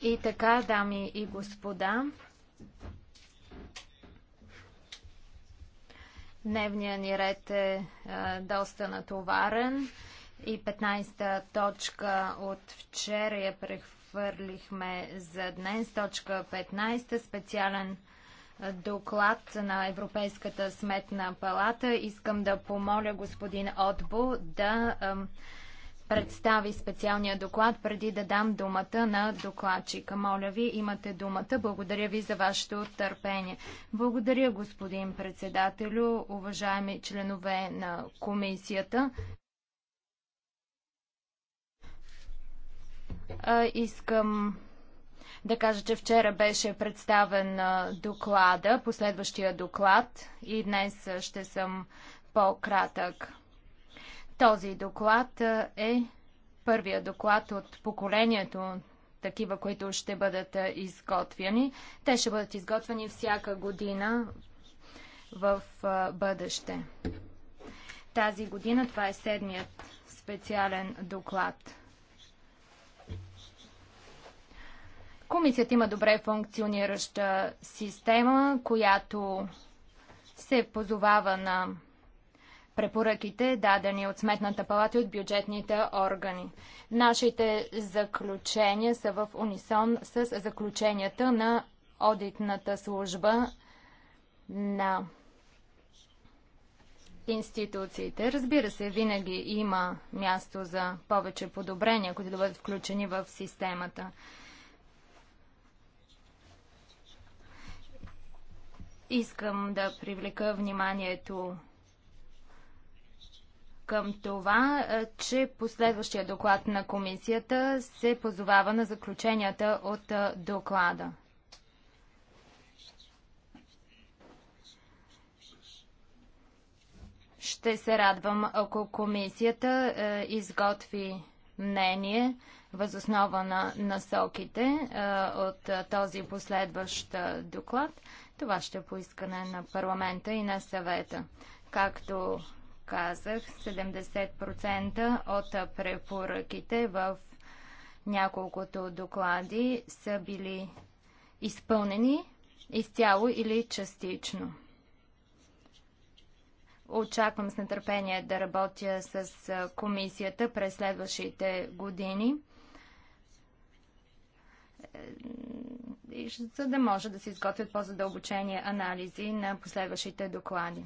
И така, дами и господа, дневният ни ред е доста натоварен и 15-та точка от вчера я прехвърлихме за днес. Точка 15, специален доклад на Европейската сметна палата. Искам да помоля господин Отбо да представи специалния доклад, преди да дам думата на докладчика. Моля ви, имате думата. Благодаря ви за вашето търпение. Благодаря, господин председателю, уважаеми членове на комисията. Искам да кажа, че вчера беше представен доклада, последващия доклад и днес ще съм по-кратък. Този доклад е първия доклад от поколението такива, които ще бъдат изготвяни. Те ще бъдат изготвени всяка година в бъдеще. Тази година това е седмият специален доклад. Комисията има добре функционираща система, която се позовава на препоръките, дадени от Сметната палата и от бюджетните органи. Нашите заключения са в унисон с заключенията на одитната служба на институциите. Разбира се, винаги има място за повече подобрения, които да бъдат включени в системата. Искам да привлека вниманието към това, че последващия доклад на комисията се позовава на заключенията от доклада. Ще се радвам, ако комисията изготви мнение възоснова на насоките от този последващ доклад. Това ще е поискане на парламента и на съвета. Както казах, 70% от препоръките в няколкото доклади са били изпълнени изцяло или частично. Очаквам с нетърпение да работя с комисията през следващите години, за да може да се изготвят по-задълбочени анализи на последващите доклади.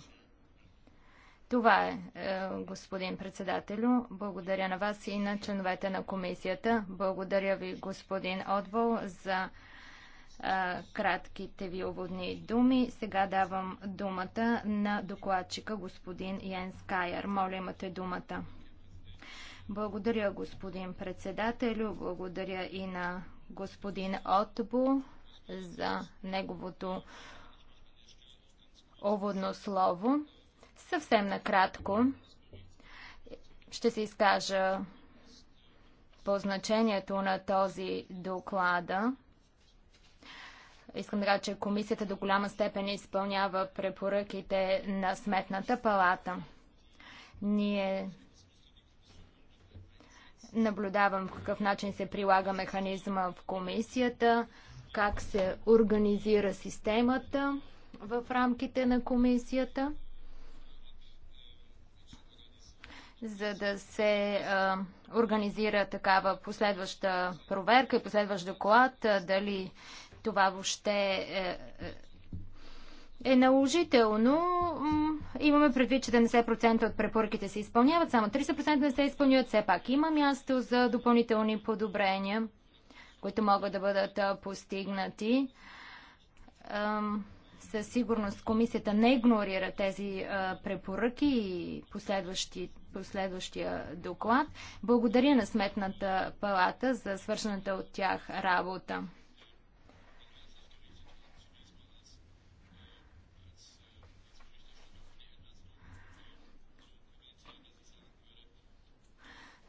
Това е, е, господин председателю. Благодаря на вас и на членовете на комисията. Благодаря ви, господин Отвол, за е, кратките ви уводни думи. Сега давам думата на докладчика господин Йенс Кайер. Моля, имате думата. Благодаря, господин председателю. Благодаря и на господин Отбо за неговото уводно слово. Съвсем накратко ще се изкажа по значението на този доклада. Искам да кажа, че комисията до голяма степен изпълнява препоръките на Сметната палата. Ние наблюдавам по какъв начин се прилага механизма в комисията, как се организира системата в рамките на комисията. за да се а, организира такава последваща проверка и последващ доклад, а, дали това въобще е, е, е наложително. Имаме предвид, че 70% от препоръките се изпълняват, само 30% не се изпълняват. Все пак има място за допълнителни подобрения, които могат да бъдат постигнати. Със сигурност комисията не игнорира тези а, препоръки и последващи, последващия доклад. Благодаря на Сметната палата за свършената от тях работа.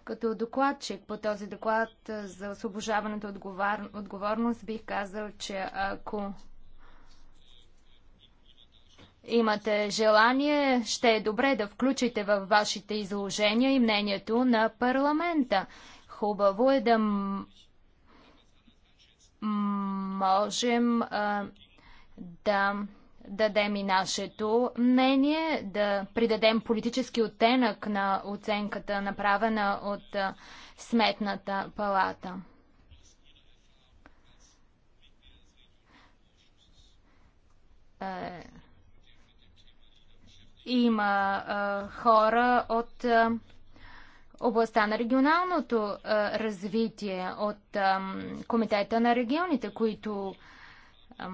Като докладчик по този доклад за освобождаването отговор... отговорност бих казал, че ако имате желание, ще е добре да включите във вашите изложения и мнението на парламента. Хубаво е да можем а, да дадем и нашето мнение, да придадем политически оттенък на оценката, направена от а, Сметната палата. Е... Има а, хора от а, областта на регионалното а, развитие, от а, Комитета на регионите, които а,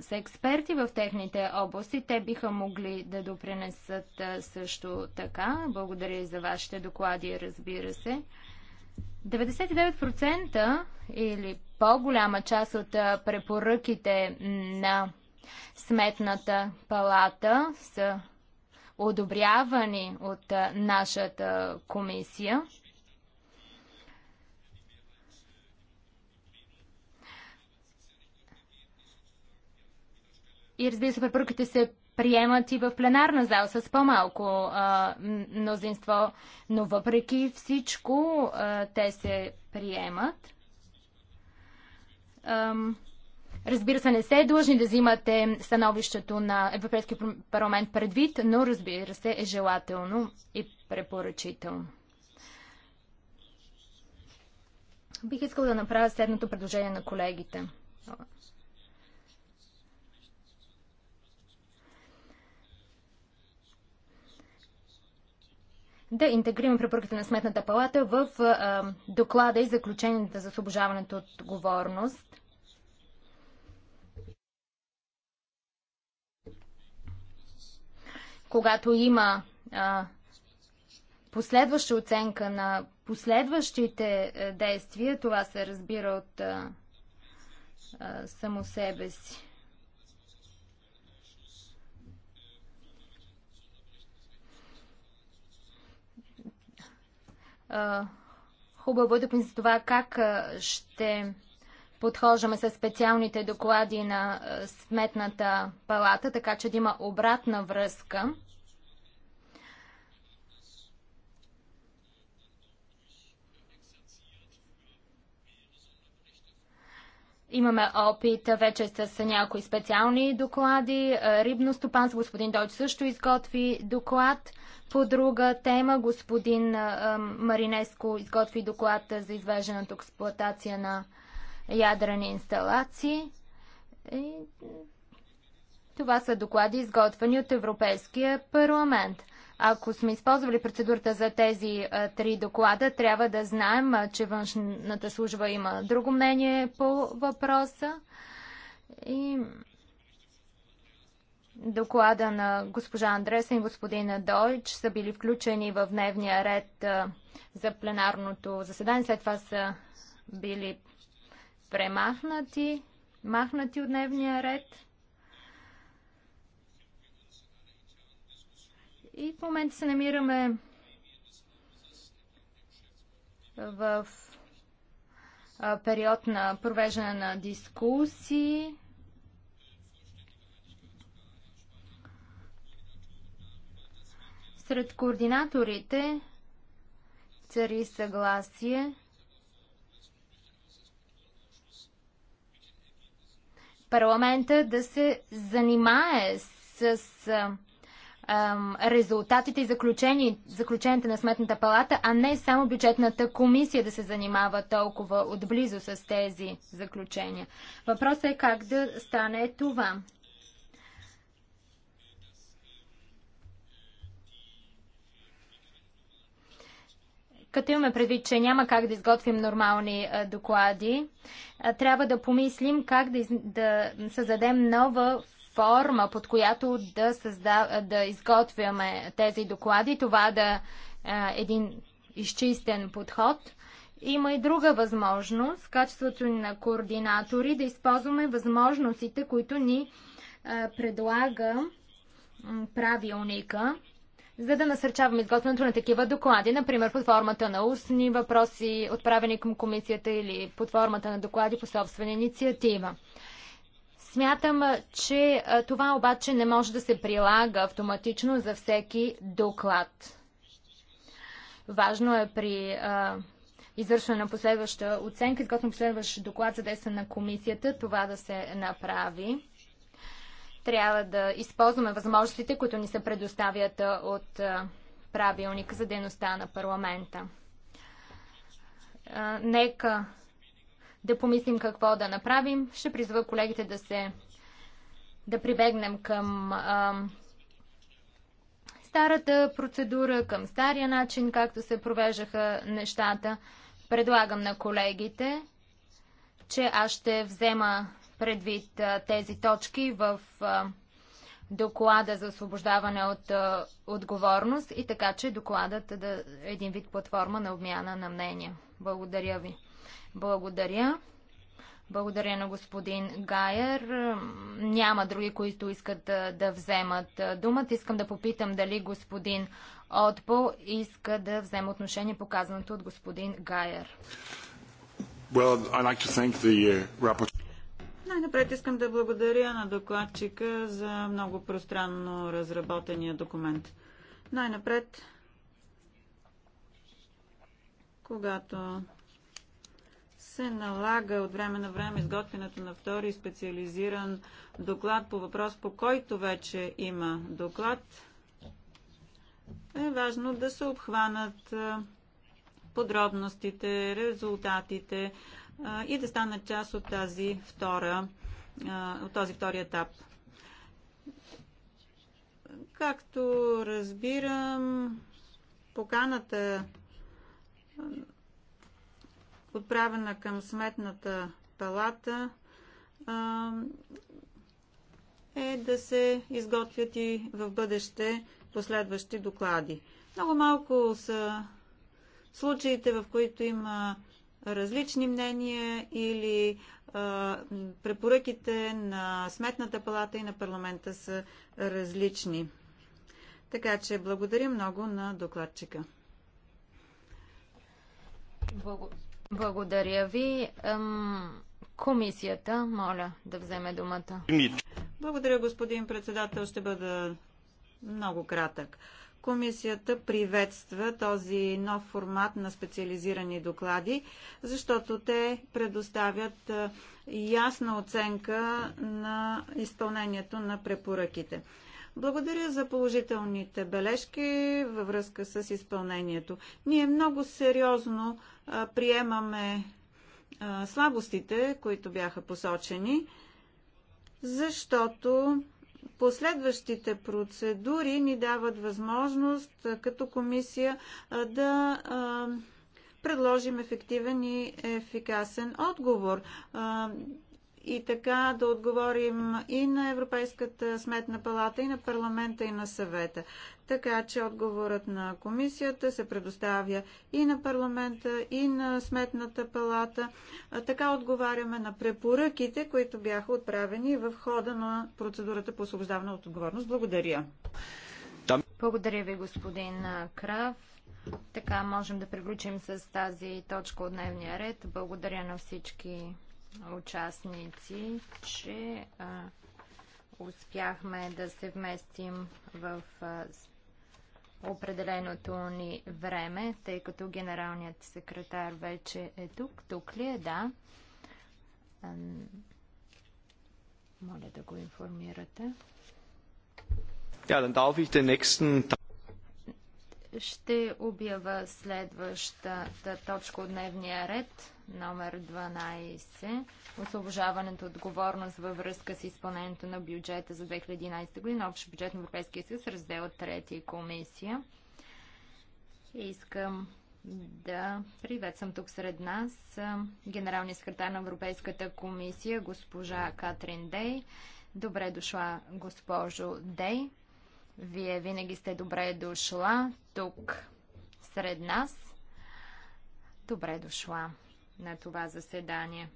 са експерти в техните области. Те биха могли да допринесат а, също така. Благодаря и за вашите доклади, разбира се. 99% или по-голяма част от препоръките на Сметната палата са одобрявани от нашата комисия. И разбира се, препоръките се приемат и в пленарна зал с по-малко мнозинство, но въпреки всичко а, те се приемат. Ам, Разбира се, не се е длъжни да взимате становището на Европейския парламент предвид, но разбира се е желателно и препоръчително. Бих искал да направя следното предложение на колегите. да интегрираме препоръките на Сметната палата в доклада и заключенията за освобождаването от отговорност. когато има а, последваща оценка на последващите а, е, действия, това се разбира от а, а, само себе си. А, хубаво е да помислите това как ще подхождаме с специалните доклади на е, Сметната палата, така че да има обратна връзка. Имаме опит вече с някои специални доклади. Е, рибно стопанство, господин Дойч също изготви доклад по друга тема. Господин е, Маринеско изготви доклад за извеждането експлуатация на ядрени инсталации. И това са доклади, изготвени от Европейския парламент. Ако сме използвали процедурата за тези а, три доклада, трябва да знаем, а, че външната служба има друго мнение по въпроса. И доклада на госпожа Андреса и господина Дойч са били включени в дневния ред а, за пленарното заседание. След това са били премахнати, махнати от дневния ред. И в момента се намираме в период на провеждане на дискусии. Сред координаторите цари съгласие парламента да се занимае с резултатите и заключенията на Сметната палата, а не само бюджетната комисия да се занимава толкова отблизо с тези заключения. Въпросът е как да стане това. Като имаме предвид, че няма как да изготвим нормални доклади, трябва да помислим как да, из... да създадем нова форма, под която да, създав... да изготвяме тези доклади. Това да е един изчистен подход. Има и друга възможност, качеството ни на координатори, да използваме възможностите, които ни предлага правилника за да насърчаваме изготвянето на такива доклади, например под формата на устни въпроси, отправени към комисията или под формата на доклади по собствена инициатива. Смятам, че това обаче не може да се прилага автоматично за всеки доклад. Важно е при а, извършване на последваща оценка, изготвен последващ доклад за действие на комисията, това да се направи. Трябва да използваме възможностите, които ни се предоставят от правилник за дейността на парламента. Нека да помислим какво да направим. Ще призва колегите да се да прибегнем към а, старата процедура, към стария начин, както се провеждаха нещата. Предлагам на колегите, че аз ще взема предвид тези точки в доклада за освобождаване от отговорност и така, че докладът е един вид платформа на обмяна на мнения. Благодаря ви. Благодаря. Благодаря на господин Гайер. Няма други, които искат да, да вземат думата. Искам да попитам дали господин Отпол иска да вземе отношение по казаното от господин Гайер. Well, like the... Uh, най-напред искам да благодаря на докладчика за много пространно разработения документ. Най-напред, когато се налага от време на време изготвянето на втори специализиран доклад по въпрос, по който вече има доклад, е важно да се обхванат подробностите, резултатите, и да станат част от, тази втора, от този втори етап. Както разбирам, поканата отправена към сметната палата е да се изготвят и в бъдеще последващи доклади. Много малко са случаите, в които има различни мнения или а, препоръките на Сметната палата и на парламента са различни. Така че благодаря много на докладчика. Благодаря ви. Комисията, моля да вземе думата. Благодаря, господин председател. Ще бъда много кратък. Комисията приветства този нов формат на специализирани доклади, защото те предоставят ясна оценка на изпълнението на препоръките. Благодаря за положителните бележки във връзка с изпълнението. Ние много сериозно приемаме слабостите, които бяха посочени, защото последващите процедури ни дават възможност като комисия да предложим ефективен и ефикасен отговор и така да отговорим и на Европейската сметна палата, и на парламента, и на съвета. Така че отговорът на комисията се предоставя и на парламента, и на сметната палата. Така отговаряме на препоръките, които бяха отправени в хода на процедурата по освобождаване от отговорност. Благодаря. Благодаря ви, господин Крав. Така можем да приключим с тази точка от дневния ред. Благодаря на всички участници, че а, успяхме да се вместим в а, определеното ни време, тъй като генералният секретар вече е тук. Тук ли е? Да. А, моля да го информирате. Ja, dann darf ich den nächsten ще обява следващата точка от дневния ред номер 12, освобождаването от отговорност във връзка с изпълнението на бюджета за 2011 година, общ бюджет на Европейския съюз, раздел 3 комисия. Искам да приветствам тук сред нас генералния секретар на Европейската комисия, госпожа Катрин Дей. Добре дошла, госпожо Дей. Вие винаги сте добре дошла тук сред нас. Добре дошла на това заседание.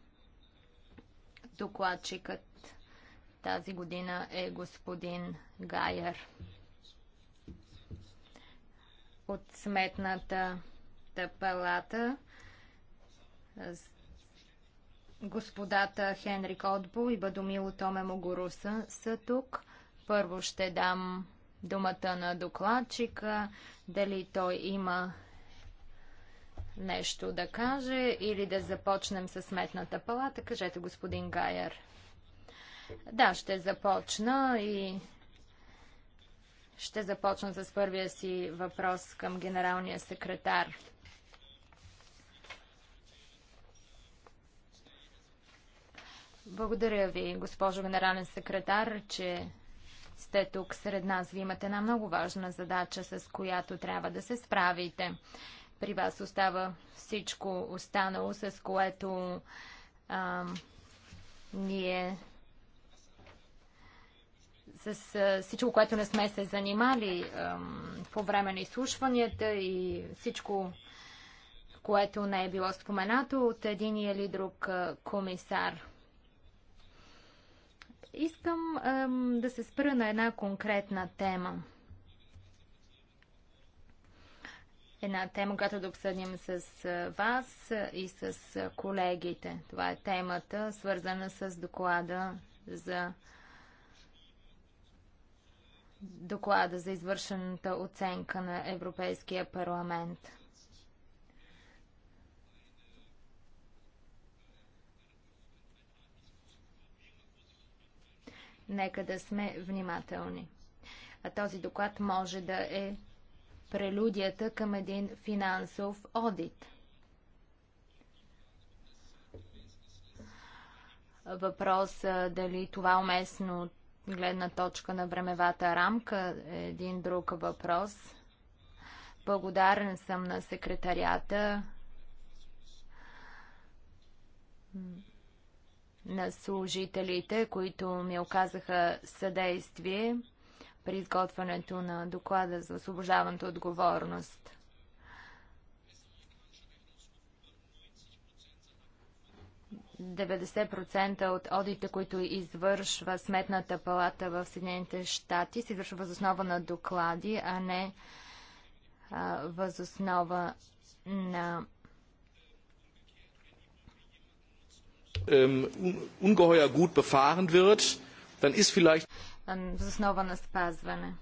Докладчикът тази година е господин Гайер от Сметната палата господата Хенрик Отбо и Бадомило Томе Могоруса са тук. Първо ще дам думата на докладчика, дали той има нещо да каже или да започнем с сметната палата. Кажете, господин Гайер. Да, ще започна и ще започна с първия си въпрос към генералния секретар. Благодаря ви, госпожо генерален секретар, че сте тук сред нас. Ви имате една много важна задача, с която трябва да се справите. При вас остава всичко останало, с което а, ние с а, всичко, което не сме се занимали а, по време на изслушванията и всичко, което не е било споменато от един или друг а, комисар. Искам а, да се спра на една конкретна тема. една тема, която да обсъдим с вас и с колегите. Това е темата, свързана с доклада за доклада за извършената оценка на Европейския парламент. Нека да сме внимателни. А този доклад може да е прелюдията към един финансов одит. Въпрос дали това е уместно гледна точка на времевата рамка е един друг въпрос. Благодарен съм на секретарията на служителите, които ми оказаха съдействие при изготвянето на доклада за освобождаването отговорност. процента от одите, които извършва Сметната палата в Съединените щати, се извършва възоснова на доклади, а не въз възоснова на ungeheuer gut befahren wird, dann ist vielleicht въз основа на спазване.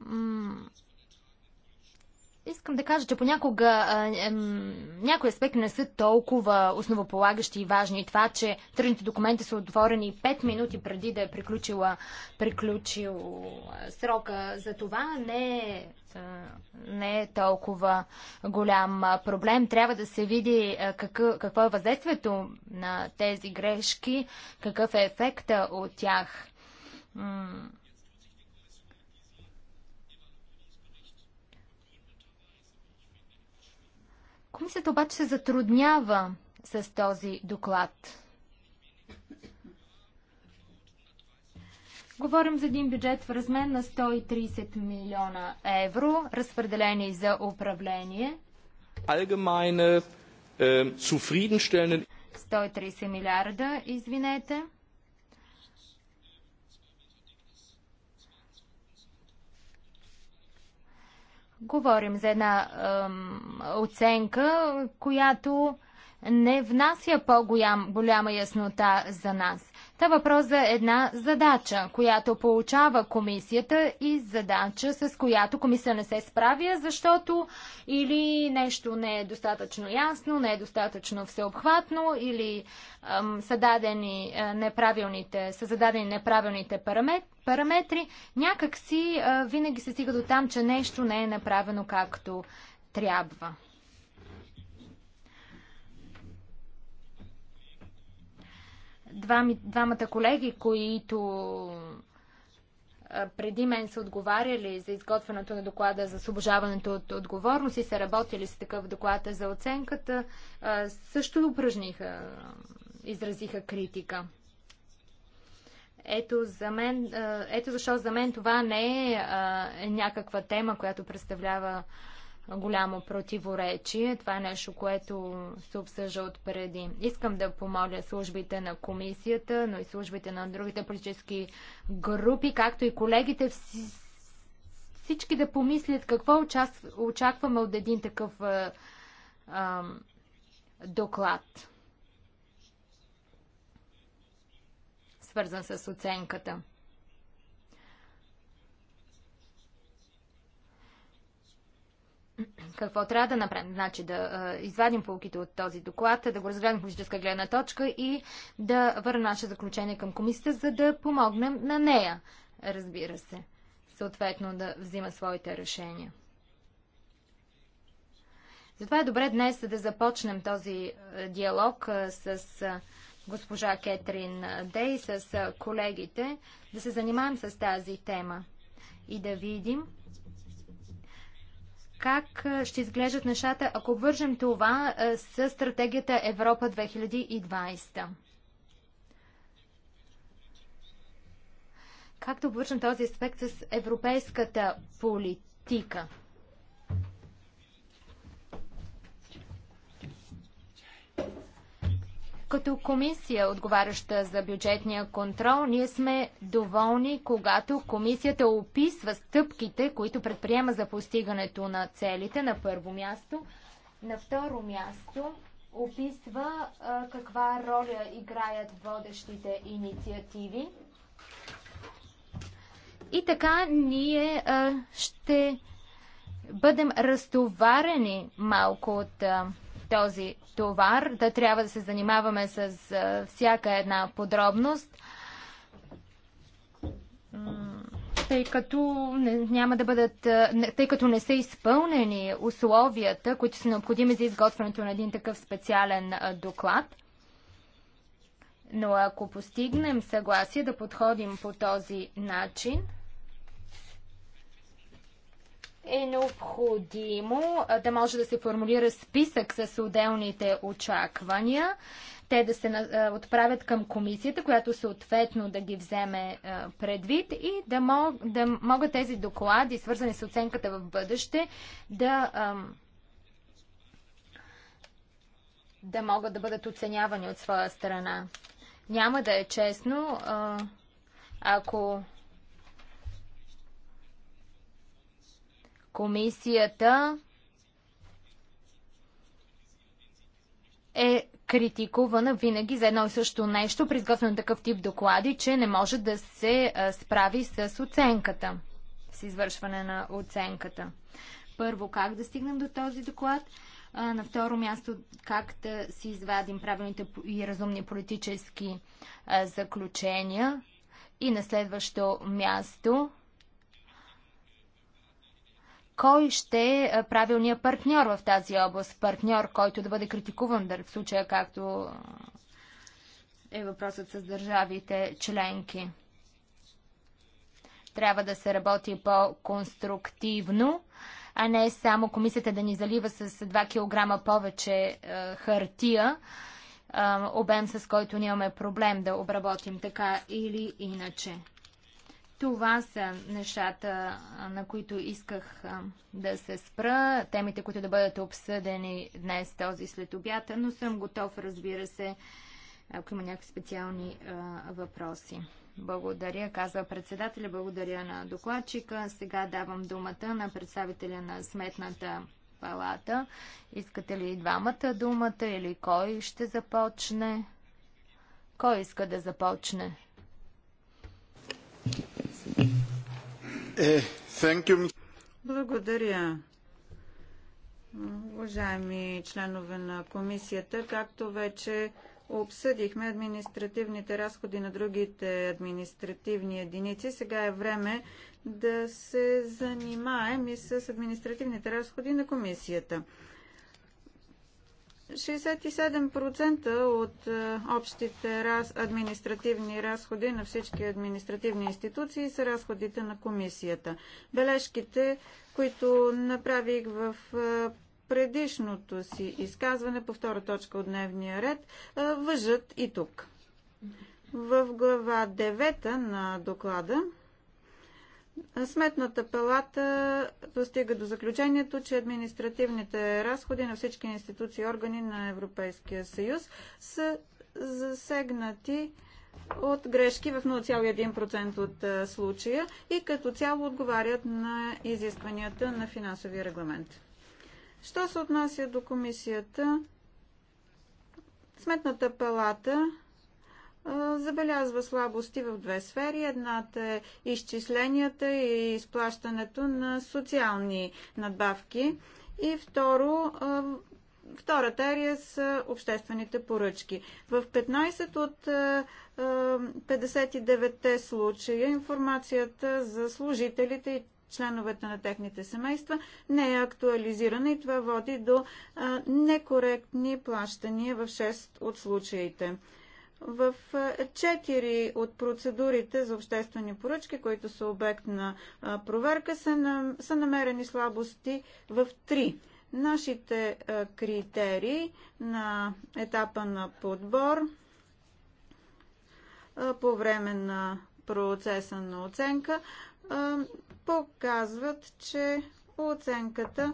М- Искам да кажа, че понякога а, някои аспекти не са толкова основополагащи и важни. И това, че тръжните документи са отворени 5 минути преди да е приключила, приключил срока за това, не е, не е толкова голям проблем. Трябва да се види какъв, какво е въздействието на тези грешки, какъв е ефекта от тях. Комисията обаче се затруднява с този доклад. Говорим за един бюджет в размен на 130 милиона евро, разпределени за управление. Allgemeine, äh, э, 130 милиарда, извинете. Говорим за една ем, оценка, която не внася по-голяма яснота за нас. Та въпрос за една задача, която получава комисията и задача, с която комисия не се справя, защото или нещо не е достатъчно ясно, не е достатъчно всеобхватно, или ам, са, дадени, а, е, неправилните, са зададени неправилните параметри, параметри. Някак си а, е, винаги се стига до там, че нещо не е направено както трябва. двами, двамата колеги, които преди мен са отговаряли за изготвянето на доклада за освобождаването от отговорност и са работили с такъв доклад за оценката, също упражниха, изразиха критика. Ето, за мен, ето защо за мен това не е, е някаква тема, която представлява голямо противоречие. Това е нещо, което се обсъжда от преди. Искам да помоля службите на комисията, но и службите на другите политически групи, както и колегите, всички да помислят какво очакваме от един такъв а, е, а, доклад, свързан с оценката. какво трябва да направим? Значи да а, извадим полките от този доклад, да го разгледам политическа гледна точка и да върна наше заключение към комисията, за да помогнем на нея, разбира се, съответно да взима своите решения. Затова е добре днес да започнем този диалог с госпожа Кетрин Дей, с колегите, да се занимаем с тази тема и да видим как ще изглеждат нещата, ако вържем това с стратегията Европа 2020? Как да обвържем този аспект с европейската политика? Като комисия, отговаряща за бюджетния контрол, ние сме доволни, когато комисията описва стъпките, които предприема за постигането на целите на първо място. На второ място описва а, каква роля играят водещите инициативи. И така ние а, ще бъдем разтоварени малко от а, този товар, да трябва да се занимаваме с всяка една подробност, тъй като не, няма да бъдат, тъй като не са изпълнени условията, които са необходими за изготвянето на един такъв специален доклад. Но ако постигнем съгласие да подходим по този начин, е необходимо да може да се формулира списък с отделните очаквания, те да се отправят към комисията, която съответно да ги вземе предвид и да, мог, да могат тези доклади, свързани с оценката в бъдеще, да, да могат да бъдат оценявани от своя страна. Няма да е честно, ако Комисията е критикувана винаги за едно и също нещо при изготвяне на такъв тип доклади, че не може да се справи с оценката, с извършване на оценката. Първо, как да стигнем до този доклад? На второ място, как да си извадим правилните и разумни политически заключения? И на следващо място, кой ще е, е правилният партньор в тази област? Партньор, който да бъде критикуван, да в случая както е въпросът с държавите членки. Трябва да се работи по-конструктивно, а не само комисията да ни залива с 2 кг повече е, хартия, е, обем с който нямаме проблем да обработим така или иначе. Това са нещата, на които исках да се спра, темите, които да бъдат обсъдени днес, този след обята, но съм готов, разбира се, ако има някакви специални а, въпроси. Благодаря, казва председателя, благодаря на докладчика. Сега давам думата на представителя на Сметната палата. Искате ли двамата думата или кой ще започне? Кой иска да започне? Благодаря. Уважаеми членове на комисията, както вече обсъдихме административните разходи на другите административни единици, сега е време да се занимаем и с административните разходи на комисията. 67% от е, общите раз, административни разходи на всички административни институции са разходите на комисията. Бележките, които направих в е, предишното си изказване по втора точка от дневния ред, е, въжат и тук. В глава 9 на доклада Сметната палата достига до заключението, че административните разходи на всички институции и органи на Европейския съюз са засегнати от грешки в 0,1% от случая и като цяло отговарят на изискванията на финансовия регламент. Що се отнася до комисията, Сметната палата забелязва слабости в две сфери. Едната е изчисленията и изплащането на социални надбавки. И второ, втората ерия са обществените поръчки. В 15 от 59-те случая информацията за служителите и членовете на техните семейства не е актуализирана и това води до некоректни плащания в 6 от случаите в четири от процедурите за обществени поръчки, които са обект на проверка, са намерени слабости в три. Нашите критерии на етапа на подбор по време на процеса на оценка показват, че оценката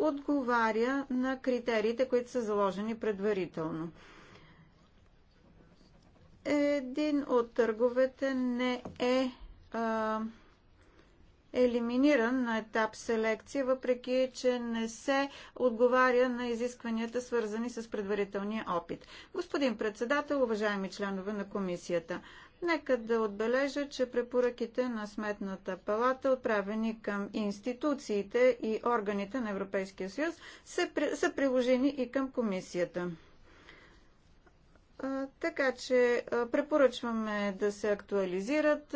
отговаря на критериите, които са заложени предварително един от търговете не е а, елиминиран на етап селекция, въпреки че не се отговаря на изискванията, свързани с предварителния опит. Господин председател, уважаеми членове на комисията, Нека да отбележа, че препоръките на Сметната палата, отправени към институциите и органите на Европейския съюз, са приложени и към комисията. Така че препоръчваме да се актуализират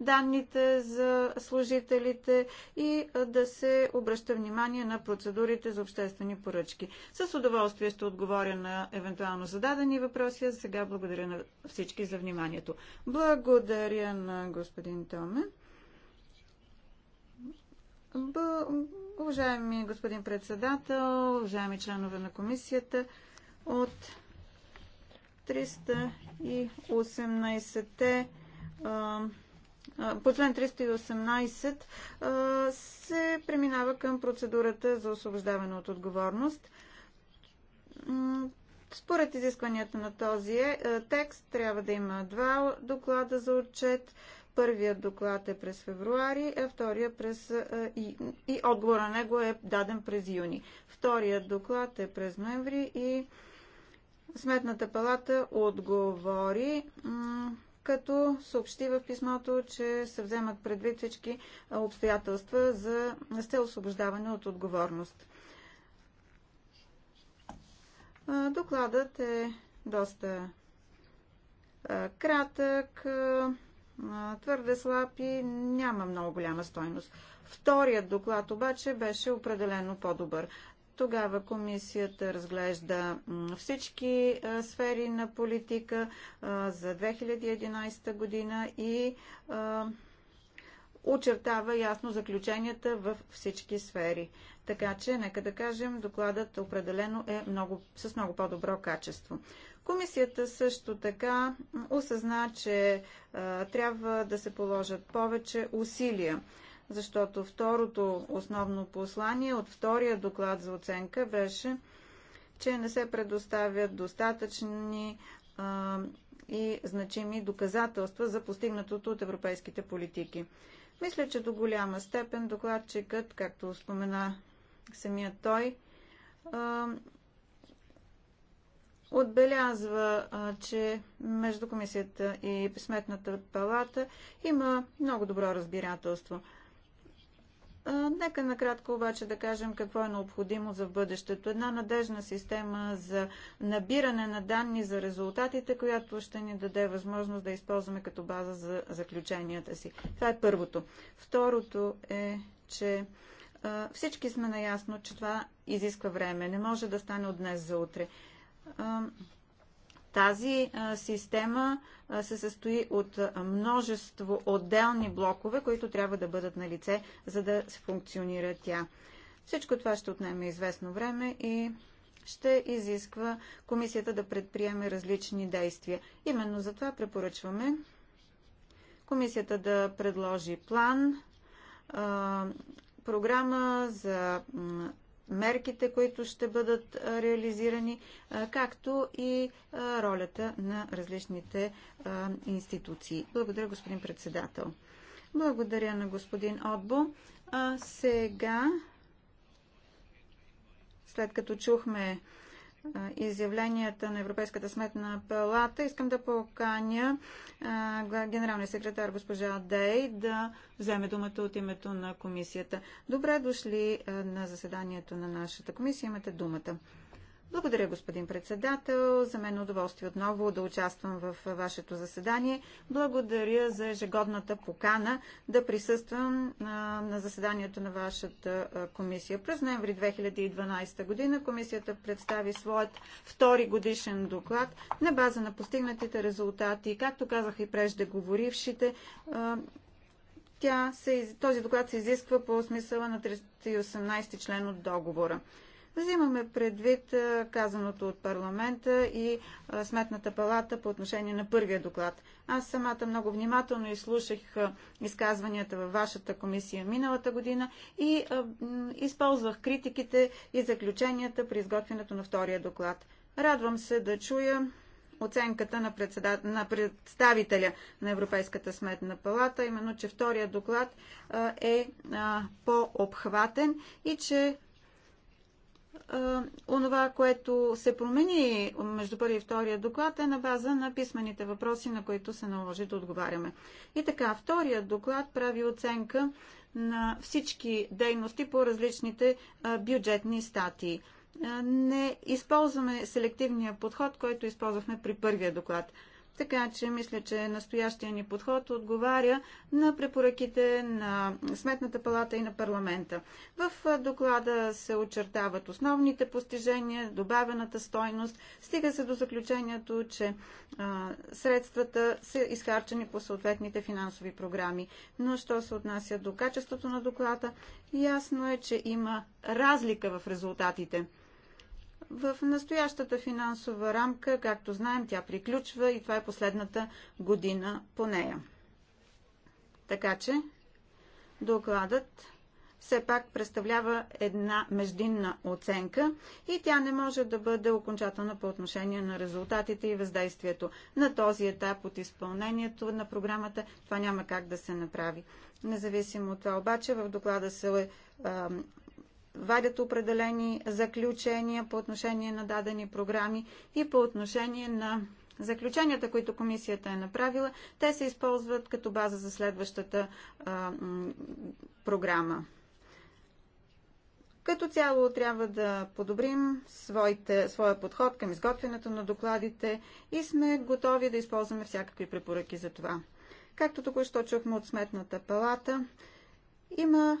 данните за служителите и да се обръща внимание на процедурите за обществени поръчки. С удоволствие ще отговоря на евентуално зададени въпроси, а сега благодаря на всички за вниманието. Благодаря на господин Томе. Б... Уважаеми господин председател, уважаеми членове на комисията, от 318 по член 318 се преминава към процедурата за освобождаване от отговорност. Според изискванията на този е, текст трябва да има два доклада за отчет. Първият доклад е през февруари, а втория през, и, и отговор на него е даден през юни. Вторият доклад е през ноември и Сметната палата отговори, като съобщи в писмото, че се вземат предвид всички обстоятелства за сте освобождаване от отговорност. Докладът е доста кратък, твърде слаб и няма много голяма стойност. Вторият доклад обаче беше определено по-добър. Тогава комисията разглежда всички сфери на политика за 2011 година и очертава ясно заключенията в всички сфери. Така че, нека да кажем, докладът определено е много, с много по-добро качество. Комисията също така осъзна, че а, трябва да се положат повече усилия защото второто основно послание от втория доклад за оценка беше, че не се предоставят достатъчни а, и значими доказателства за постигнатото от европейските политики. Мисля, че до голяма степен докладчикът, както спомена самият той, а, отбелязва, а, че между комисията и Сметната палата има много добро разбирателство. Нека накратко обаче да кажем какво е необходимо за бъдещето. Една надежна система за набиране на данни за резултатите, която ще ни даде възможност да използваме като база за заключенията си. Това е първото. Второто е, че всички сме наясно, че това изисква време. Не може да стане от днес за утре. Тази система се състои от множество отделни блокове, които трябва да бъдат на лице, за да функционира тя. Всичко това ще отнеме известно време и ще изисква комисията да предприеме различни действия. Именно за това препоръчваме комисията да предложи план, програма за мерките, които ще бъдат реализирани, както и ролята на различните институции. Благодаря, господин председател. Благодаря на господин Отбо. А сега, след като чухме изявленията на Европейската сметна палата, искам да поканя генералния секретар госпожа Дей да вземе думата от името на комисията. Добре дошли на заседанието на нашата комисия. Имате думата. Благодаря, господин председател. За мен е удоволствие отново да участвам в вашето заседание. Благодаря за ежегодната покана да присъствам на заседанието на вашата комисия. През ноември 2012 година комисията представи своят втори годишен доклад на база на постигнатите резултати. Както казах и преждеговорившите, тя се, този доклад се изисква по смисъла на 318 член от договора. Взимаме предвид казаното от парламента и Сметната палата по отношение на първия доклад. Аз самата много внимателно изслушах изказванията във вашата комисия миналата година и използвах критиките и заключенията при изготвянето на втория доклад. Радвам се да чуя оценката на, председат... на представителя на Европейската сметна палата, именно, че втория доклад а, е по-обхватен и че онова, което се промени между първи и втория доклад е на база на писмените въпроси, на които се наложи да отговаряме. И така, вторият доклад прави оценка на всички дейности по различните бюджетни статии. Не използваме селективния подход, който използвахме при първия доклад. Така че мисля, че настоящия ни подход отговаря на препоръките на Сметната палата и на парламента. В доклада се очертават основните постижения, добавената стойност. Стига се до заключението, че средствата са изхарчени по съответните финансови програми. Но що се отнася до качеството на доклада, ясно е, че има разлика в резултатите. В настоящата финансова рамка, както знаем, тя приключва и това е последната година по нея. Така че докладът все пак представлява една междинна оценка и тя не може да бъде окончателна по отношение на резултатите и въздействието. На този етап от изпълнението на програмата това няма как да се направи. Независимо от това обаче в доклада се е, вадят определени заключения по отношение на дадени програми и по отношение на заключенията, които комисията е направила, те се използват като база за следващата а, програма. Като цяло трябва да подобрим своите, своя подход към изготвянето на докладите и сме готови да използваме всякакви препоръки за това. Както току-що чухме от Сметната палата, има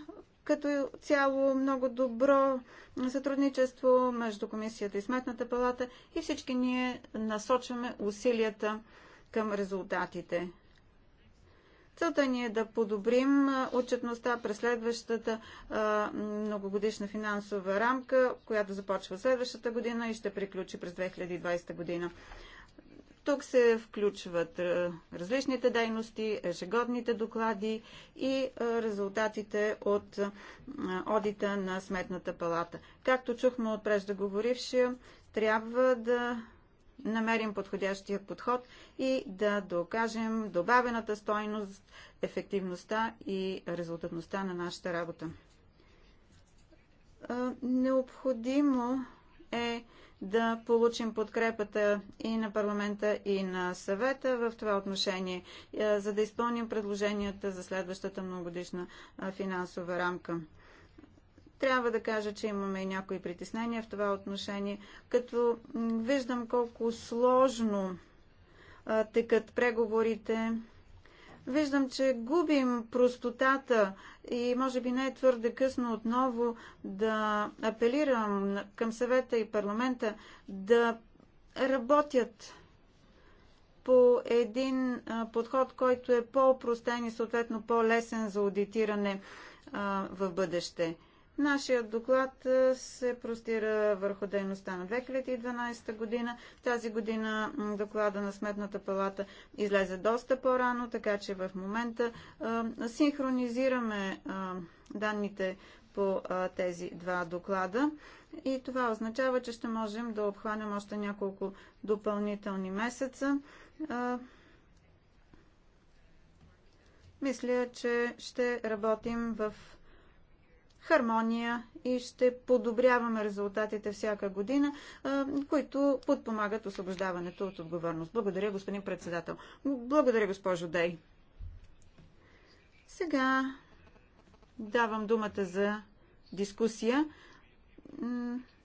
като цяло много добро сътрудничество между комисията и сметната палата и всички ние насочваме усилията към резултатите. Целта ни е да подобрим отчетността през следващата многогодишна финансова рамка, която започва следващата година и ще приключи през 2020 година. Тук се включват е, различните дейности, ежегодните доклади и е, резултатите от е, одита на Сметната палата. Както чухме от преждеговорившия, трябва да намерим подходящия подход и да докажем добавената стойност, ефективността и резултатността на нашата работа. Необходимо е да получим подкрепата и на парламента, и на съвета в това отношение, е, за да изпълним предложенията за следващата многогодишна е, финансова рамка. Трябва да кажа, че имаме и някои притеснения в това отношение, като виждам колко сложно е, текат преговорите Виждам, че губим простотата и може би не е твърде късно отново да апелирам към съвета и парламента да работят по един подход, който е по-простен и съответно по-лесен за аудитиране в бъдеще. Нашият доклад се простира върху дейността на 2012 година. Тази година доклада на Сметната палата излезе доста по-рано, така че в момента синхронизираме данните по тези два доклада. И това означава, че ще можем да обхванем още няколко допълнителни месеца. Мисля, че ще работим в хармония и ще подобряваме резултатите всяка година, които подпомагат освобождаването от отговорност. Благодаря, господин председател. Благодаря, госпожо Дей. Сега давам думата за дискусия.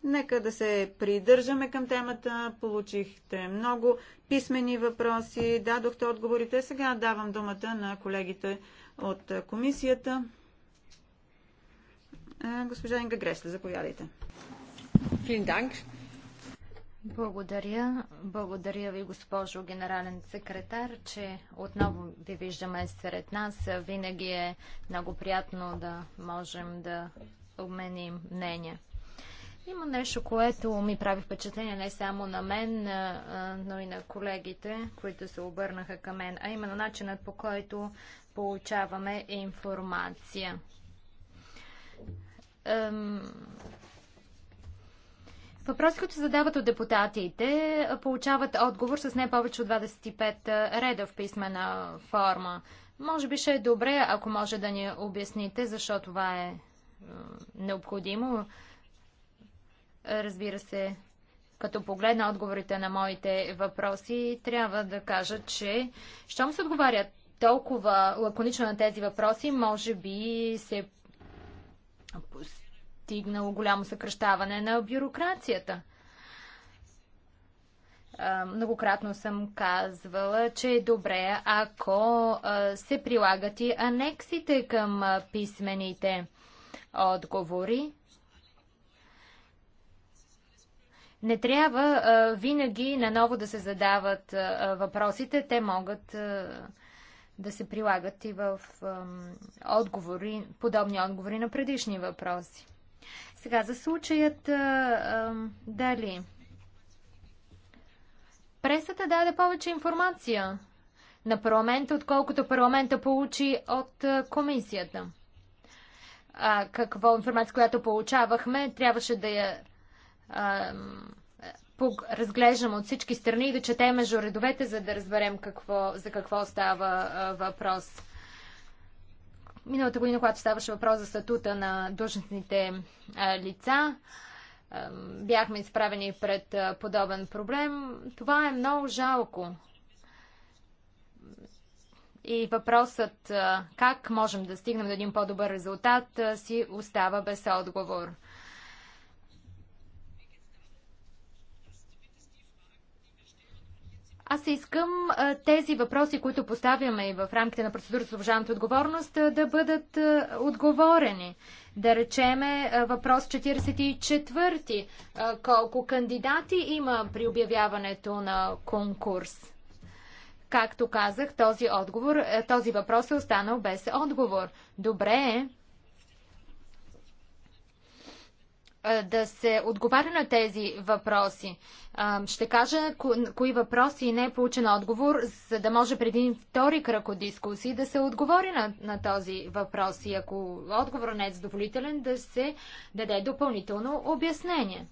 Нека да се придържаме към темата. Получихте много писмени въпроси, дадохте отговорите. Сега давам думата на колегите от комисията. Госпожа Инга Гресле, заповядайте. Благодаря. Благодаря ви, госпожо генерален секретар, че отново ви виждаме сред нас. Винаги е много приятно да можем да обменим мнение. Има нещо, което ми прави впечатление не само на мен, но и на колегите, които се обърнаха към мен, а именно начинът по който получаваме информация. Въпроси, които се задават от депутатите, получават отговор с не повече от 25 реда в писмена форма. Може би ще е добре, ако може да ни обясните, защо това е необходимо. Разбира се, като погледна отговорите на моите въпроси, трябва да кажа, че щом се отговарят толкова лаконично на тези въпроси, може би се постигнало голямо съкръщаване на бюрокрацията. Многократно съм казвала, че е добре, ако се прилагат и анексите към писмените отговори. Не трябва винаги наново да се задават въпросите, те могат да се прилагат и в отговори, подобни отговори на предишни въпроси. Сега за случаят дали пресата даде повече информация на парламента, отколкото парламента получи от комисията. А, какво информация, която получавахме, трябваше да я разглеждаме от всички страни и да четем между редовете, за да разберем какво, за какво става а, въпрос. Миналата година, когато ставаше въпрос за статута на длъжностните лица, а, бяхме изправени пред а, подобен проблем. Това е много жалко. И въпросът как можем да стигнем до един по-добър резултат си остава без отговор. Аз искам тези въпроси, които поставяме и в рамките на процедура за уважаваната отговорност, да бъдат отговорени. Да речеме въпрос 44. Колко кандидати има при обявяването на конкурс? Както казах, този, отговор, този въпрос е останал без отговор. Добре е да се отговаря на тези въпроси. Ще кажа кои въпроси не е получен отговор, за да може преди втори кръг от дискусии да се отговори на, на този въпрос и ако отговорът не е задоволителен, да се даде допълнително обяснение.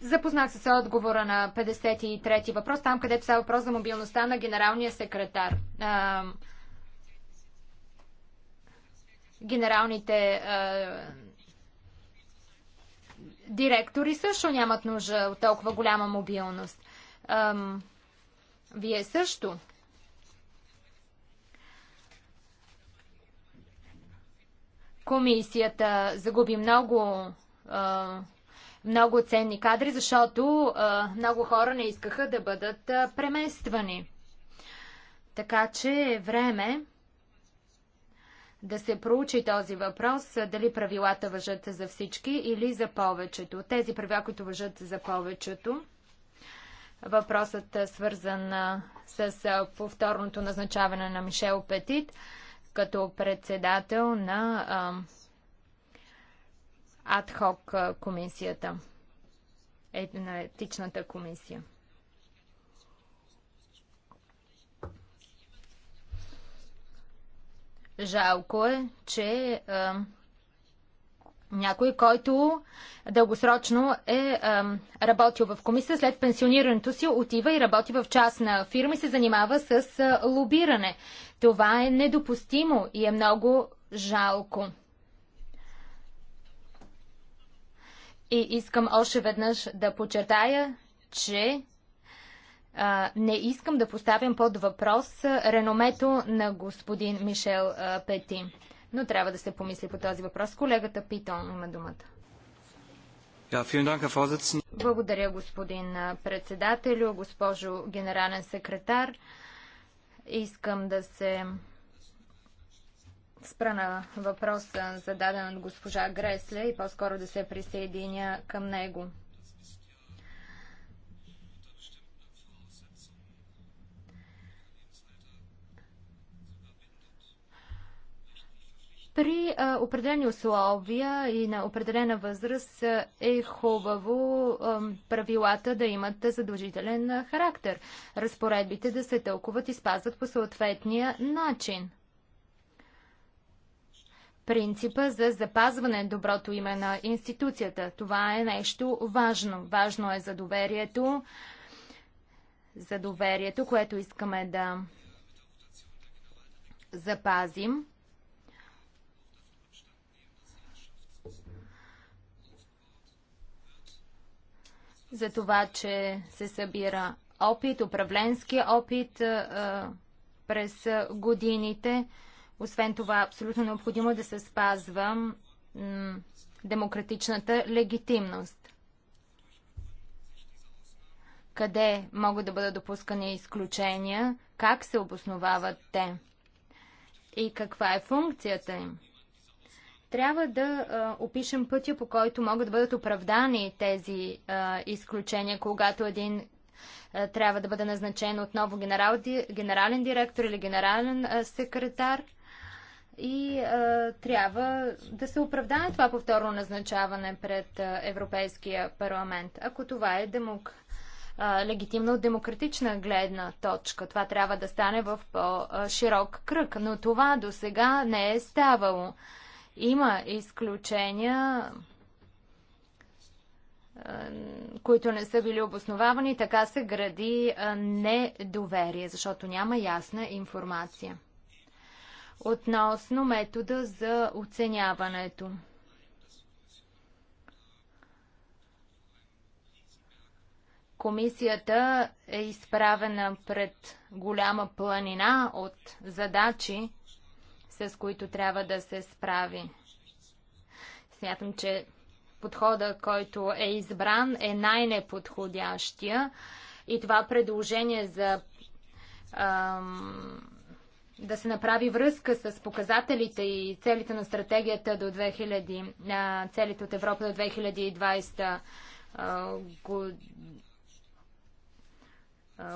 Запознах се с отговора на 53-ти въпрос, там където са въпрос за мобилността на генералния секретар генералните а, директори също нямат нужда от толкова голяма мобилност. Ам, вие също. Комисията загуби много, много ценни кадри, защото много хора не искаха да бъдат премествани. Така че е време да се проучи този въпрос, дали правилата въжат за всички или за повечето. Тези правила, които въжат за повечето, въпросът свързан с повторното назначаване на Мишел Петит като председател на адхок комисията, е, на етичната комисия. Жалко е, че а, някой, който дългосрочно е а, работил в комисия, след пенсионирането си отива и работи в частна фирма и се занимава с а, лобиране. Това е недопустимо и е много жалко. И искам още веднъж да подчертая, че а, не искам да поставям под въпрос реномето на господин Мишел а, Пети. Но трябва да се помисли по този въпрос. Колегата Питон има думата. Благодаря, господин председателю, госпожо генерален секретар. Искам да се спра на въпроса, зададен от госпожа Гресле и по-скоро да се присъединя към него. При а, определени условия и на определена възраст е хубаво а, правилата да имат задължителен характер. Разпоредбите да се тълкуват и спазват по съответния начин. Принципа за запазване доброто име на институцията. Това е нещо важно. Важно е за доверието, за доверието, което искаме да запазим за това, че се събира опит, управленски опит през годините. Освен това, абсолютно необходимо е да се спазва демократичната легитимност. Къде могат да бъдат допускани изключения, как се обосновават те и каква е функцията им. Трябва да а, опишем пътя, по който могат да бъдат оправдани тези а, изключения, когато един а, трябва да бъде назначен отново генерал, генерален директор или генерален а, секретар. И а, трябва да се оправдае това повторно назначаване пред а, Европейския парламент, ако това е демок... а, легитимно от демократична гледна точка. Това трябва да стане в по-широк кръг, но това до сега не е ставало. А, има изключения, които не са били обосновавани, така се гради недоверие, защото няма ясна информация. Относно метода за оценяването. Комисията е изправена пред голяма планина от задачи, с които трябва да се справи. Смятам, че подхода, който е избран, е най-неподходящия и това предложение за ам, да се направи връзка с показателите и целите на стратегията до 2000, целите от Европа до 2020 а,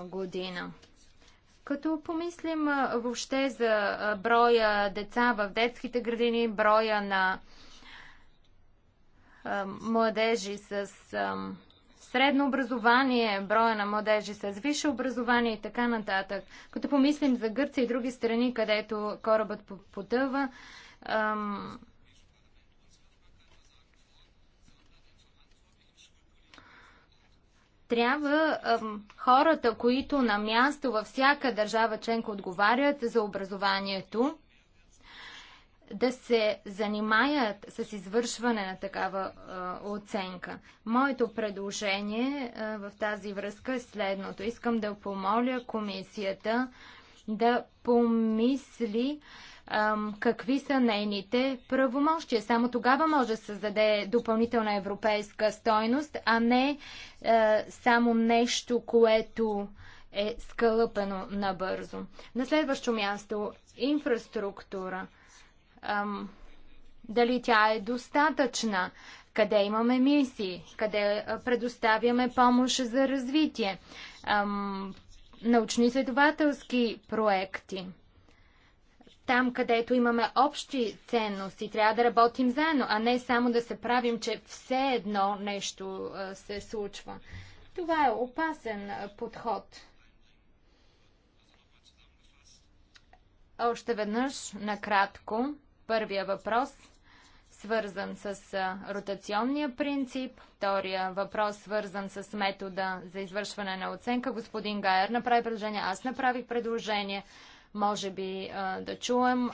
година. Като помислим въобще за броя деца в детските градини, броя на младежи с средно образование, броя на младежи с висше образование и така нататък. Като помислим за Гърция и други страни, където корабът потъва, трябва ам, хората, които на място във всяка държава членка отговарят за образованието, да се занимаят с извършване на такава а, оценка. Моето предложение а, в тази връзка е следното. Искам да помоля комисията да помисли а, какви са нейните правомощия. Само тогава може да създаде допълнителна европейска стойност, а не е, само нещо, което е скълъпено набързо. На следващо място инфраструктура. дали тя е достатъчна? Къде имаме мисии? Къде е, предоставяме помощ за развитие? научни изследователски проекти – там, където имаме общи ценности, трябва да работим заедно, а не само да се правим, че все едно нещо се случва. Това е опасен подход. Още веднъж, накратко, първия въпрос свързан с ротационния принцип, втория въпрос свързан с метода за извършване на оценка. Господин Гайер направи предложение, аз направих предложение. Може би да чуем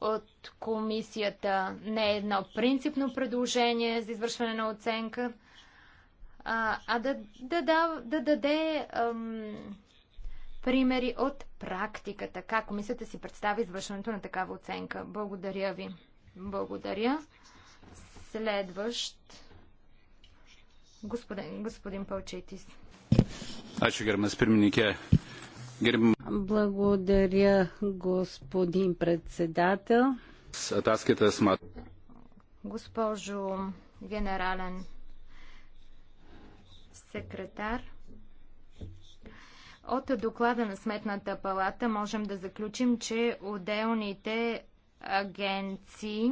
от комисията не едно принципно предложение за извършване на оценка, а, а да, да, да, да даде ам, примери от практиката, как комисията си представи извършването на такава оценка. Благодаря ви. Благодаря. Следващ господин, господин Пълчетис. Ačiū, gerbiamas pirmininkė. Благодаря, господин председател. Госпожо генерален секретар, от доклада на Сметната палата можем да заключим, че отделните агенции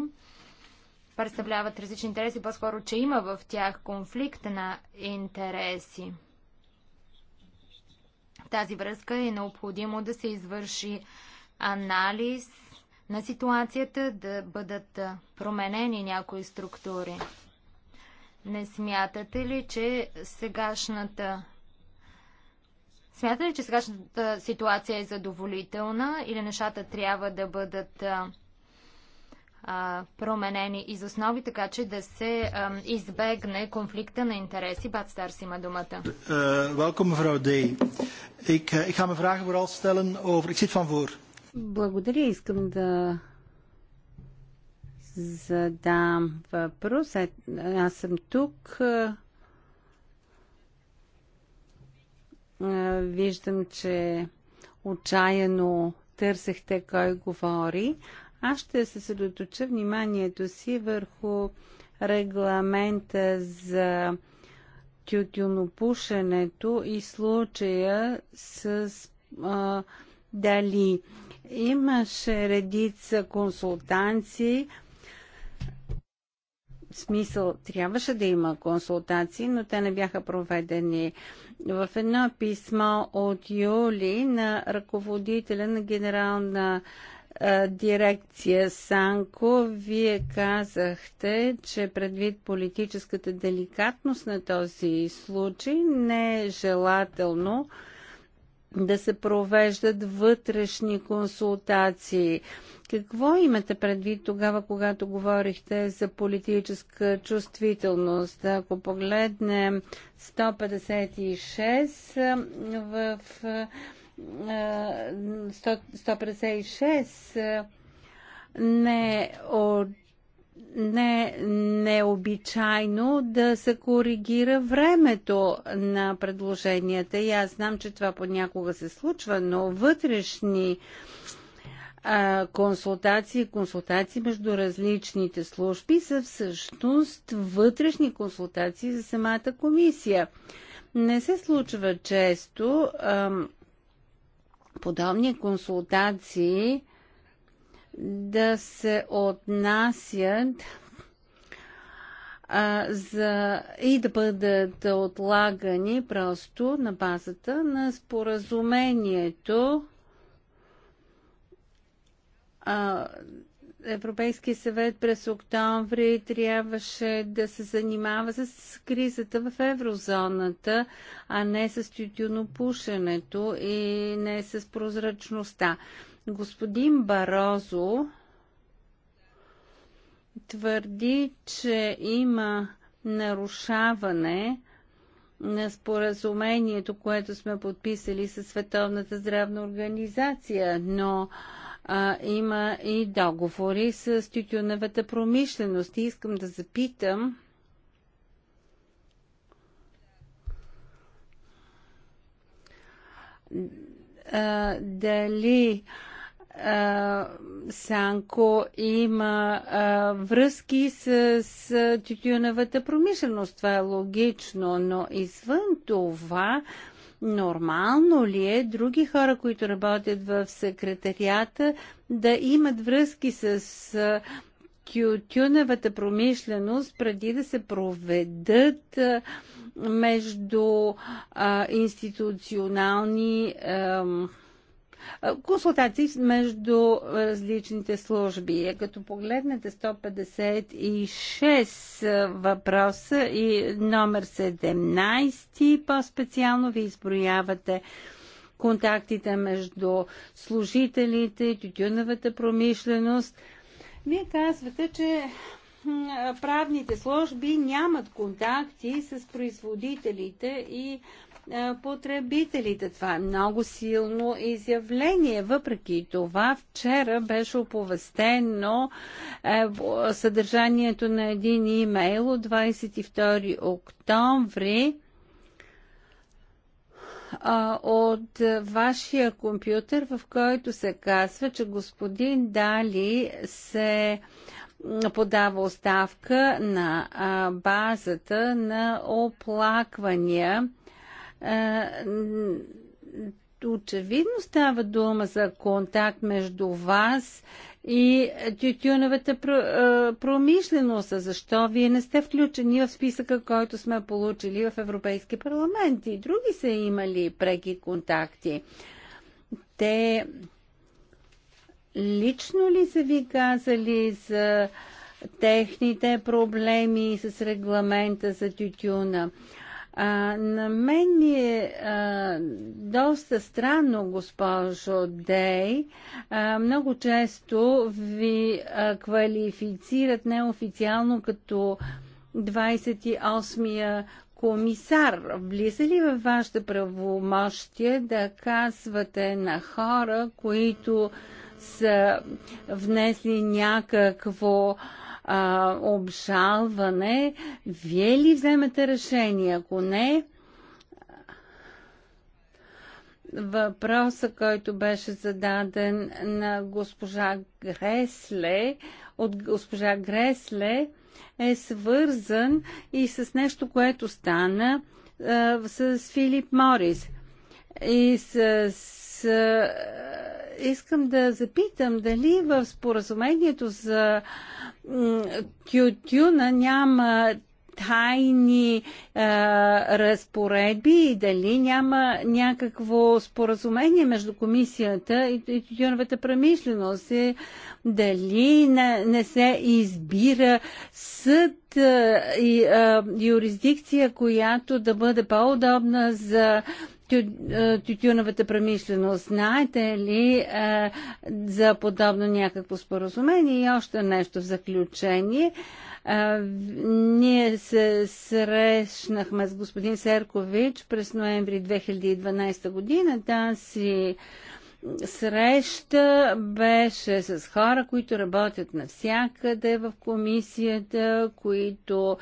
представляват различни интереси, по-скоро, че има в тях конфликт на интереси тази връзка е необходимо да се извърши анализ на ситуацията, да бъдат променени някои структури. Не смятате ли, че сегашната Смятате ли, че сегашната ситуация е задоволителна или нещата трябва да бъдат променени из основи, така че да се избегне конфликта на интереси. Бат Старс има думата. Е, mevrouw D. Ik, е, ik ga mijn vragen vooral stellen over... Ik zit van voor. Благодаря. Искам да задам въпрос. Е, аз съм тук. Виждам, че отчаяно търсехте кой говори. Аз ще съсредоточа вниманието си върху регламента за тютюнопушенето и случая с а, Дали. Имаше редица консултанции. В смисъл, трябваше да има консултации, но те не бяха проведени. В едно писмо от юли на ръководителя на генерална а, дирекция Санко, вие казахте, че предвид политическата деликатност на този случай не е желателно да се провеждат вътрешни консултации. Какво имате предвид тогава, когато говорихте за политическа чувствителност? Ако погледнем 156 в 156 е, не от не необичайно да се коригира времето на предложенията. И аз знам, че това понякога се случва, но вътрешни а, е, консултации, консултации между различните служби са всъщност вътрешни консултации за самата комисия. Не се случва често. А, подобни консултации да се отнасят а, за, и да бъдат отлагани просто на базата на споразумението а, Европейския съвет през октомври трябваше да се занимава с кризата в еврозоната, а не с тютюнопушенето и не с прозрачността. Господин Барозо твърди, че има нарушаване на споразумението, което сме подписали със Световната здравна организация, но а, а, има и договори с тютюневата промишленост. И искам да запитам а, дали Санко има а, връзки с, с тютюневата промишленост. Това е логично, но извън това Нормално ли е други хора, които работят в секретарията, да имат връзки с тютюневата промишленост преди да се проведат между институционални консултации между различните служби. Като погледнете 156 въпроса и номер 17, по-специално ви изброявате контактите между служителите и тютюновата промишленост. Вие казвате, че правните служби нямат контакти с производителите и е, потребителите. Това е много силно изявление. Въпреки това, вчера беше оповестено е, съдържанието на един имейл от 22 октомври е, от вашия компютър, в който се казва, че господин Дали се подава оставка на базата на оплаквания очевидно става дума за контакт между вас и тютюновата промишленост. Защо вие не сте включени в списъка, който сме получили в Европейски парламент? И други са имали преки контакти. Те лично ли са ви казали за техните проблеми с регламента за тютюна? А, на мен ми е а, доста странно, госпожо Дей. А, много често ви а, квалифицират неофициално като 28-я комисар. Влиза ли във вашето правомощие да казвате на хора, които са внесли някакво а, а, обжалване, вие ли вземете решение? Ако не, въпроса, който беше зададен на госпожа Гресле, от госпожа Гресле, е свързан и с нещо, което стана а, с Филип Морис и с, с искам да запитам дали в споразумението за Кютюна няма тайни а, разпоредби и дали няма някакво споразумение между комисията и, и тютюновата промишленост и дали не, не се избира съд а, и а, юрисдикция, която да бъде по-удобна за м- тютюновата промишленост. Знаете ли е, за подобно някакво споразумение? И още нещо в заключение. Е, ние се срещнахме с господин Серкович през ноември 2012 година. Тази си среща беше с хора, които работят навсякъде в комисията, които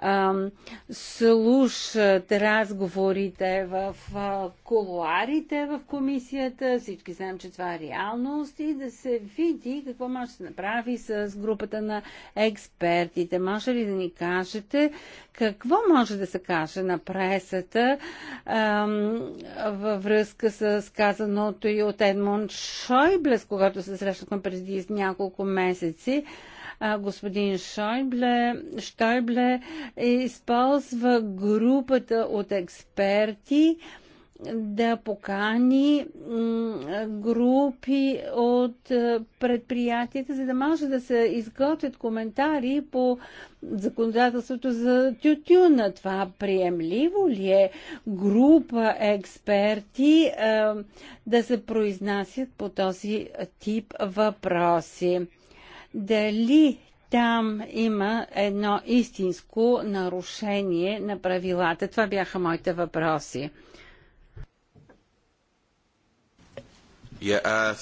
ам, слушат разговорите в а, колуарите в комисията. Всички знаем, че това е реалност и да се види какво може да се направи с групата на експертите. Може ли да ни кажете какво може да се каже на пресата ам, във връзка с казаното и от от Едмон Шойбле, с когато се срещнахме преди няколко месеци. Господин Шойбле, Шойбле е използва групата от експерти, да покани групи от е, предприятията, за да може да се изготвят коментари по законодателството за тютюна. Това приемливо ли е група експерти е, да се произнасят по този тип въпроси? Дали там има едно истинско нарушение на правилата? Това бяха моите въпроси. Uh,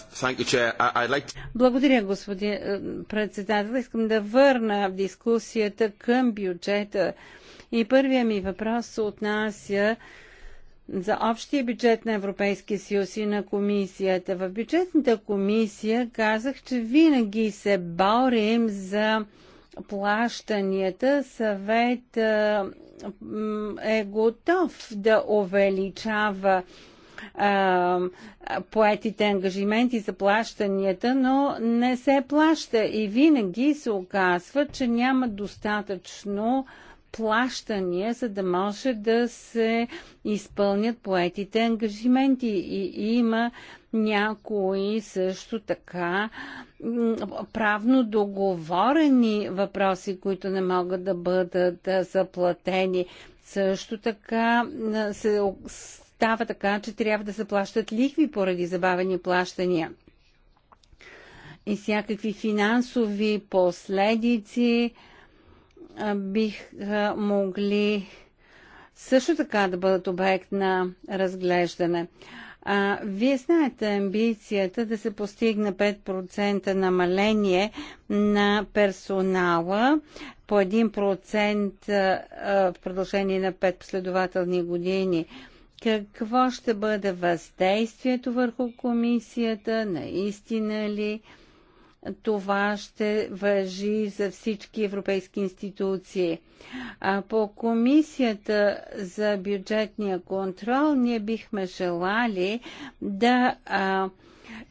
Благодаря, господин е, председател. Искам да върна в дискусията към бюджета. И първия ми въпрос се отнася за общия бюджет на Европейския съюз и на комисията. В бюджетната комисия казах, че винаги се борим за плащанията. Съвет е, е готов да увеличава а, поетите ангажименти за плащанията, но не се плаща и винаги се оказва, че няма достатъчно плащания, за да може да се изпълнят поетите ангажименти. И има някои също така правно договорени въпроси, които не могат да бъдат заплатени. Също така се става така, че трябва да се плащат лихви поради забавени плащания и всякакви финансови последици бих могли също така да бъдат обект на разглеждане. А, вие знаете амбицията да се постигне 5% намаление на персонала по 1% в продължение на 5 последователни години. Какво ще бъде въздействието върху комисията? Наистина ли? това ще въжи за всички европейски институции. А по комисията за бюджетния контрол ние бихме желали да а,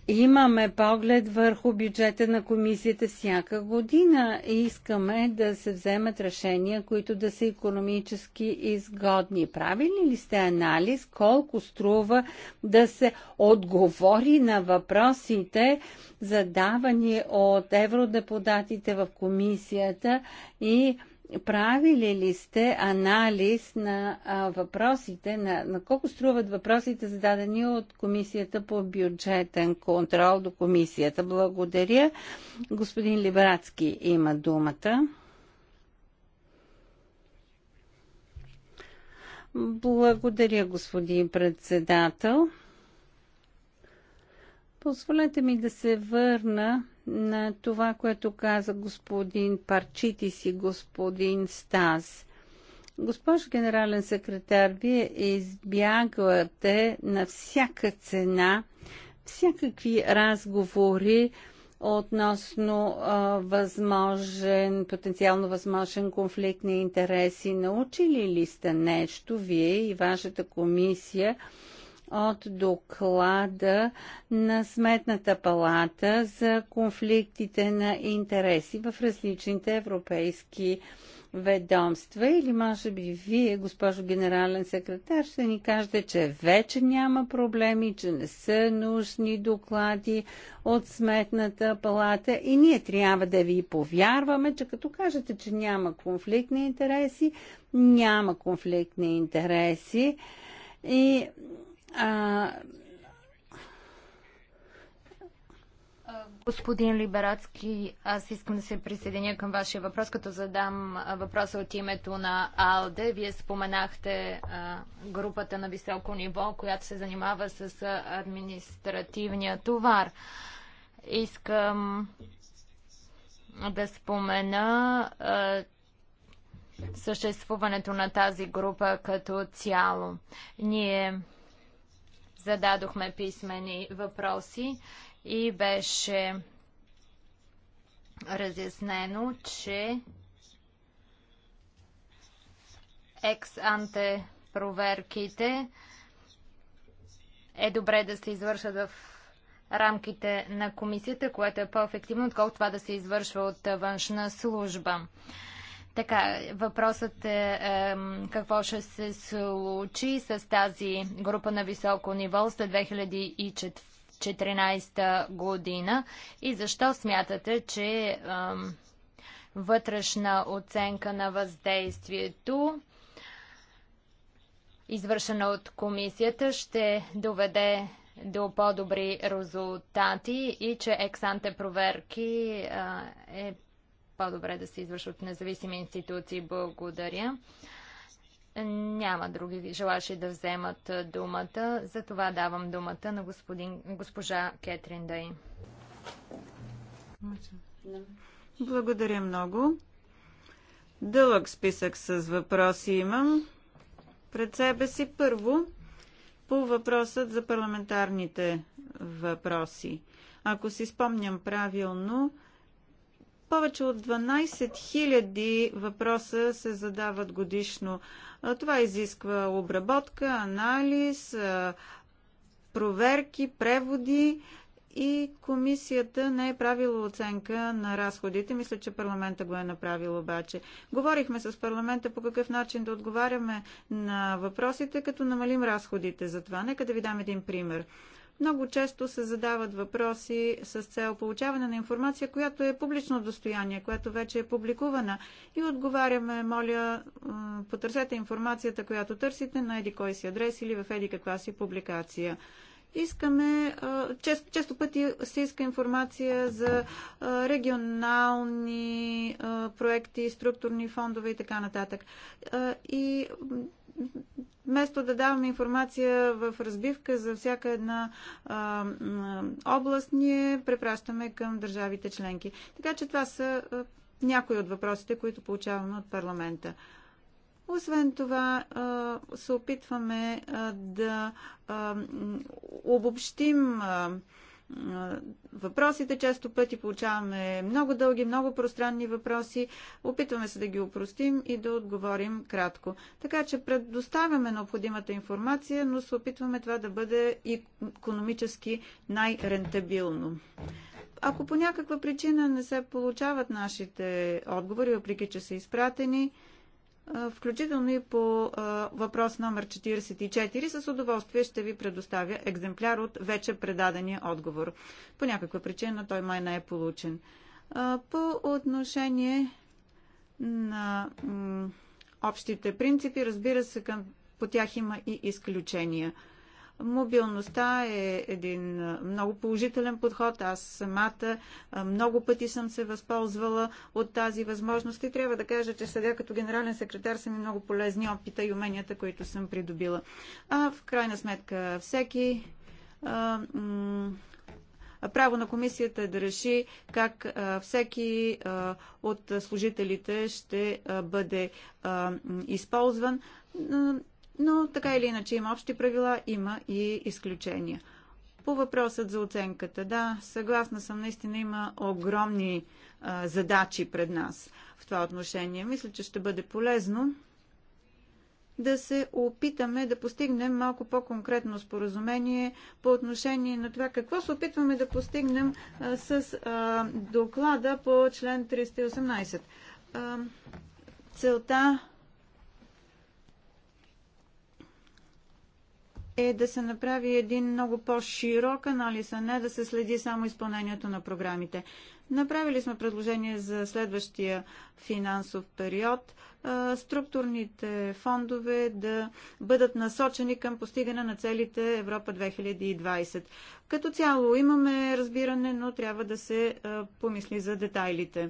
Имаме поглед върху бюджета на комисията всяка година и искаме да се вземат решения, които да са економически изгодни. Правили ли сте анализ колко струва да се отговори на въпросите, задавани от евродепутатите в комисията и правили ли сте анализ на а, въпросите, на, на колко струват въпросите зададени от Комисията по бюджетен контрол до Комисията? Благодаря. Господин Либрацки има думата. Благодаря, господин председател. Позволете ми да се върна на това, което каза господин Парчитис си, господин Стас. Госпожо генерален секретар, вие избягвате на всяка цена всякакви разговори относно а, възможен, потенциално възможен конфликт на интереси. Научили ли сте нещо, вие и вашата комисия, от доклада на Сметната палата за конфликтите на интереси в различните европейски ведомства или може би вие, госпожо генерален секретар, ще ни кажете, че вече няма проблеми, че не са нужни доклади от сметната палата и ние трябва да ви повярваме, че като кажете, че няма конфликт на интереси, няма конфликт на интереси и Господин Либерацки, аз искам да се присъединя към вашия въпрос, като задам въпроса от името на АЛДЕ. Вие споменахте групата на високо ниво, която се занимава с административния товар. Искам да спомена съществуването на тази група като цяло. Ние зададохме писмени въпроси и беше разяснено, че екс-анте проверките е добре да се извършат в рамките на комисията, което е по-ефективно, отколкото това да се извършва от външна служба. Така, въпросът е, е какво ще се случи с тази група на високо ниво след 2014 година и защо смятате, че е, вътрешна оценка на въздействието, извършена от комисията, ще доведе до по-добри резултати и че ексанте проверки е, е по-добре да се от независими институции. Благодаря. Няма други желаши да вземат думата. За това давам думата на господин, госпожа Кетрин Дай. Благодаря много. Дълъг списък с въпроси имам. Пред себе си първо по въпросът за парламентарните въпроси. Ако си спомням правилно, повече от 12 000 въпроса се задават годишно. Това изисква обработка, анализ, проверки, преводи и комисията не е правила оценка на разходите. Мисля, че парламента го е направил обаче. Говорихме с парламента по какъв начин да отговаряме на въпросите, като намалим разходите за това. Нека да ви дам един пример. Много често се задават въпроси с цел получаване на информация, която е публично достояние, която вече е публикувана. И отговаряме, моля, потърсете информацията, която търсите на еди кой си адрес или в еди каква си публикация искаме, често, често пъти се иска информация за регионални проекти, структурни фондове и така нататък. И Вместо да даваме информация в разбивка за всяка една а, област, ние препращаме към държавите членки. Така че това са а, някои от въпросите, които получаваме от парламента. Освен това, се опитваме да обобщим въпросите. Често пъти получаваме много дълги, много пространни въпроси. Опитваме се да ги упростим и да отговорим кратко. Така че предоставяме необходимата информация, но се опитваме това да бъде економически най-рентабилно. Ако по някаква причина не се получават нашите отговори, въпреки че са изпратени, включително и по въпрос номер 44. С удоволствие ще ви предоставя екземпляр от вече предадения отговор. По някаква причина той май не е получен. По отношение на общите принципи, разбира се, към, по тях има и изключения – Мобилността е един много положителен подход. Аз самата много пъти съм се възползвала от тази възможност и трябва да кажа, че сега като генерален секретар са ми много полезни опита и уменията, които съм придобила. А в крайна сметка всеки право на комисията е да реши как всеки от служителите ще бъде използван но така или иначе има общи правила, има и изключения. По въпросът за оценката, да, съгласна съм, наистина има огромни а, задачи пред нас в това отношение. Мисля, че ще бъде полезно да се опитаме да постигнем малко по-конкретно споразумение по отношение на това какво се опитваме да постигнем а, с а, доклада по член 318. А, целта е да се направи един много по-широк анализ, а не да се следи само изпълнението на програмите. Направили сме предложение за следващия финансов период структурните фондове да бъдат насочени към постигане на целите Европа 2020. Като цяло имаме разбиране, но трябва да се помисли за детайлите.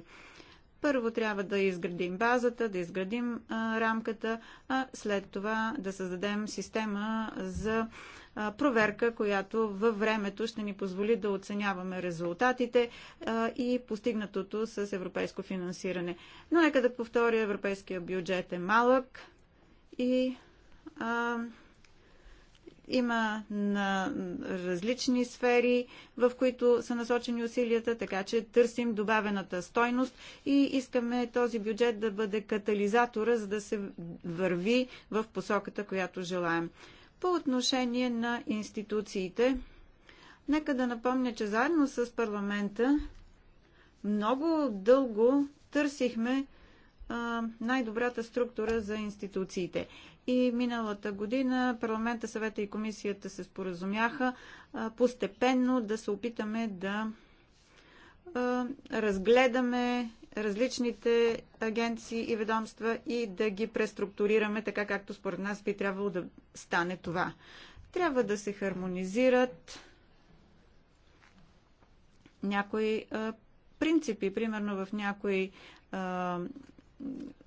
Първо трябва да изградим базата, да изградим а, рамката, а след това да създадем система за а, проверка, която във времето ще ни позволи да оценяваме резултатите а, и постигнатото с европейско финансиране. Но нека да повторя, европейския бюджет е малък и а, има на различни сфери, в които са насочени усилията, така че търсим добавената стойност и искаме този бюджет да бъде катализатора, за да се върви в посоката, която желаем. По отношение на институциите, нека да напомня, че заедно с парламента много дълго търсихме най-добрата структура за институциите и миналата година парламента, съвета и комисията се споразумяха постепенно да се опитаме да разгледаме различните агенции и ведомства и да ги преструктурираме така, както според нас би трябвало да стане това. Трябва да се хармонизират някои принципи, примерно в някои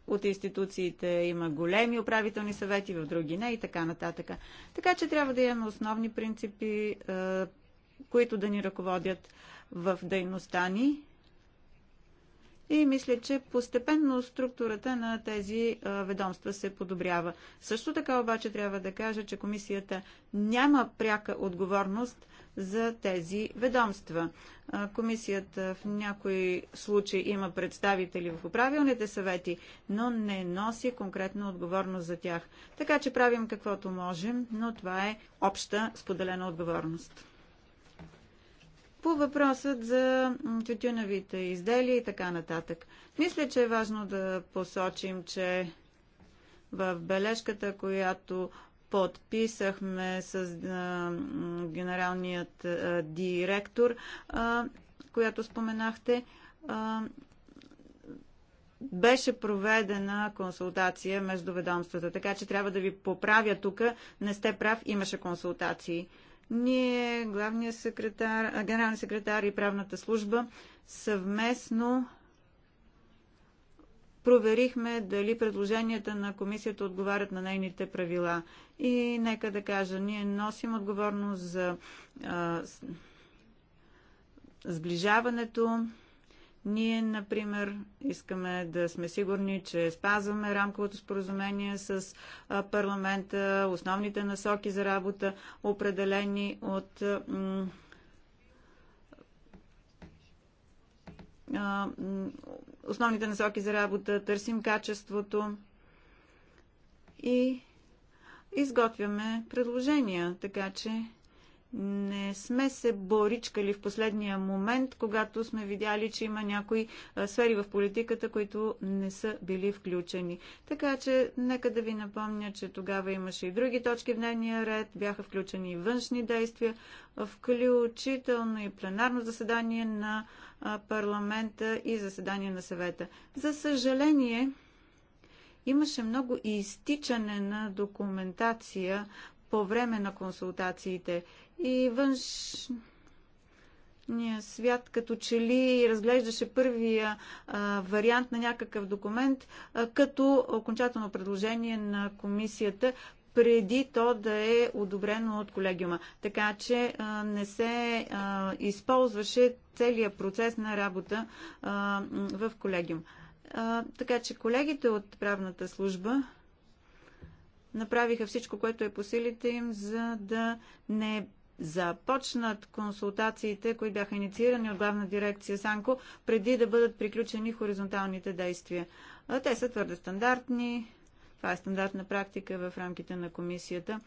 от институциите има големи управителни съвети, в други не и така нататък. Така че трябва да имаме основни принципи, е, които да ни ръководят в дейността ни. И мисля, че постепенно структурата на тези е, ведомства се подобрява. Също така обаче трябва да кажа, че комисията няма пряка отговорност за тези ведомства. Комисията в някои случаи има представители в управилните съвети, но не носи конкретна отговорност за тях. Така че правим каквото можем, но това е обща споделена отговорност. По въпросът за тютюневите изделия и така нататък. Мисля, че е важно да посочим, че в бележката, която подписахме с генералният директор, която споменахте, беше проведена консултация между ведомствата. Така че трябва да ви поправя тук. Не сте прав, имаше консултации. Ние, главният секретар, генералният секретар и правната служба съвместно проверихме дали предложенията на комисията отговарят на нейните правила. И нека да кажа, ние носим отговорност за а, сближаването. Ние, например, искаме да сме сигурни, че спазваме рамковото споразумение с парламента, основните насоки за работа, определени от основните насоки за работа, търсим качеството и изготвяме предложения, така че не сме се боричкали в последния момент, когато сме видяли, че има някои сфери в политиката, които не са били включени. Така че, нека да ви напомня, че тогава имаше и други точки в дневния ред, бяха включени и външни действия, включително и пленарно заседание на парламента и заседания на съвета. За съжаление, имаше много изтичане на документация по време на консултациите и външ външния свят като че ли разглеждаше първия а, вариант на някакъв документ а, като окончателно предложение на комисията, преди то да е одобрено от колегиума. Така че а, не се а, използваше целият процес на работа а, в колегиум. А, така че колегите от правната служба направиха всичко, което е по силите им, за да не започнат консултациите, които бяха инициирани от главна дирекция Санко, преди да бъдат приключени хоризонталните действия. А, те са твърде стандартни, това е стандартна практика в рамките на комисията.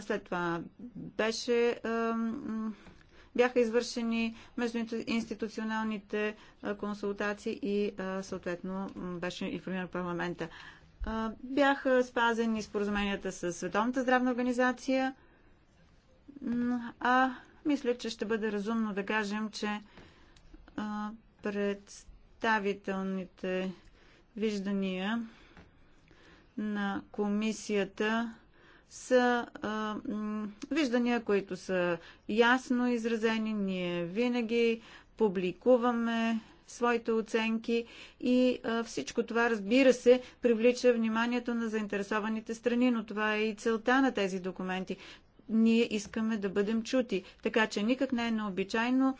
След това беше бяха извършени между институционалните консултации и съответно беше информиран парламента. Бяха спазени споразуменията с Световната здравна организация, а мисля, че ще бъде разумно да кажем, че представителните виждания на комисията са а, виждания, които са ясно изразени. Ние винаги публикуваме своите оценки и а, всичко това, разбира се, привлича вниманието на заинтересованите страни, но това е и целта на тези документи ние искаме да бъдем чути. Така че никак не е необичайно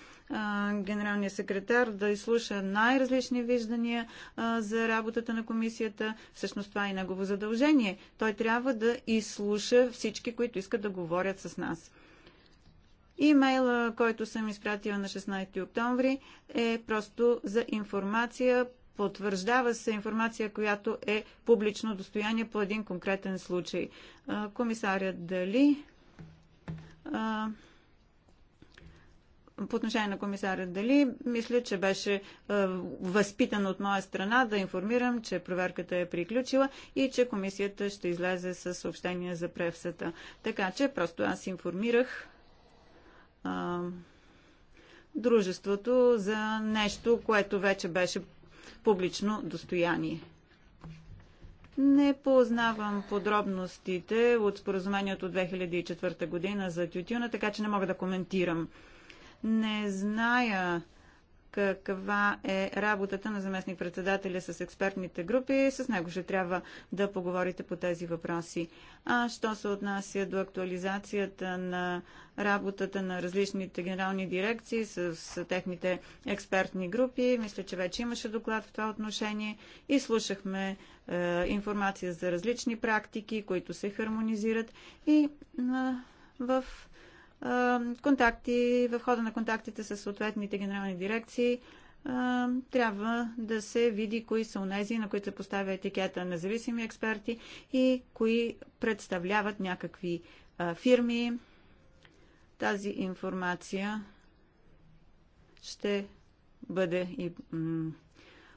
Генералния секретар да изслуша най-различни виждания а, за работата на комисията. Всъщност това е негово задължение. Той трябва да изслуша всички, които искат да говорят с нас. Имейла, който съм изпратила на 16 октомври, е просто за информация. Потвърждава се информация, която е публично достояние по един конкретен случай. Комисарят Дали по отношение на комисаря Дали, мисля, че беше възпитан от моя страна да информирам, че проверката е приключила и че комисията ще излезе с съобщение за превсата. Така че просто аз информирах дружеството за нещо, което вече беше публично достояние. Не познавам подробностите от споразумението от 2004 година за тютюна, така че не мога да коментирам. Не зная каква е работата на заместник-председателя с експертните групи. С него ще трябва да поговорите по тези въпроси. А що се отнася до актуализацията на работата на различните генерални дирекции с, с техните експертни групи, мисля, че вече имаше доклад в това отношение и слушахме е, информация за различни практики, които се хармонизират и е, в контакти, в хода на контактите с съответните генерални дирекции трябва да се види кои са унези, на които се поставя етикета независими експерти и кои представляват някакви фирми. Тази информация ще бъде и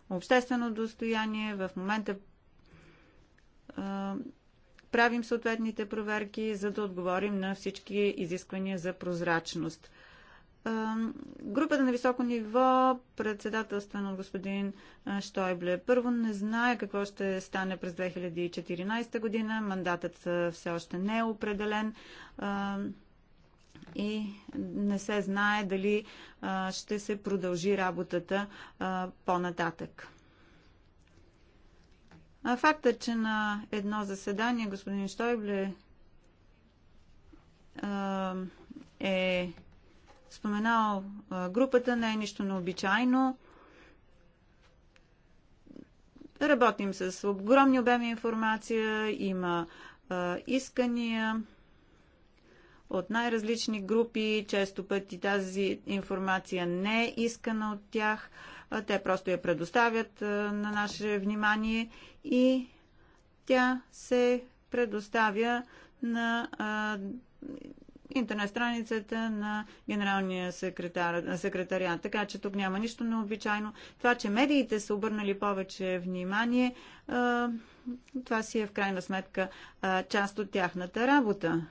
обществено достояние. В момента правим съответните проверки, за да отговорим на всички изисквания за прозрачност. Групата на високо ниво, председателствена от господин Штойбле, първо не знае какво ще стане през 2014 година. Мандатът все още не е определен и не се знае дали ще се продължи работата по-нататък. А фактът, че на едно заседание господин Штойбле е споменал групата, не е нищо необичайно. Работим с огромни обеми информация, има искания от най-различни групи, често пъти тази информация не е искана от тях. Те просто я предоставят на наше внимание и тя се предоставя на интернет страницата на генералния секретар, секретариат. Така че тук няма нищо необичайно. Това, че медиите са обърнали повече внимание, това си е в крайна сметка част от тяхната работа.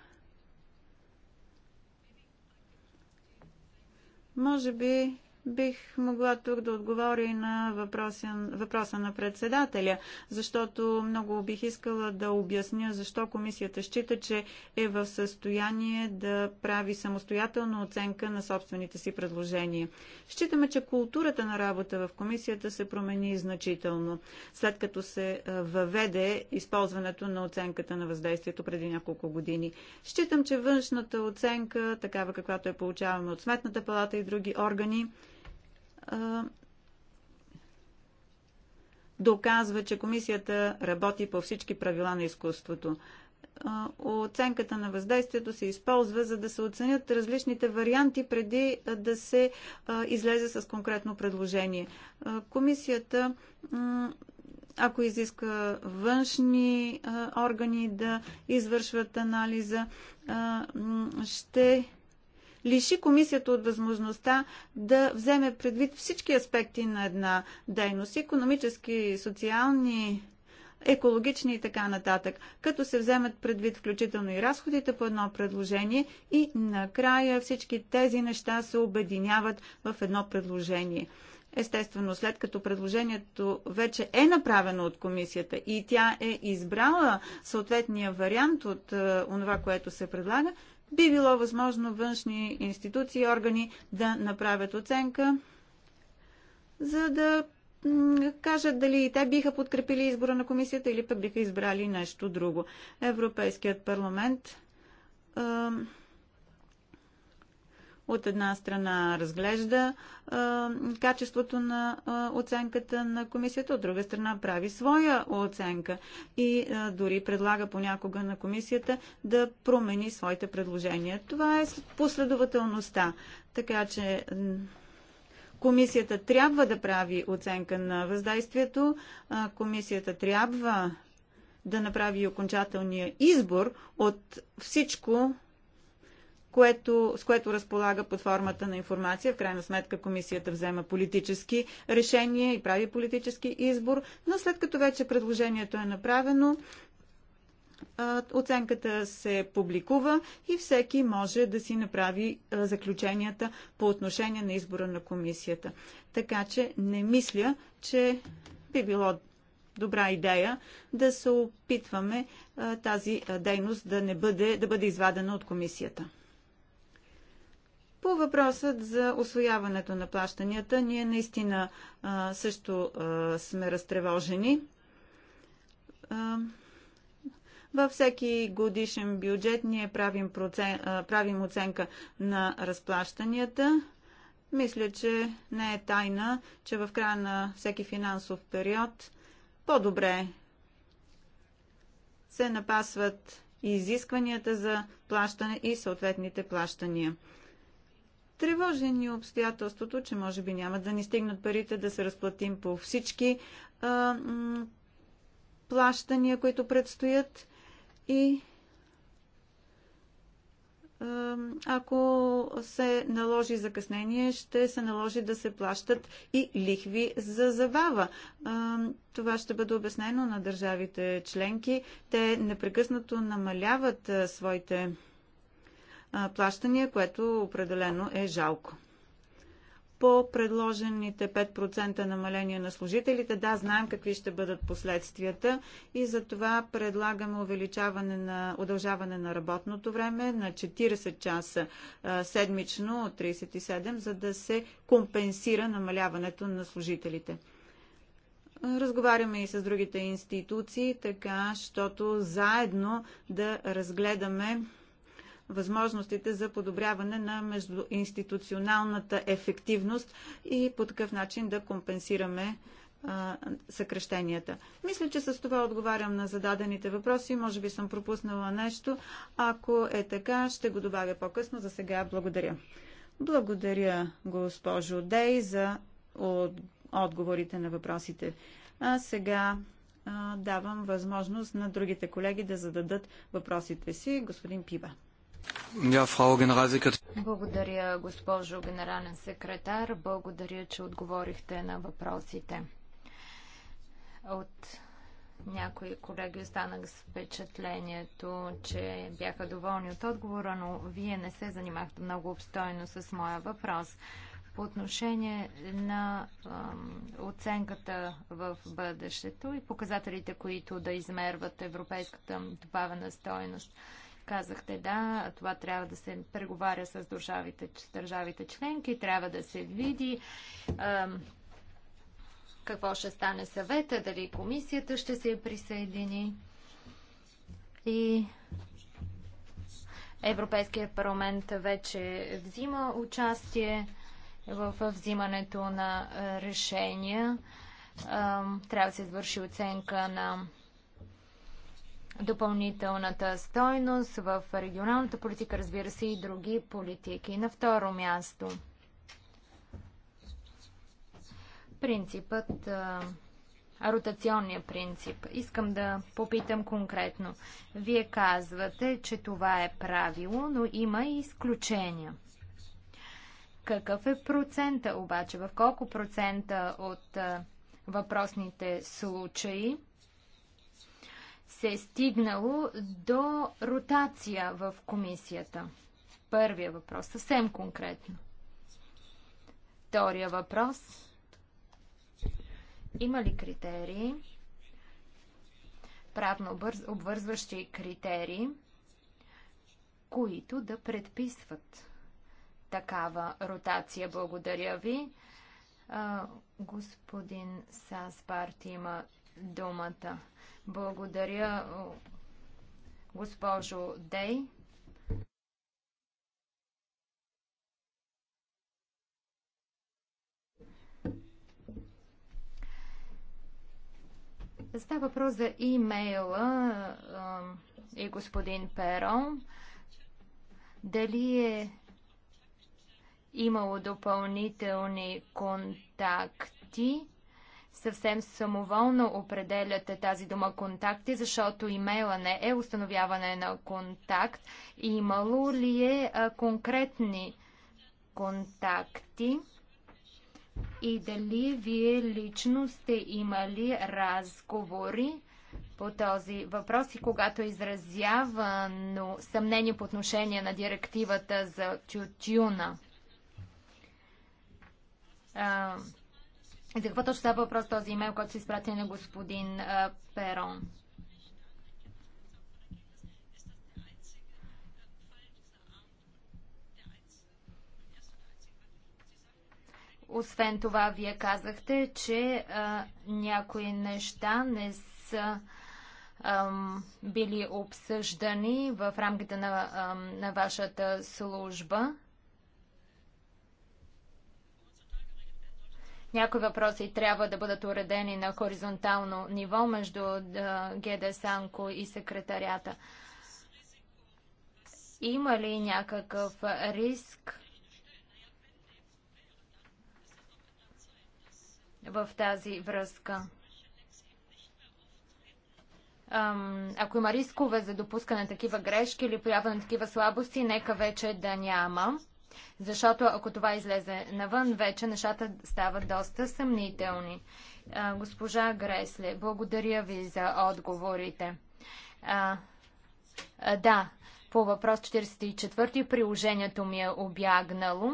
Може би Бих могла тук да отговоря и на въпроса, въпроса на председателя, защото много бих искала да обясня защо комисията счита, че е в състояние да прави самостоятелна оценка на собствените си предложения. Считаме, че културата на работа в комисията се промени значително, след като се въведе използването на оценката на въздействието преди няколко години. Считам, че външната оценка, такава каквато е получаваме от Сметната палата и други органи, доказва, че комисията работи по всички правила на изкуството. Оценката на въздействието се използва, за да се оценят различните варианти преди да се излезе с конкретно предложение. Комисията, ако изиска външни органи да извършват анализа, ще лиши комисията от възможността да вземе предвид всички аспекти на една дейност, економически, социални, екологични и така нататък, като се вземат предвид включително и разходите по едно предложение и накрая всички тези неща се обединяват в едно предложение. Естествено, след като предложението вече е направено от комисията и тя е избрала съответния вариант от това, е, което се предлага, би било възможно външни институции и органи да направят оценка, за да кажат дали и те биха подкрепили избора на комисията или пък биха избрали нещо друго. Европейският парламент от една страна разглежда а, качеството на а, оценката на комисията, от друга страна прави своя оценка и а, дори предлага понякога на комисията да промени своите предложения. Това е последователността. Така че комисията трябва да прави оценка на въздействието, а, комисията трябва да направи окончателния избор от всичко което, с което разполага под формата на информация. В крайна сметка комисията взема политически решения и прави политически избор, но след като вече предложението е направено, Оценката се публикува и всеки може да си направи заключенията по отношение на избора на комисията. Така че не мисля, че би било добра идея да се опитваме тази дейност да не бъде, да бъде извадена от комисията. По въпросът за освояването на плащанията, ние наистина а, също а, сме разтревожени. А, във всеки годишен бюджет ние правим, процен, а, правим оценка на разплащанията. Мисля, че не е тайна, че в края на всеки финансов период по-добре се напасват и изискванията за плащане и съответните плащания. Тревожени обстоятелството, че може би няма да ни стигнат парите да се разплатим по всички а, плащания, които предстоят и ако се наложи закъснение, ще се наложи да се плащат и лихви за забава. Това ще бъде обяснено на държавите членки. Те непрекъснато намаляват своите плащания, което определено е жалко. По предложените 5% намаление на служителите, да, знаем какви ще бъдат последствията и за това предлагаме увеличаване на, удължаване на работното време на 40 часа седмично от 37, за да се компенсира намаляването на служителите. Разговаряме и с другите институции, така, щото заедно да разгледаме възможностите за подобряване на междуинституционалната ефективност и по такъв начин да компенсираме съкръщенията. Мисля, че с това отговарям на зададените въпроси. Може би съм пропуснала нещо. Ако е така, ще го добавя по-късно. За сега благодаря. Благодаря, госпожо Дей, за отговорите на въпросите. А сега а, давам възможност на другите колеги да зададат въпросите си. Господин Пиба. Благодаря, госпожо генерален секретар. Благодаря, че отговорихте на въпросите. От някои колеги останах с впечатлението, че бяха доволни от отговора, но вие не се занимахте много обстойно с моя въпрос. По отношение на оценката в бъдещето и показателите, които да измерват европейската добавена стойност – Казахте, да, това трябва да се преговаря с държавите, държавите членки, трябва да се види а, какво ще стане съвета, дали комисията ще се присъедини. И Европейския парламент вече взима участие в взимането на решения. Трябва да се извърши оценка на допълнителната стойност в регионалната политика, разбира се, и други политики. На второ място принципът, ротационния принцип. Искам да попитам конкретно. Вие казвате, че това е правило, но има и изключения. Какъв е процента обаче? В колко процента от въпросните случаи се е стигнало до ротация в комисията? Първия въпрос, съвсем конкретно. Втория въпрос. Има ли критерии, правно обвързващи критерии, които да предписват такава ротация? Благодаря ви. Господин Саспарт има думата. Благодаря, госпожо Дей. Става въпрос за имейла и господин Перон. Дали е имало допълнителни контакти? съвсем самоволно определяте тази дума контакти, защото имейла не е установяване на контакт. Имало ли е а, конкретни контакти? И дали вие лично сте имали разговори по този въпрос и когато е изразявано съмнение по отношение на директивата за тютюна? И За какво точно става въпрос този имейл, който се изпрати на господин а, Перон? Освен това, вие казахте, че а, някои неща не са ам, били обсъждани в рамките на, ам, на вашата служба. Някои въпроси трябва да бъдат уредени на хоризонтално ниво между ГД Санко и секретарята. Има ли някакъв риск в тази връзка? Ако има рискове за допускане на такива грешки или появане на такива слабости, нека вече да няма. Защото ако това излезе навън, вече нещата стават доста съмнителни. А, госпожа Гресле, благодаря ви за отговорите. А, а, да, по въпрос 44 приложението ми е обягнало.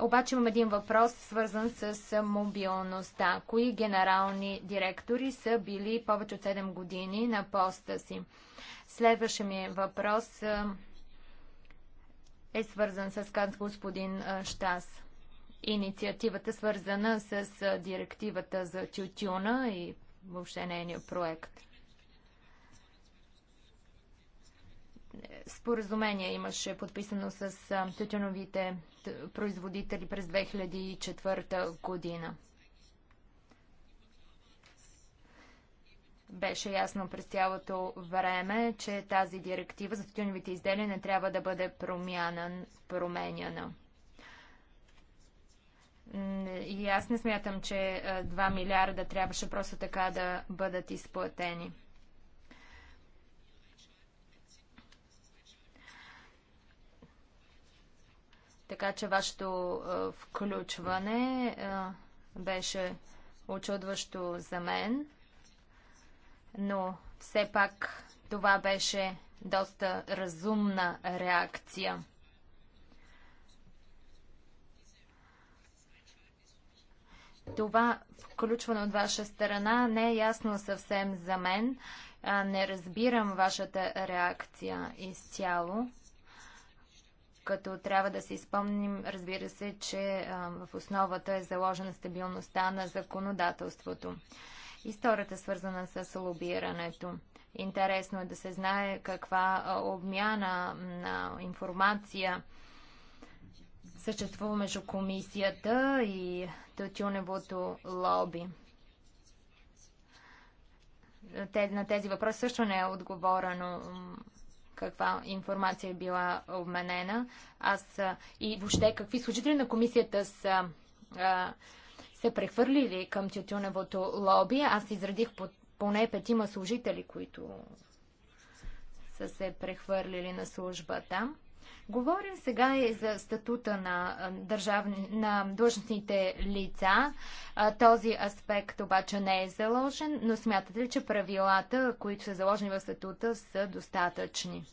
Обаче имам един въпрос, свързан с мобилността. Кои генерални директори са били повече от 7 години на поста си? Следваше ми въпрос е свързан с господин Штас. Инициативата свързана с директивата за тютюна и въобще нейния проект. Споразумение имаше подписано с тютюновите производители през 2004 година. Беше ясно през цялото време, че тази директива за тютюневите изделия не трябва да бъде променяна. И аз не смятам, че 2 милиарда трябваше просто така да бъдат изплатени. Така че вашето включване беше очудващо за мен но все пак това беше доста разумна реакция. Това включване от ваша страна не е ясно съвсем за мен. Не разбирам вашата реакция изцяло. Като трябва да се изпомним, разбира се, че в основата е заложена стабилността на законодателството. Историята, свързана с лобирането. Интересно е да се знае каква обмяна на информация съществува между комисията и тютюневото лоби. На тези въпроси също не е отговорено каква информация е била обменена. Аз и въобще какви служители на комисията са се прехвърлили към тютюневото лоби. Аз изредих по поне петима служители, които са се прехвърлили на служба там. Говорим сега и за статута на, държавни, на длъжностните лица. Този аспект обаче не е заложен, но смятате ли, че правилата, които са заложени в статута, са достатъчни?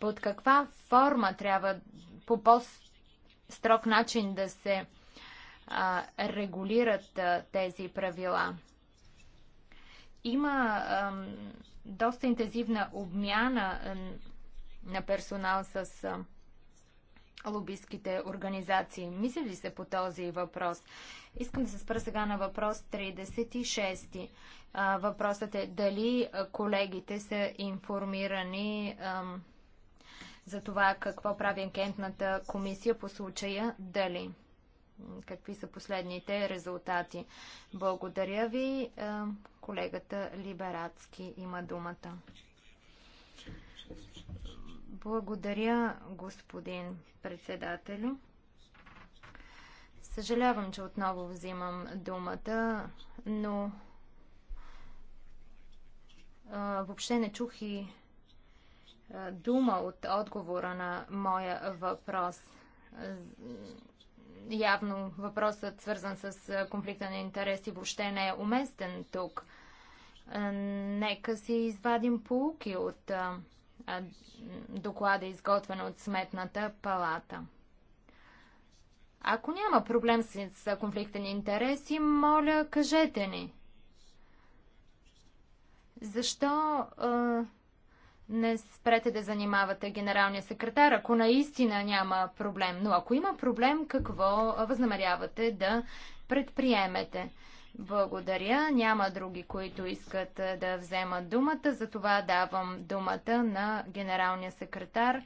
Под каква форма трябва по по-строг начин да се регулират тези правила. Има доста интензивна обмяна на персонал с лобистските организации. Мисля ли се по този въпрос? Искам да се спра сега на въпрос 36. Въпросът е дали колегите са информирани ам, за това какво прави анкетната комисия по случая, дали какви са последните резултати. Благодаря ви. Е, колегата Либерацки има думата. Благодаря, господин председателю. Съжалявам, че отново взимам думата, но а, е, въобще не чух и а, е, дума от отговора на моя въпрос явно въпросът, свързан с конфликта на интереси, въобще не е уместен тук. Нека си извадим полуки от доклада, изготвен от Сметната палата. Ако няма проблем с конфликта на интереси, моля, кажете ни. Защо не спрете да занимавате генералния секретар, ако наистина няма проблем. Но ако има проблем, какво възнамерявате да предприемете? Благодаря. Няма други, които искат е, да вземат думата. Затова давам думата на генералния секретар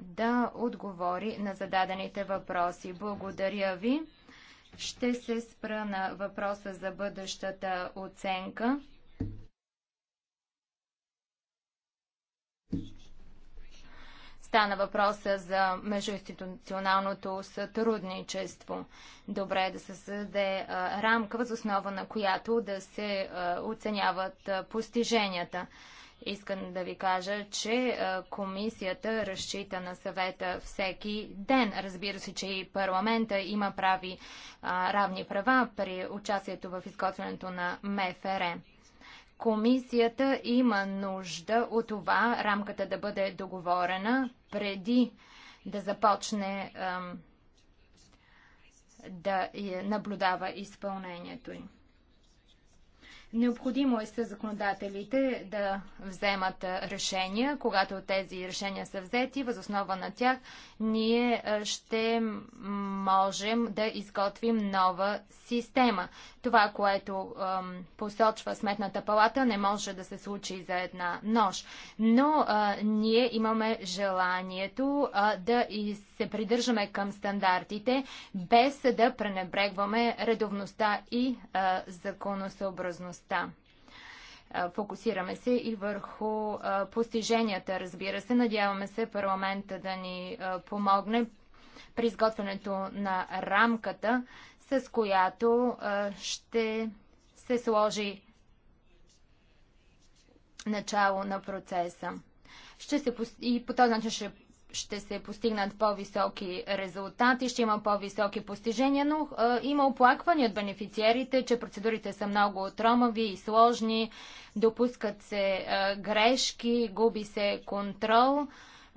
да отговори на зададените въпроси. Благодаря ви. Ще се спра на въпроса за бъдещата оценка. Стана въпроса за междуинституционалното сътрудничество. Добре е да се създаде рамка, въз основа на която да се оценяват постиженията. Искам да ви кажа, че комисията разчита на съвета всеки ден. Разбира се, че и парламента има прави равни права при участието в изготвянето на МФР. Комисията има нужда от това рамката да бъде договорена преди да започне да наблюдава изпълнението им. Необходимо е със законодателите да вземат решения. Когато тези решения са взети, възоснова на тях, ние ще можем да изготвим нова система. Това, което посочва Сметната палата, не може да се случи за една нощ. Но ние имаме желанието да из се придържаме към стандартите, без да пренебрегваме редовността и а, законосъобразността. Фокусираме се и върху постиженията, разбира се. Надяваме се парламента да ни помогне при изготвянето на рамката, с която ще се сложи начало на процеса. Ще се, и по този начин ще ще се постигнат по-високи резултати, ще има по-високи постижения, но а, има оплаквания от бенефициерите, че процедурите са много отромави и сложни, допускат се а, грешки, губи се контрол.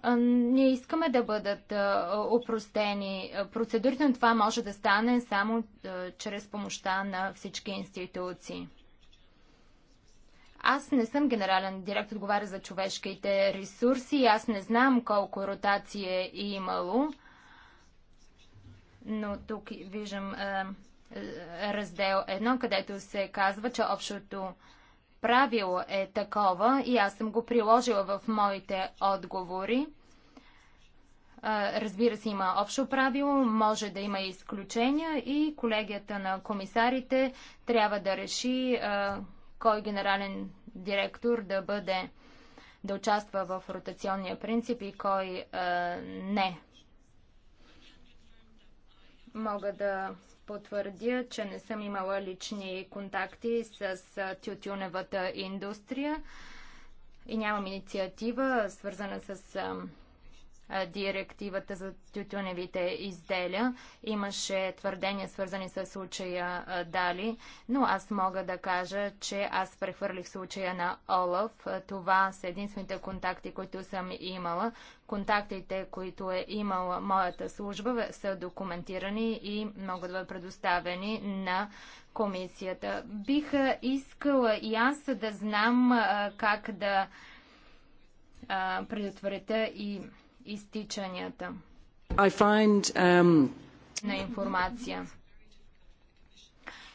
А, ние искаме да бъдат а, упростени процедурите, но това може да стане само а, чрез помощта на всички институции. Аз не съм генерален директор, отговаря за човешките ресурси. Аз не знам колко ротации е имало. Но тук виждам е, е раздел едно, където се казва, че общото правило е такова и аз съм го приложила в моите отговори. Е, разбира се, има общо правило, може да има изключения и колегията на комисарите трябва да реши е, кой генерален директор да бъде да участва в ротационния принцип и кой а, е, не. Мога да потвърдя, че не съм имала лични контакти с е, тютюневата индустрия и нямам инициатива, свързана с а, е, директивата за тютюневите изделия. Имаше твърдения свързани с случая Дали, но аз мога да кажа, че аз прехвърлих случая на Олаф. Това са единствените контакти, които съм имала. Контактите, които е имала моята служба, са документирани и могат да бъдат предоставени на комисията. Бих искала и аз да знам как да предотвратя и изтичанията um, на информация.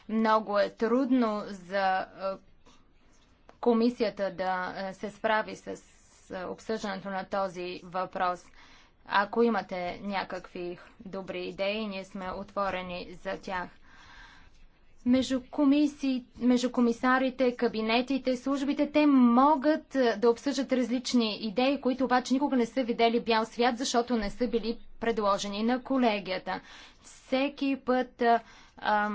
Много е трудно за е, комисията да е, се справи с е, обсъждането на този въпрос. Ако имате някакви добри идеи, ние сме отворени за тях между, комисии, между комисарите, кабинетите, службите, те могат е, да обсъждат различни идеи, които обаче никога не са видели бял свят, защото не са били предложени на колегията. Всеки път а, е, а,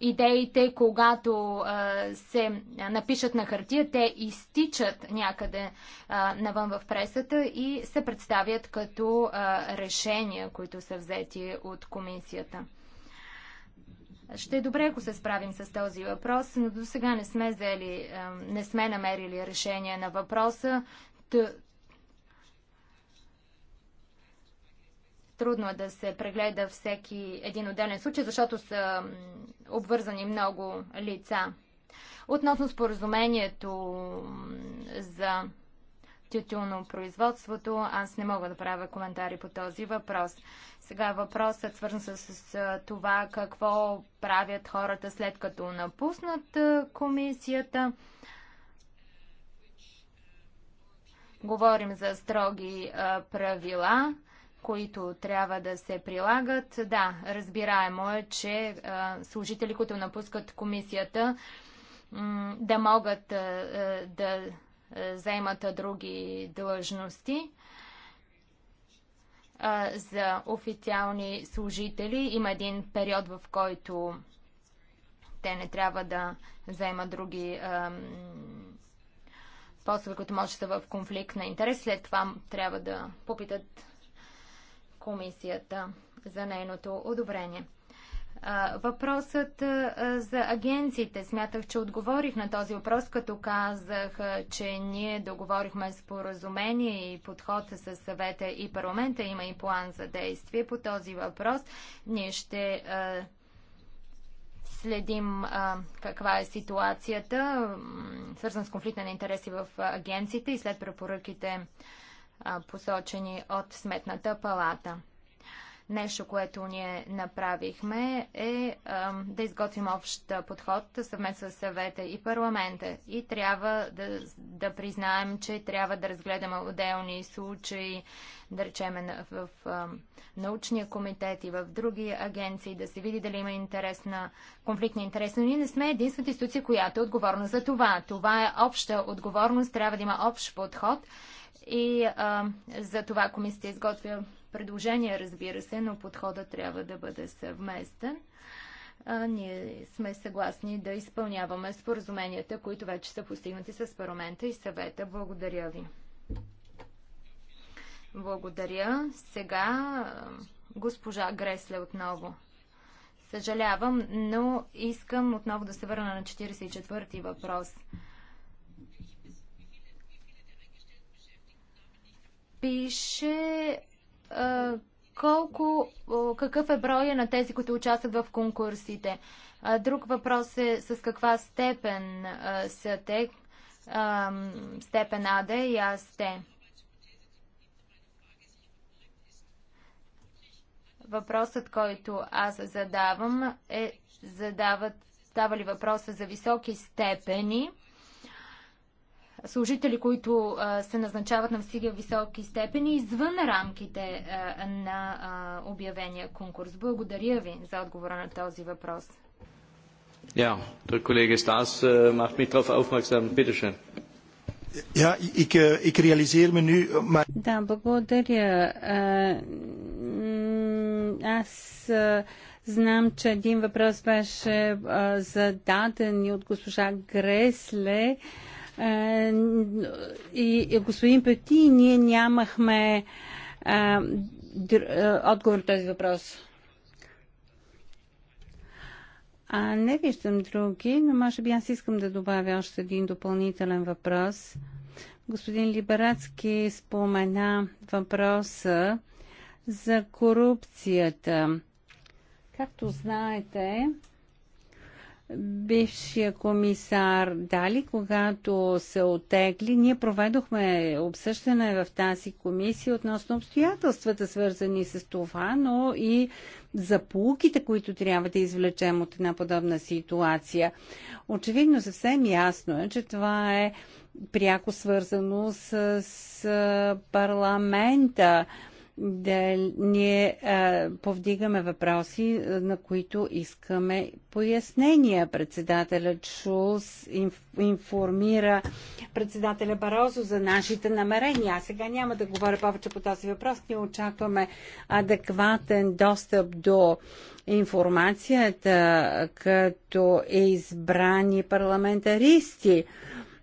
идеите, когато а, е, се напишат на хартия, те изтичат някъде а, навън в пресата и се представят като а, решения, които са взети от комисията. Ще е добре, ако се справим с този въпрос, но до сега не сме взели, не сме намерили решение на въпроса. Трудно е да се прегледа всеки един отделен случай, защото са обвързани много лица. Относно споразумението за тютюнопроизводството. Аз не мога да правя коментари по този въпрос. Сега въпросът свързан с, с това какво правят хората след като напуснат комисията. Говорим за строги а, правила, които трябва да се прилагат. Да, разбираемо е, че а, служители, които напускат комисията, да могат а, да заемат други длъжности. За официални служители има един период, в който те не трябва да заемат други постове, които може да са в конфликт на интерес. След това трябва да попитат комисията за нейното одобрение. Въпросът за агенциите. Смятах, че отговорих на този въпрос, като казах, че ние договорихме споразумение и подход с съвета и парламента. Има и план за действие по този въпрос. Ние ще следим а, каква е ситуацията, свързан с конфликта на интереси в агенциите и след препоръките а, посочени от Сметната палата. Нещо, което ние направихме е да изготвим общ подход съвместно с съвета и парламента. И трябва да, да признаем, че трябва да разгледаме отделни случаи, да речеме в, в научния комитет и в други агенции, да се види дали има интерес на конфликт на Но ние не сме единствената институция, която е отговорна за това. Това е обща отговорност, трябва да има общ подход и а, за това комисията е изготвя предложения, разбира се, но подхода трябва да бъде съвместен. А, ние сме съгласни да изпълняваме споразуменията, които вече са постигнати с парламента и съвета. Благодаря ви. Благодаря. Сега госпожа Гресле отново. Съжалявам, но искам отново да се върна на 44-ти въпрос. Пише колко, какъв е броя на тези, които участват в конкурсите? Друг въпрос е с каква степен са те, степен АД и АСТ. Въпросът, който аз задавам е задават, става ли въпроса за високи степени? служители, които се назначават на всички високи степени, извън рамките на обявения конкурс. Благодаря ви за отговора на този въпрос. Ja, der Kollege Staes äh, macht mich darauf aufmerksam. Bitte schön. Ja, ich, eh, ich, realiseer me nu... Maar... Да, благодаря. Е, аз е, знам, че един въпрос беше е, зададен и от госпожа Гресле. А, е, и господин Пети, ние нямахме е, е, отговор на този въпрос. А не виждам други, но може би аз искам да добавя още един допълнителен въпрос. Господин Либерацки спомена въпроса за корупцията. Както знаете, бившия комисар Дали, когато се отегли, ние проведохме обсъждане в тази комисия относно обстоятелствата, свързани с това, но и за полуките, които трябва да извлечем от една подобна ситуация. Очевидно, съвсем ясно е, че това е пряко свързано с, с парламента да ние а, повдигаме въпроси, на които искаме пояснения. Председателя Шулс информира председателя Барозо за нашите намерения. А сега няма да говоря повече по този въпрос. Ние очакваме адекватен достъп до информацията, като избрани парламентаристи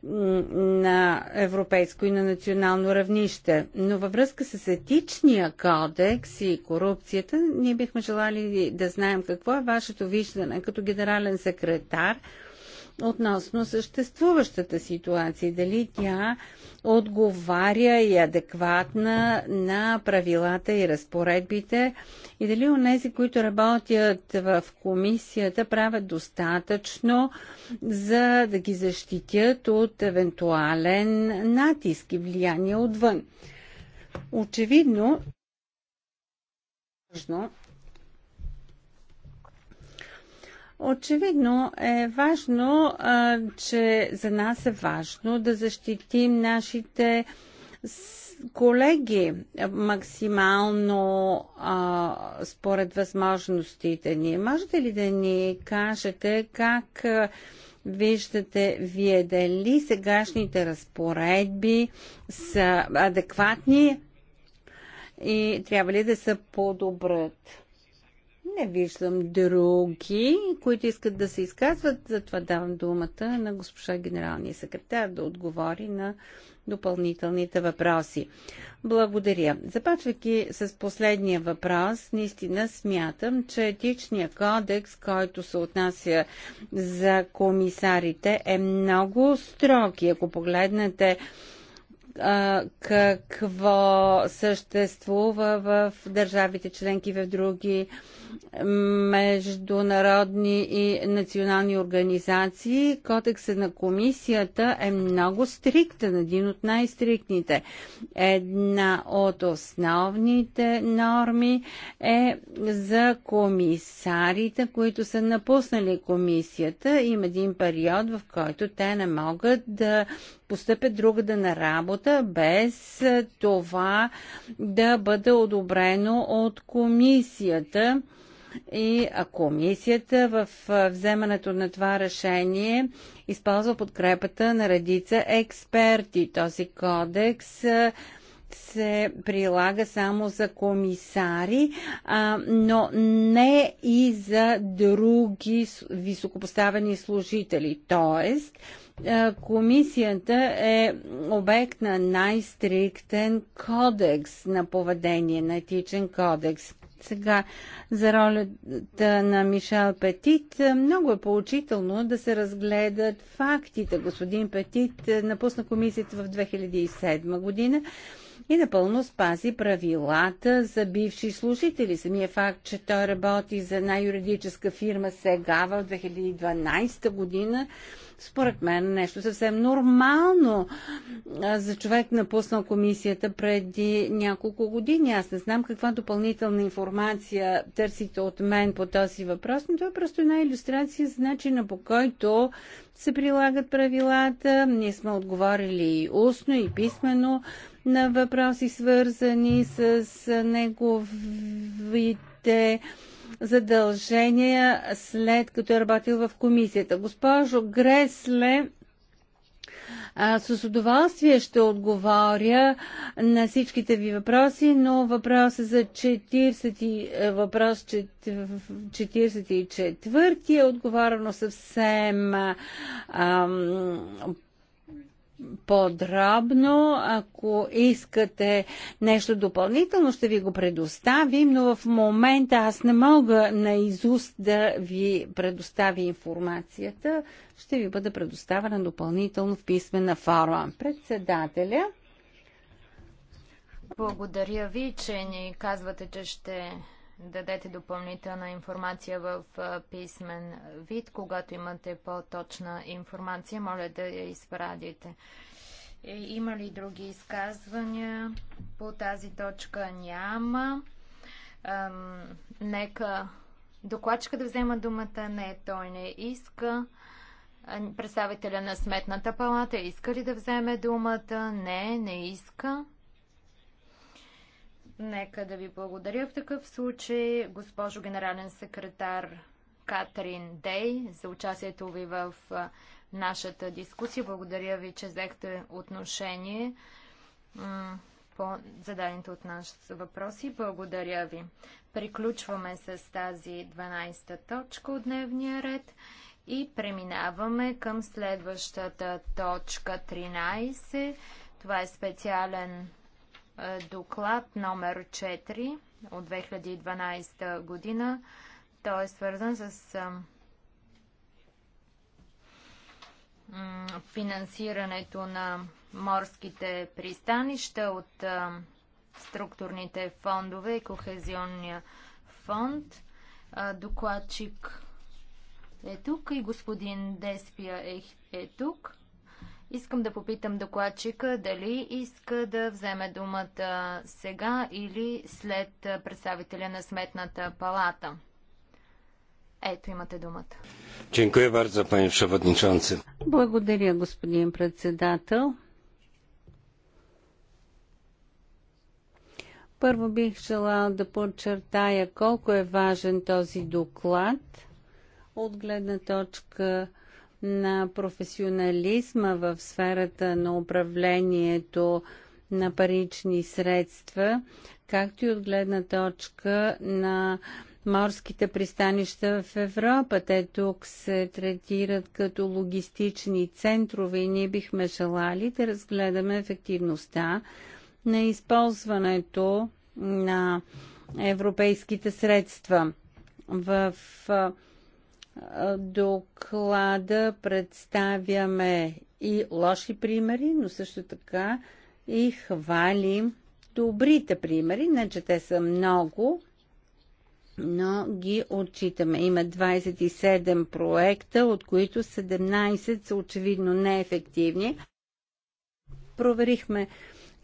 на европейско и на национално равнище. Но във връзка с етичния кодекс и корупцията, ние бихме желали да знаем какво е вашето виждане като генерален секретар – относно съществуващата ситуация, дали тя отговаря и адекватна на правилата и разпоредбите и дали нези, които работят в комисията, правят достатъчно за да ги защитят от евентуален натиск и влияние отвън. Очевидно, Очевидно е важно, че за нас е важно да защитим нашите колеги максимално а, според възможностите ни. Можете ли да ни кажете как виждате вие дали сегашните разпоредби са адекватни и трябва ли да се подобрят? Не виждам други, които искат да се изказват, затова давам думата на госпожа генералния секретар да отговори на допълнителните въпроси. Благодаря. Започвайки с последния въпрос, наистина смятам, че етичният кодекс, който се отнася за комисарите, е много строг. И ако погледнете какво съществува в държавите членки, в други международни и национални организации. Кодексът на комисията е много стриктен, един от най-стриктните. Една от основните норми е за комисарите, които са напуснали комисията. Има един период, в който те не могат да постъпят другаде на работа, без това да бъде одобрено от комисията. И комисията в вземането на това решение използва подкрепата на редица експерти. Този кодекс се прилага само за комисари, а, но не и за други високопоставени служители. Тоест, комисията е обект на най-стриктен кодекс на поведение, на етичен кодекс. Сега за ролята на Мишел Петит много е поучително да се разгледат фактите. Господин Петит е, напусна комисията в 2007 година и напълно спази правилата за бивши служители. Самия факт, че той работи за една юридическа фирма сега в 2012 година, според мен е нещо съвсем нормално за човек напуснал комисията преди няколко години. Аз не знам каква допълнителна информация търсите от мен по този въпрос, но това е просто една иллюстрация за начина по който се прилагат правилата. Ние сме отговорили и устно, и писменно на въпроси, свързани с неговите задължения, след като е работил в комисията. Госпожо Гресле, а, с удоволствие ще отговоря на всичките ви въпроси, но е, въпрос за 40, въпрос 44 е отговорено съвсем ам, по Ако искате нещо допълнително, ще ви го предоставим, но в момента аз не мога на изуст да ви предоставя информацията. Ще ви бъде предоставена допълнително в писмена форма. Председателя. Благодаря ви, че ни казвате, че ще дадете допълнителна информация в писмен вид. Когато имате по-точна информация, моля да я изпрадите. Е, има ли други изказвания по тази точка? Няма. Ам, нека докладчика да взема думата. Не, той не иска. Представителя на Сметната палата иска ли да вземе думата? Не, не иска. Нека да ви благодаря в такъв случай, госпожо генерален секретар Катрин Дей, за участието ви в нашата дискусия. Благодаря ви, че взехте отношение по зададените от нас въпроси. Благодаря ви. Приключваме с тази 12-та точка от дневния ред и преминаваме към следващата точка 13. Това е специален е, доклад номер 4 от 2012 година. Той е свързан с е, финансирането на морските пристанища от е, структурните фондове и Кохезионния фонд. Докладчик е тук и господин Деспия е, е тук. Искам да попитам докладчика дали иска да вземе думата сега или след представителя на Сметната палата. Ето имате думата. Дякую Благодаря, господин председател. Първо бих желал да подчертая колко е важен този доклад от гледна точка на на професионализма в сферата на управлението на парични средства, както и от гледна точка на морските пристанища в Европа. Те тук се третират като логистични центрове и ние бихме желали да разгледаме ефективността на използването на европейските средства. В доклада представяме и лоши примери, но също така и хвалим добрите примери, не че те са много, но ги отчитаме. Има 27 проекта, от които 17 са очевидно неефективни. Проверихме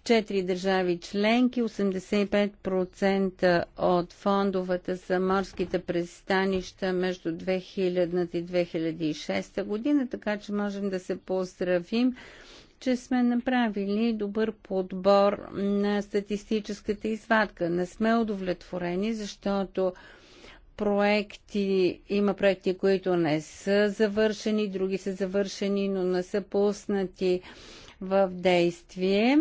4 държави членки, 85% от фондовата за морските пристанища между 2000 и 2006 година, така че можем да се поздравим че сме направили добър подбор на статистическата извадка. Не сме удовлетворени, защото проекти, има проекти, които не са завършени, други са завършени, но не са пуснати в действие.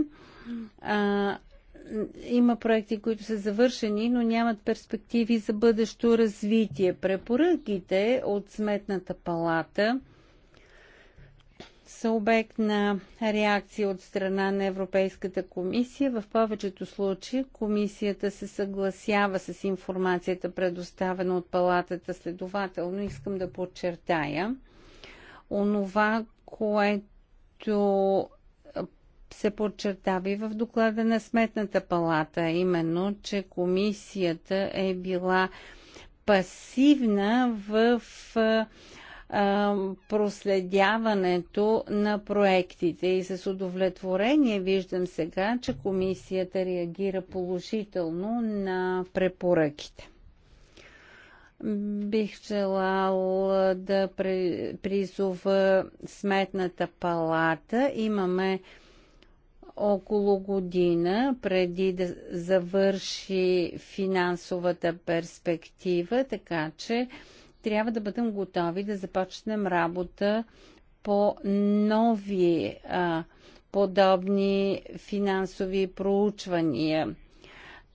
А, има проекти, които са завършени, но нямат перспективи за бъдещо развитие. Препоръките от Сметната палата са обект на реакция от страна на Европейската комисия. В повечето случаи комисията се съгласява с информацията, предоставена от палатата. Следователно, искам да подчертая онова, което се подчертава и в доклада на Сметната палата, именно, че комисията е била пасивна в проследяването на проектите и с удовлетворение виждам сега, че комисията реагира положително на препоръките. Бих желал да призова Сметната палата. Имаме около година преди да завърши финансовата перспектива, така че трябва да бъдем готови да започнем работа по нови а, подобни финансови проучвания.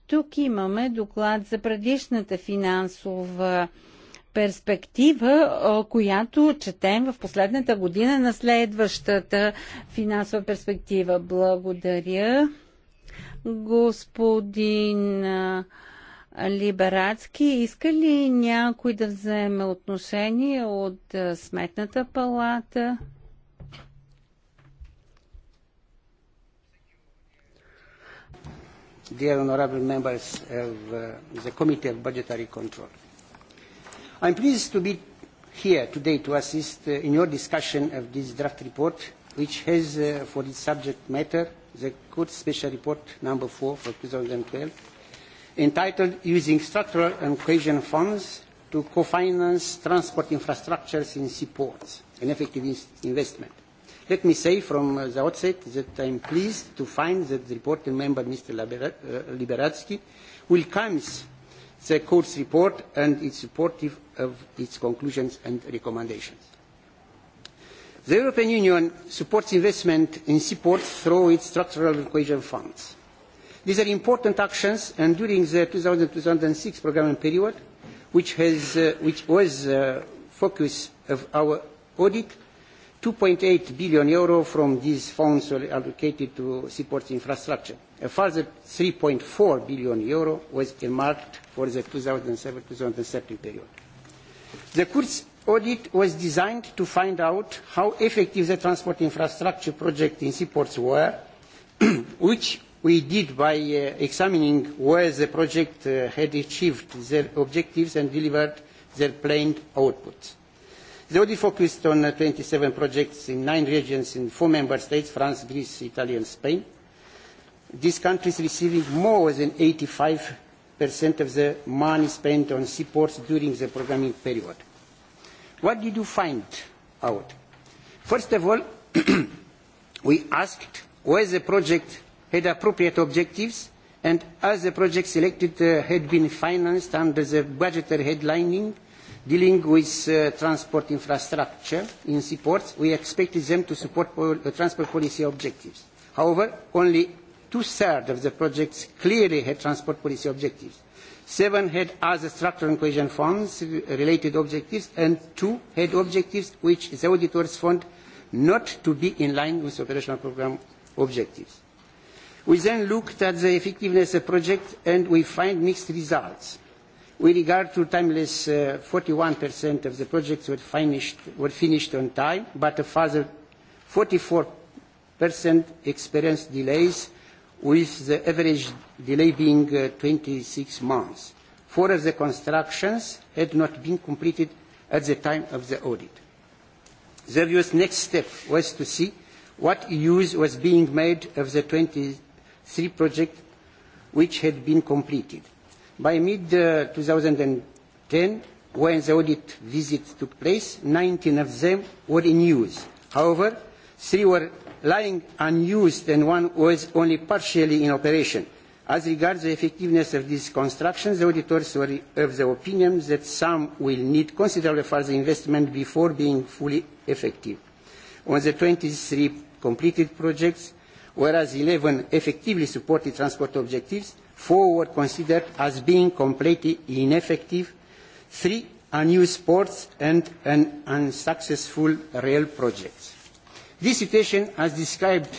Тук имаме доклад за предишната финансова а, перспектива, която четем в последната година на следващата финансова перспектива. Благодаря, господин Либерацки. Иска ли някой да вземе отношение от Сметната палата? Dear honorable members of uh, the Committee of Budgetary Control. I am pleased to be here today to assist in your discussion of this draft report, which has for its subject matter the Court Special Report number 4 for 2012, entitled Using Structural and Cohesion Funds to Co-Finance Transport Infrastructures in Seaports, an Effective Investment. Let me say from the outset that I am pleased to find that the reporting member, Mr. Liberatsky, welcomes the court's report and is supportive of its conclusions and recommendations. The European Union supports investment in seaports through its structural and cohesion funds. These are important actions and during the two thousand six programming period, which, was the focus of our audit, 2.8 billion euro from these funds were allocated to support infrastructure. A further 3.4 billion euro was earmarked for the 2007-2013 period. The Kurz audit was designed to find out how effective the transport infrastructure project in seaports were, which we did by examining where the project had achieved their objectives and delivered their planned outputs. They already focused on twenty seven projects in nine regions in four member states, France, Greece, Italy and Spain. These countries receiving more than eighty 85% of the money spent on seaports during the programming period. What did you find out? First of all, we asked whether the project had appropriate objectives and as the project selected had been financed under the budgetary headlining dealing with uh, transport infrastructure in seaports, we expected them to support pol uh, transport policy objectives. However, only two-thirds of the projects clearly had transport policy objectives. Seven had other structural and cohesion funds related objectives, and two had objectives which the auditors found not to be in line with operational programme objectives. We then looked at the effectiveness of projects and we find mixed results With regard to timeless, 41% of the projects were finished, were finished on time, but a further 44% experienced delays, with the average delay being 26 months. Four of the constructions had not been completed at the time of the audit. The EU's next step was to see what use was being made of the 23 projects which had been completed. By mid-2010, when the audit visits took place, 19 of them were in use. However, three were lying unused and one was only partially in operation. As regards the effectiveness of these constructions, the auditors were of the opinion that some will need considerable further investment before being fully effective. On the 23 completed projects, whereas 11 effectively supported transport objectives, forward considered as being completely ineffective, three unused ports and an unsuccessful rail project. This situation, as described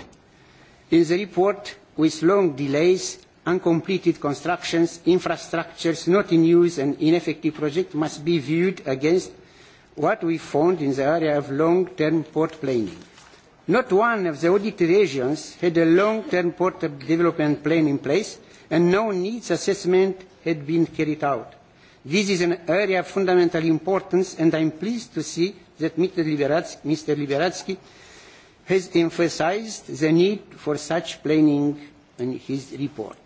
in the report, with long delays, uncompleted constructions, infrastructures not in use and ineffective projects must be viewed against what we found in the area of long-term port planning. Not one of the audit regions had a long-term port development plan in place, and no needs assessment had been carried out. This is an area of fundamental importance, and I am pleased to see that Mr. Liberatsky has emphasised the need for such planning in his report.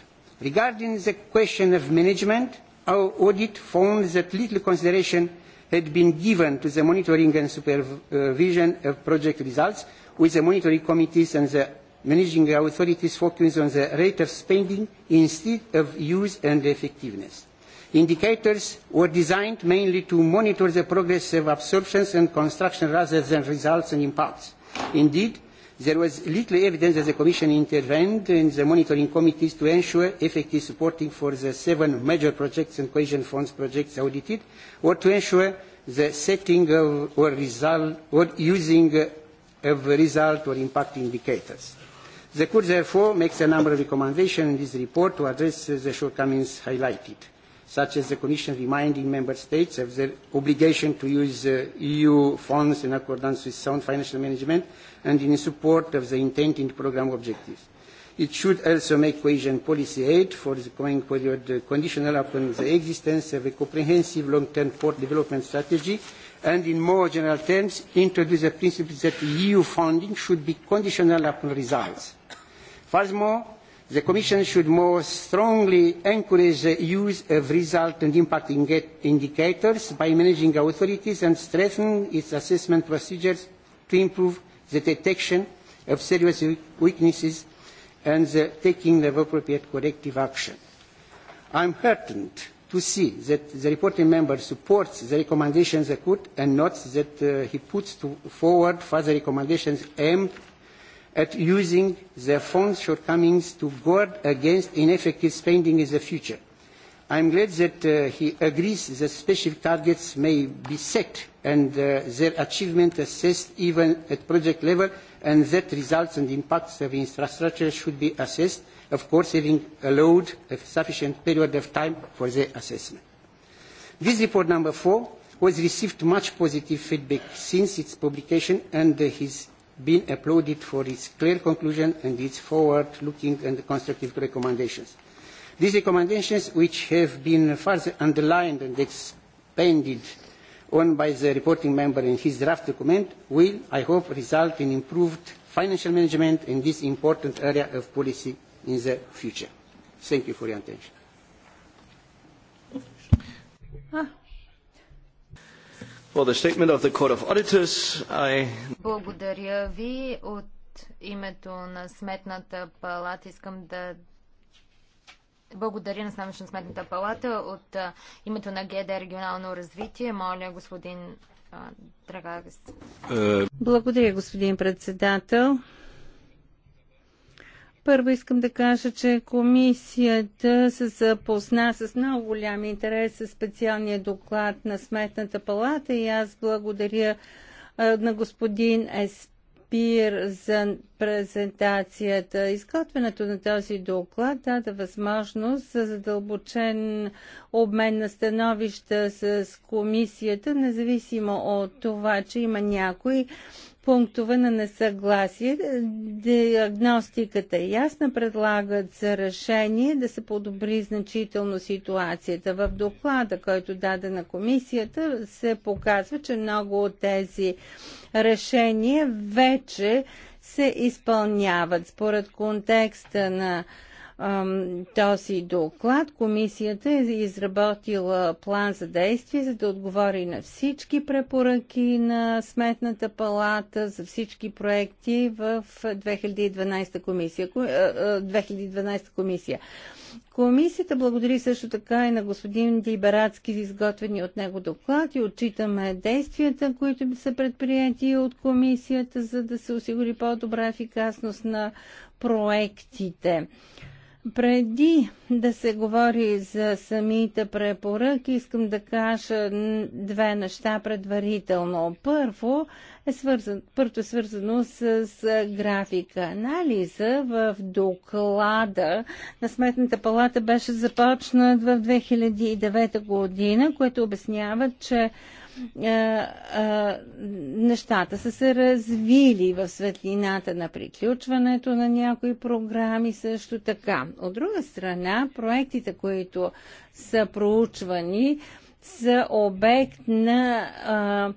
Regarding the question of management, our audit found that little consideration had been given to the monitoring and supervision of project results, with the monitoring committees and the managing authorities focus on the rate of spending instead of use and effectiveness. Indicators were designed mainly to monitor the progress of absorptions and construction rather than results and impacts. Indeed, there was little evidence that the Commission intervened in the monitoring committees to ensure effective supporting for the seven major projects and cohesion funds projects audited, or to ensure the setting of or, result, or using of result or impact indicators. The Court therefore makes a number of recommendations in this report to address the shortcomings highlighted, such as the Commission reminding Member States of their obligation to use EU funds in accordance with sound financial management and in support of the intent programme objectives. It should also make cohesion policy aid for the coming period conditional upon the existence of a comprehensive long-term port development strategy and in more general terms introduce the principle that EU funding should be conditional upon results Furthermore, the Commission should more strongly encourage the use of result and impact indicators by managing authorities and strengthen its assessment procedures to improve the detection of serious weaknesses and the taking of appropriate corrective action. I am heartened to see that the reporting member supports the recommendations of Court and notes that he puts forward further recommendations aimed at using their funds shortcomings to guard against ineffective spending in the future. I am glad that he agrees that special targets may be set and their achievement assessed even at project level and that results and impacts of infrastructure should be assessed, of course having allowed a sufficient period of time for their assessment. This report number four was received much positive feedback since its publication and his been applauded for its clear conclusion and its forward-looking and constructive recommendations. These recommendations, which have been further underlined and expanded on by the reporting member in his draft document, will, I hope, result in improved financial management in this important area of policy in the future. Thank you for your attention. Благодаря ви. От името на Сметната палата искам да благодаря на Станъчна Сметната палата. От името на ГД регионално развитие, моля господин Драгагас. Благодаря, господин председател. Първо искам да кажа, че комисията се запозна с много голям интерес с специалния доклад на Сметната палата и аз благодаря на господин Еспир за презентацията. Изготвянето на този доклад даде възможност за задълбочен обмен на становища с комисията, независимо от това, че има някои пунктове на несъгласие. Диагностиката е ясна, предлагат за решение да се подобри значително ситуацията. В доклада, който даде на комисията, се показва, че много от тези решения вече се изпълняват. Според контекста на този доклад. Комисията е изработила план за действие, за да отговори на всички препоръки на Сметната палата за всички проекти в 2012 комисия. 2012 комисия. Комисията благодари също така и на господин Дибарацки за изготвени от него доклад и отчитаме действията, които са предприяти от комисията, за да се осигури по-добра ефикасност на проектите. Преди да се говори за самите препоръки, искам да кажа две неща предварително. Първо е свързано, първо е свързано с, с графика. Анализа в доклада на Сметната палата беше започнат в 2009 година, което обяснява, че нещата са се развили в светлината на приключването на някои програми също така. От друга страна, проектите, които са проучвани, са обект на а,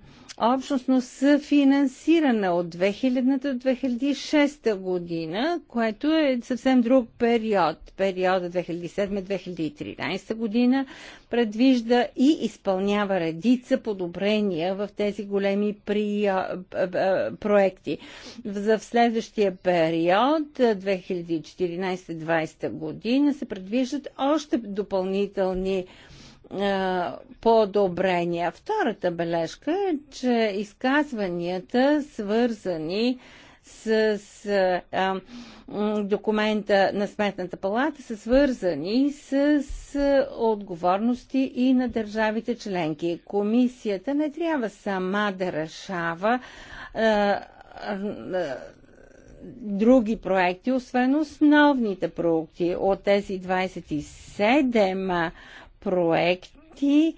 общностно съфинансиране от 2000 до 2006 година, което е съвсем друг период. Периода 2007-2013 година предвижда и изпълнява редица подобрения в тези големи при... проекти. За в следващия период 2014-2020 година се предвиждат още допълнителни е, подобрения. Втората бележка е, че изказванията, свързани с, с а, е, е, документа на Сметната палата, са свързани с, с отговорности и на държавите членки. Комисията не трябва сама да решава а, а, други проекти, освен основните проекти от тези 27 проекти.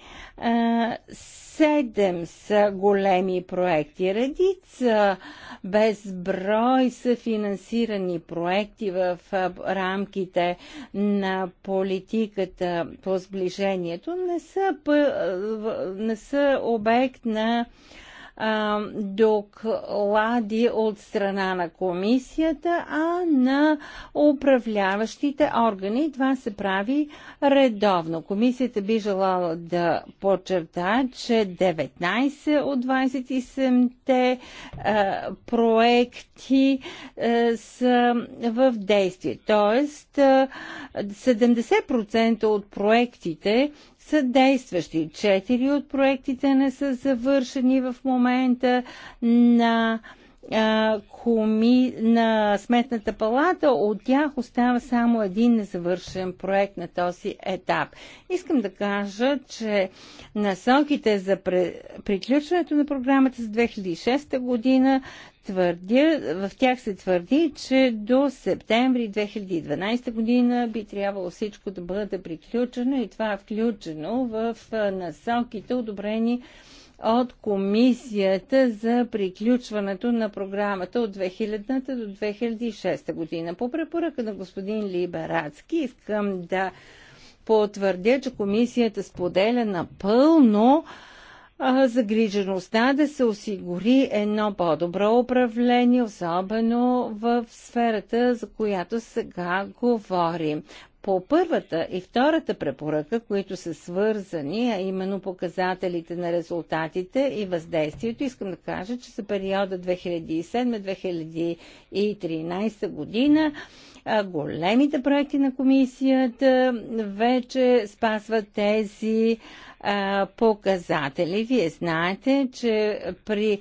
Седем са големи проекти. Редица безброй са финансирани проекти в рамките на политиката по сближението. Не са, не са обект на доклади от страна на комисията, а на управляващите органи. Това се прави редовно. Комисията би желала да подчерта, че 19 от 27-те проекти а, са в действие. Тоест, 70% от проектите са действащи. Четири от проектите не са завършени в момента на коми, на Сметната палата, от тях остава само един незавършен проект на този етап. Искам да кажа, че насоките за приключването на програмата за 2006 година твърдя, в тях се твърди, че до септември 2012 година би трябвало всичко да бъде приключено и това е включено в насоките, одобрени от комисията за приключването на програмата от 2000 до 2006 година. По препоръка на господин Либерацки искам да потвърдя, че комисията споделя напълно загрижеността да се осигури едно по-добро управление, особено в сферата, за която сега говорим по първата и втората препоръка, които са свързани, а именно показателите на резултатите и въздействието, искам да кажа, че за периода 2007-2013 година големите проекти на комисията вече спазват тези показатели. Вие знаете, че при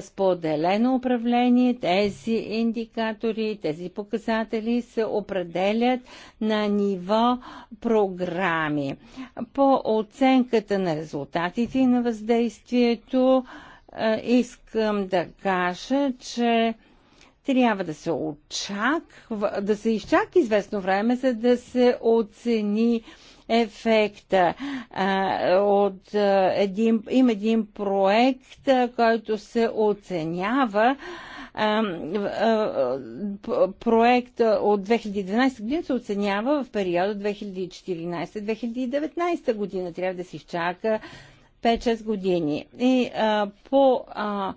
споделено управление тези индикатори, тези показатели се определят на ниво програми. По оценката на резултатите и на въздействието искам да кажа, че трябва да се очаква, да се изчака известно време, за да се оцени ефекта. А, от, а, един, има един проект, а, който се оценява. проект от 2012 година се оценява в периода 2014-2019 година. Трябва да се изчака 5-6 години. И а, по а,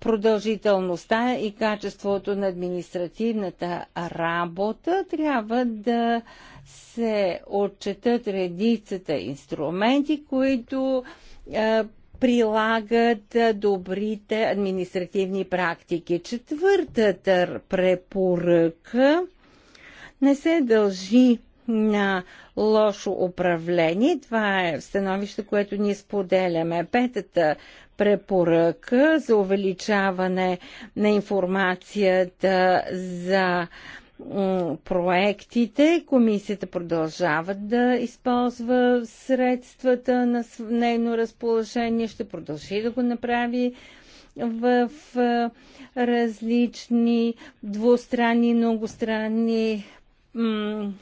продължителността и качеството на административната работа трябва да се отчетат редицата инструменти, които е, прилагат добрите административни практики. Четвъртата препоръка не се дължи на лошо управление. Това е становище, което ние споделяме. Петата препоръка за увеличаване на информацията за проектите. Комисията продължава да използва средствата на нейно разположение, ще продължи да го направи в различни двустранни, многостранни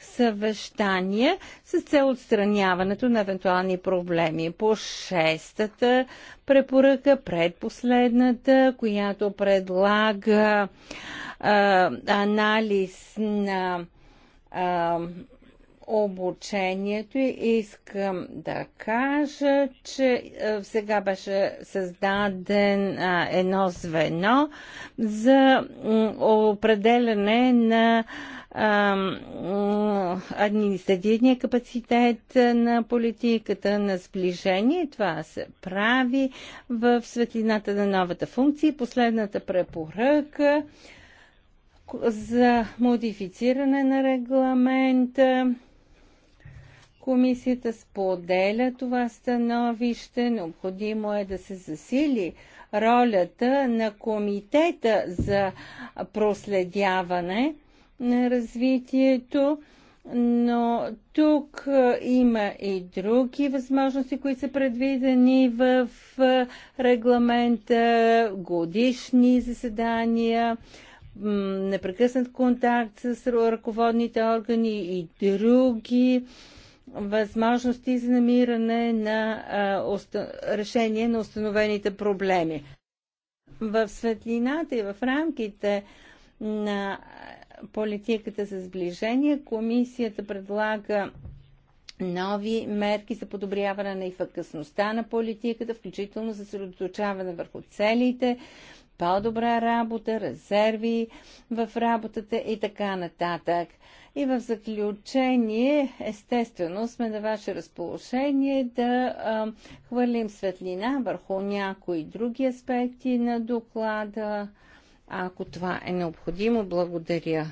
съвещания с цел отстраняването на евентуални проблеми. По шестата препоръка, предпоследната, която предлага а, анализ на а, обучението и искам да кажа, че сега беше създаден едно звено за определене на административния капацитет на политиката на сближение. Това се прави в светлината на новата функция. Последната препоръка за модифициране на регламента. Комисията споделя това становище. Необходимо е да се засили ролята на комитета за проследяване на развитието, но тук е, има и други възможности, които са предвидени в е, регламента, годишни заседания, непрекъснат контакт с ръководните органи и други възможности за намиране на е, решение на установените проблеми. В светлината и в рамките на политиката за сближение. Комисията предлага нови мерки за подобряване на ефикасността на политиката, включително за съсредоточаване върху целите, по-добра работа, резерви в работата и така нататък. И в заключение, естествено, сме на ваше разположение да а, хвърлим светлина върху някои други аспекти на доклада ако това е необходимо. Благодаря.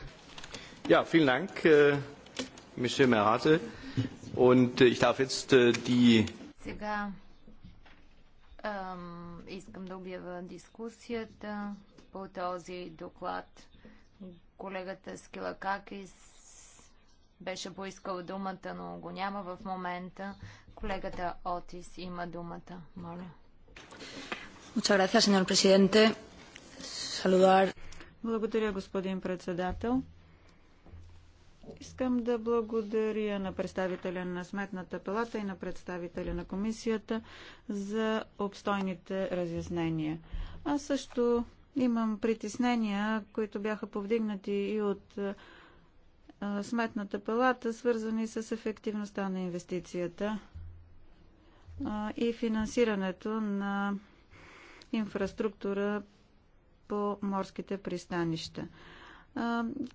Ja, vielen Dank, äh, Michel Merate. Und äh, ich darf jetzt äh, die... Сега ам, искам да обява дискусията по този доклад. Колегата Скилакакис беше поискал думата, но го няма в момента. Колегата Отис има думата. Моля. Muchas gracias, señor presidente saludar. Благодаря, господин председател. Искам да благодаря на представителя на Сметната палата и на представителя на комисията за обстойните разяснения. Аз също имам притеснения, които бяха повдигнати и от Сметната палата, свързани с ефективността на инвестицията и финансирането на инфраструктура по морските пристанища.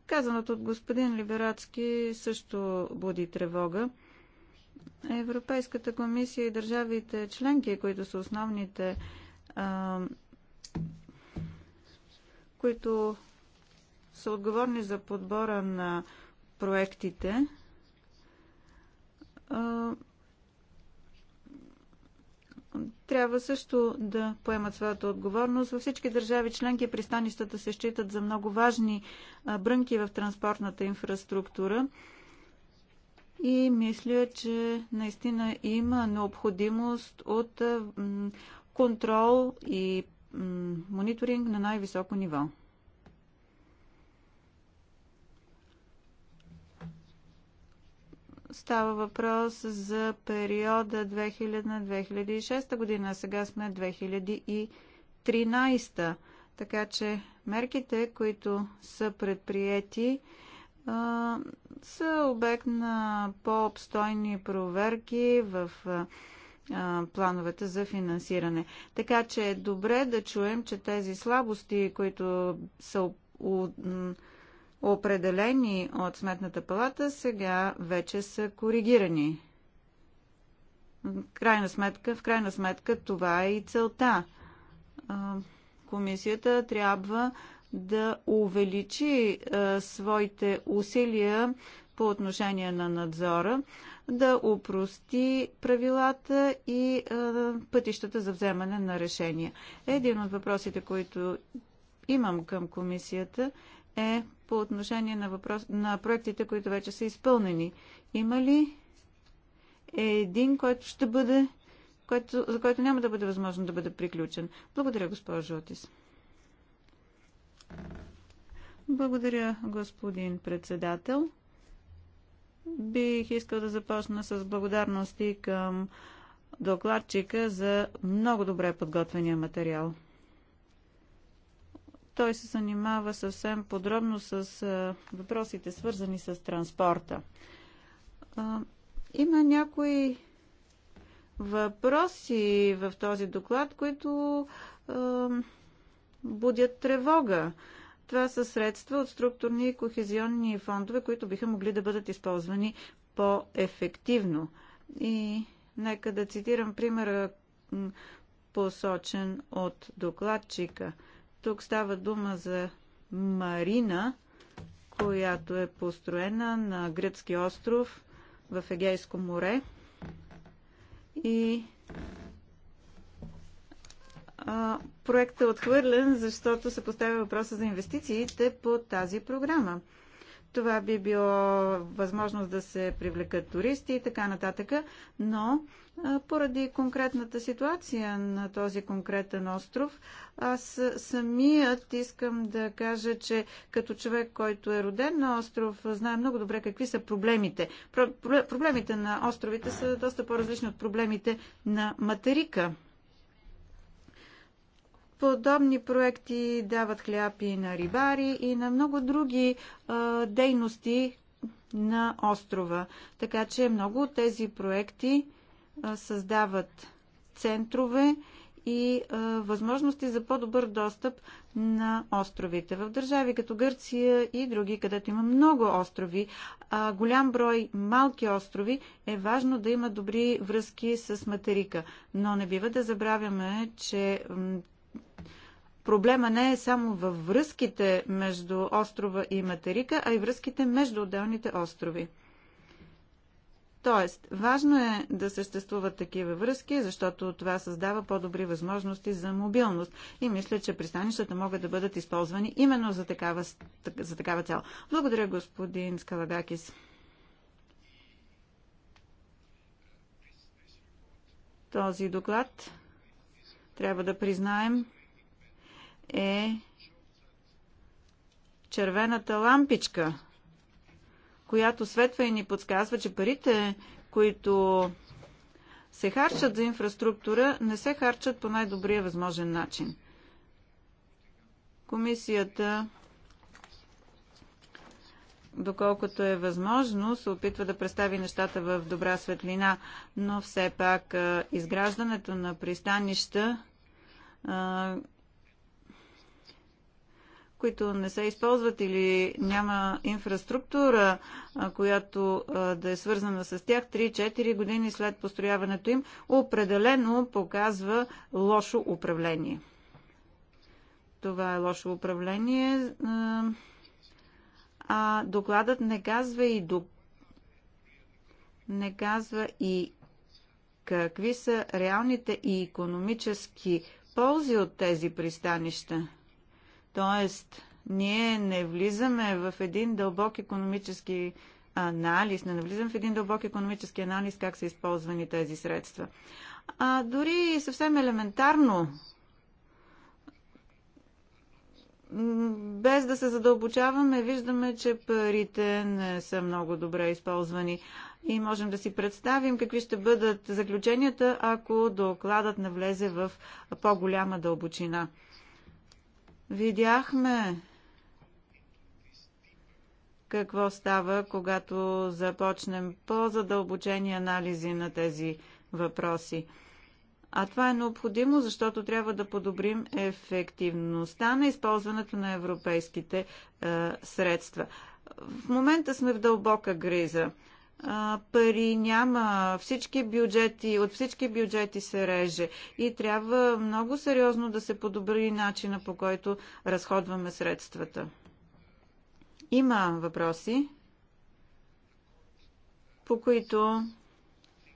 Казаното от господин Либерацки също буди тревога. Европейската комисия и държавите членки, които са основните, които са отговорни за подбора на проектите, трябва също да поемат своята отговорност. Във всички държави членки пристанищата се считат за много важни брънки в транспортната инфраструктура. И мисля, че наистина има необходимост от контрол и мониторинг на най-високо ниво. Става въпрос за периода 2000-2006 година. Сега сме 2013. Така че мерките, които са предприяти, са обект на по-обстойни проверки в плановете за финансиране. Така че е добре да чуем, че тези слабости, които са определени от Сметната палата, сега вече са коригирани. В крайна сметка, в крайна сметка това е и целта. Комисията трябва да увеличи своите усилия по отношение на надзора, да упрости правилата и пътищата за вземане на решения. Един от въпросите, които имам към комисията е, е по отношение на, въпрос, на проектите, които вече са изпълнени. Има ли един, който ще бъде, който, за който няма да бъде възможно да бъде приключен? Благодаря, госпожо Отис. Благодаря, господин председател. Бих искал да започна с благодарности към докладчика за много добре подготвения материал. Той се занимава съвсем подробно с въпросите, свързани с транспорта. Има някои въпроси в този доклад, които будят тревога. Това са средства от структурни и кохезионни фондове, които биха могли да бъдат използвани по-ефективно. И нека да цитирам примера посочен от докладчика – тук става дума за марина, която е построена на гръцки остров в Егейско море. И а, проектът е отхвърлен, защото се поставя въпроса за инвестициите по тази програма. Това би било възможност да се привлекат туристи и така нататък, но поради конкретната ситуация на този конкретен остров, аз самият искам да кажа, че като човек, който е роден на остров, знае много добре какви са проблемите. Проблемите на островите са доста по-различни от проблемите на материка. Подобни проекти дават хляб и на рибари и на много други а, дейности на острова. Така че много от тези проекти а, създават центрове и а, възможности за по-добър достъп на островите. В държави като Гърция и други, където има много острови, а, голям брой малки острови, е важно да има добри връзки с материка. Но не бива да забравяме, че Проблема не е само във връзките между острова и материка, а и връзките между отделните острови. Тоест, важно е да съществуват такива връзки, защото това създава по-добри възможности за мобилност. И мисля, че пристанищата могат да бъдат използвани именно за такава, за такава цел. Благодаря, господин Скаладакис. Този доклад трябва да признаем, е червената лампичка, която светва и ни подсказва, че парите, които се харчат за инфраструктура, не се харчат по най-добрия възможен начин. Комисията, доколкото е възможно, се опитва да представи нещата в добра светлина, но все пак изграждането на пристанища които не се използват или няма инфраструктура, която да е свързана с тях 3-4 години след построяването им, определено показва лошо управление. Това е лошо управление. А докладът не казва и до... не казва и какви са реалните и економически ползи от тези пристанища Тоест, ние не влизаме в един дълбок економически анализ, не навлизам в един дълбок економически анализ как са използвани тези средства. А дори съвсем елементарно, без да се задълбочаваме, виждаме, че парите не са много добре използвани и можем да си представим какви ще бъдат заключенията, ако докладът навлезе в по-голяма дълбочина. Видяхме какво става, когато започнем по-задълбочени анализи на тези въпроси. А това е необходимо, защото трябва да подобрим ефективността на използването на европейските е, средства. В момента сме в дълбока гриза пари няма, всички бюджети, от всички бюджети се реже и трябва много сериозно да се подобри начина по който разходваме средствата. Има въпроси, по които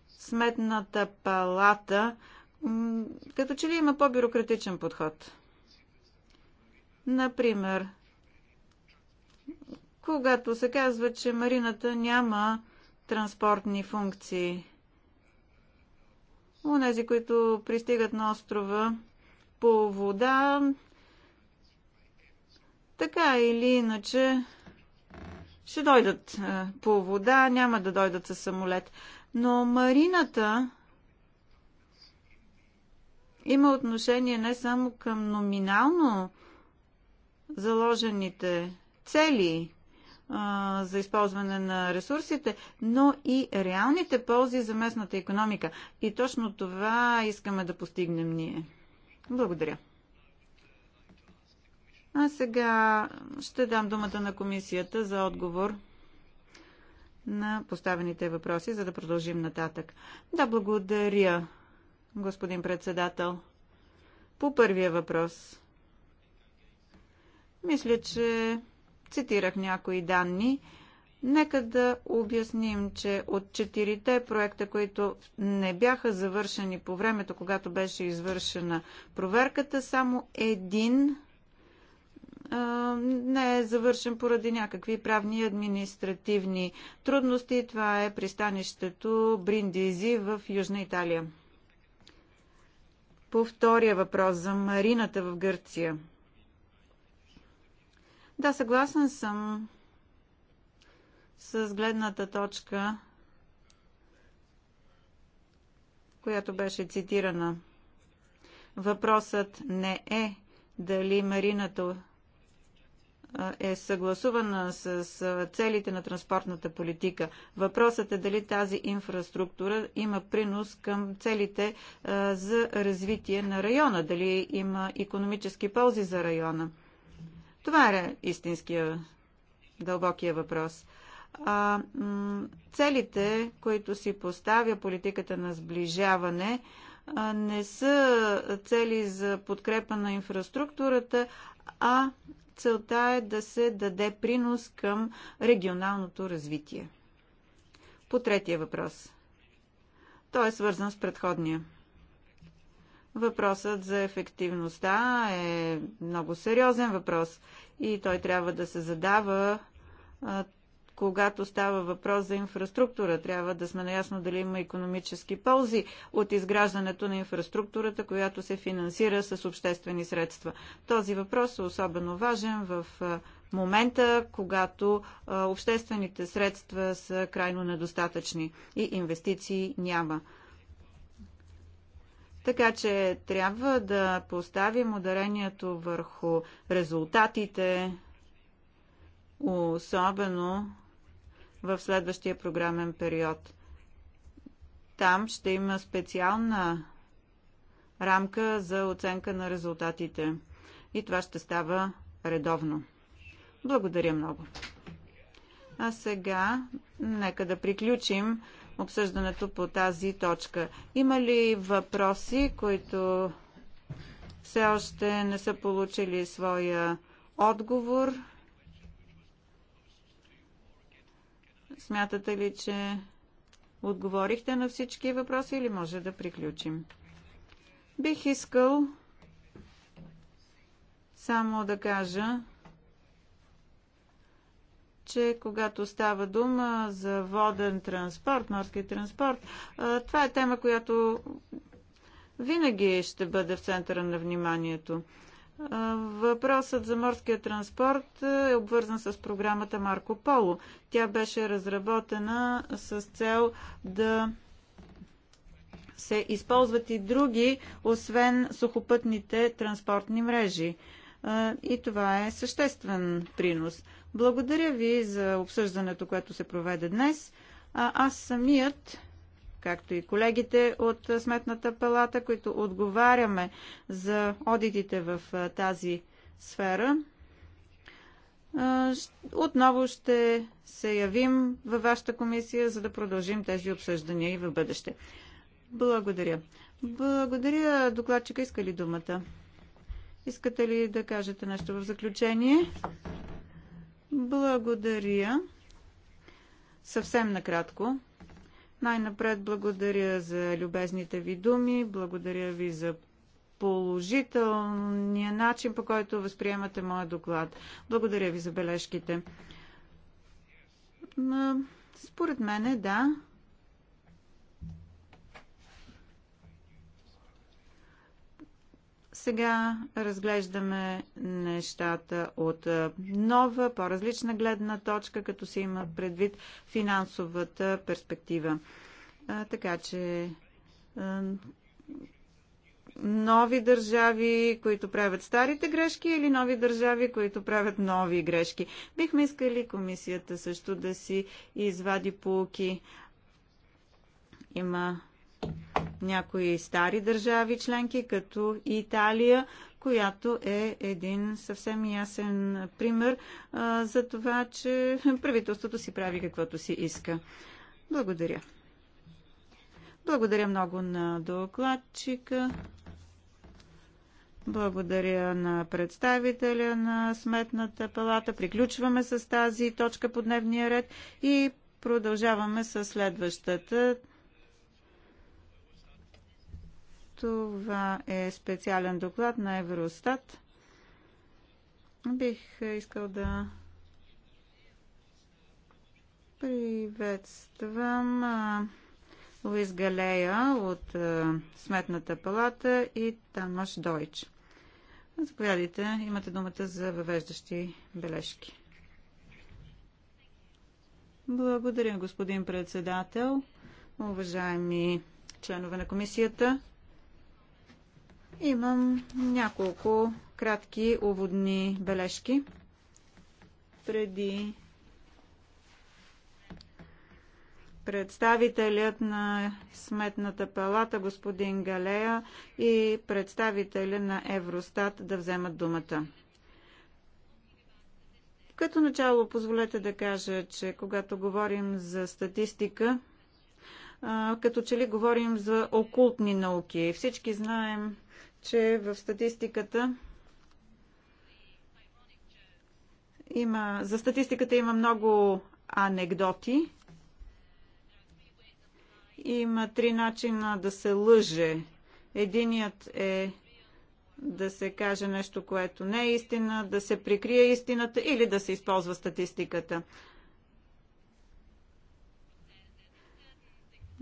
сметната палата като че ли има по-бюрократичен подход. Например, когато се казва, че Марината няма транспортни функции. Унези, които пристигат на острова по вода, така или иначе ще дойдат по вода, няма да дойдат със самолет. Но марината има отношение не само към номинално заложените цели, за използване на ресурсите, но и реалните ползи за местната економика. И точно това искаме да постигнем ние. Благодаря. А сега ще дам думата на комисията за отговор на поставените въпроси, за да продължим нататък. Да, благодаря, господин председател. По първия въпрос. Мисля, че Цитирах някои данни. Нека да обясним, че от четирите проекта, които не бяха завършени по времето, когато беше извършена проверката, само един не е завършен поради някакви правни и административни трудности. Това е пристанището Бриндизи в Южна Италия. По втория въпрос за марината в Гърция – да, съгласен съм с гледната точка, която беше цитирана. Въпросът не е дали марината е съгласувана с целите на транспортната политика. Въпросът е дали тази инфраструктура има принос към целите за развитие на района, дали има економически ползи за района. Това е истинския дълбокия въпрос. А, целите, които си поставя политиката на сближаване, не са цели за подкрепа на инфраструктурата, а целта е да се даде принос към регионалното развитие. По третия въпрос. Той е свързан с предходния. Въпросът за ефективността е много сериозен въпрос и той трябва да се задава когато става въпрос за инфраструктура. Трябва да сме наясно дали има економически ползи от изграждането на инфраструктурата, която се финансира с обществени средства. Този въпрос е особено важен в момента, когато обществените средства са крайно недостатъчни и инвестиции няма. Така че трябва да поставим ударението върху резултатите, особено в следващия програмен период. Там ще има специална рамка за оценка на резултатите. И това ще става редовно. Благодаря много. А сега нека да приключим обсъждането по тази точка. Има ли въпроси, които все още не са получили своя отговор? Смятате ли, че отговорихте на всички въпроси или може да приключим? Бих искал само да кажа, че когато става дума за воден транспорт, морски транспорт, това е тема, която винаги ще бъде в центъра на вниманието. Въпросът за морския транспорт е обвързан с програмата Марко Поло. Тя беше разработена с цел да се използват и други, освен сухопътните транспортни мрежи. И това е съществен принос. Благодаря ви за обсъждането, което се проведе днес. А, аз самият, както и колегите от Сметната палата, които отговаряме за одитите в тази сфера, отново ще се явим във вашата комисия, за да продължим тези обсъждания и в бъдеще. Благодаря. Благодаря. Докладчика иска ли думата? Искате ли да кажете нещо в заключение? Благодаря. Съвсем накратко. Най-напред благодаря за любезните ви думи, благодаря ви за положителния начин, по който възприемате моя доклад. Благодаря ви за бележките. Според мене, да, Сега разглеждаме нещата от нова, по-различна гледна точка, като се има предвид финансовата перспектива. Така че нови държави, които правят старите грешки или нови държави, които правят нови грешки. Бихме искали комисията също да си извади полки. Има някои стари държави членки, като Италия, която е един съвсем ясен пример а, за това, че правителството си прави каквото си иска. Благодаря. Благодаря много на докладчика. Благодаря на представителя на Сметната палата. Приключваме с тази точка по дневния ред и продължаваме с следващата Това е специален доклад на Евростат. Бих искал да приветствам Луис Галея от Сметната палата и Тамаш Дойч. Заповядайте, имате думата за въвеждащи бележки. Благодаря, господин председател, уважаеми членове на комисията. Имам няколко кратки уводни бележки преди представителят на Сметната палата господин Галея и представителя на Евростат да вземат думата. Като начало позволете да кажа, че когато говорим за статистика, като че ли говорим за окултни науки. Всички знаем, че в статистиката има, за статистиката има много анекдоти. Има три начина да се лъже. Единият е да се каже нещо, което не е истина, да се прикрие истината или да се използва статистиката.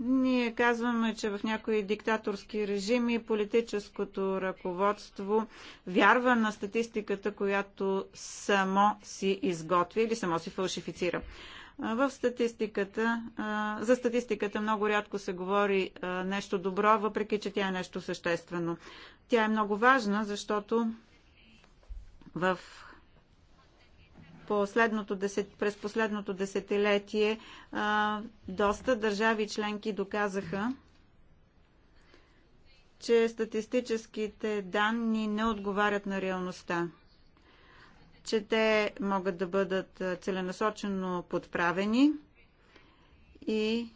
Ние казваме, че в някои диктаторски режими политическото ръководство вярва на статистиката, която само си изготви или само си фалшифицира. В статистиката, за статистиката много рядко се говори нещо добро, въпреки че тя е нещо съществено. Тя е много важна, защото в последното, през последното десетилетие доста държави членки доказаха, че статистическите данни не отговарят на реалността, че те могат да бъдат целенасочено подправени и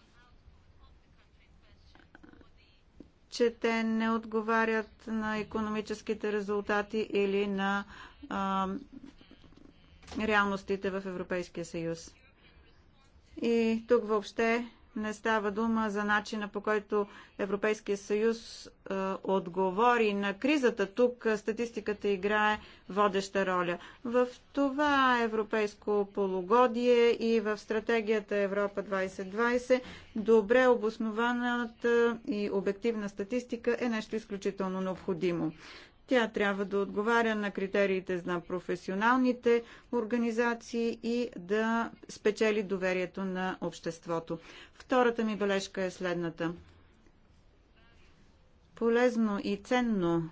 че те не отговарят на економическите резултати или на а, реалностите в Европейския съюз. И тук въобще не става дума за начина по който Европейския съюз е, отговори на кризата. Тук статистиката играе водеща роля. В това европейско полугодие и в стратегията Европа 2020 добре обоснованата и обективна статистика е нещо изключително необходимо. Тя трябва да отговаря на критериите на професионалните организации и да спечели доверието на обществото. Втората ми бележка е следната. Полезно и ценно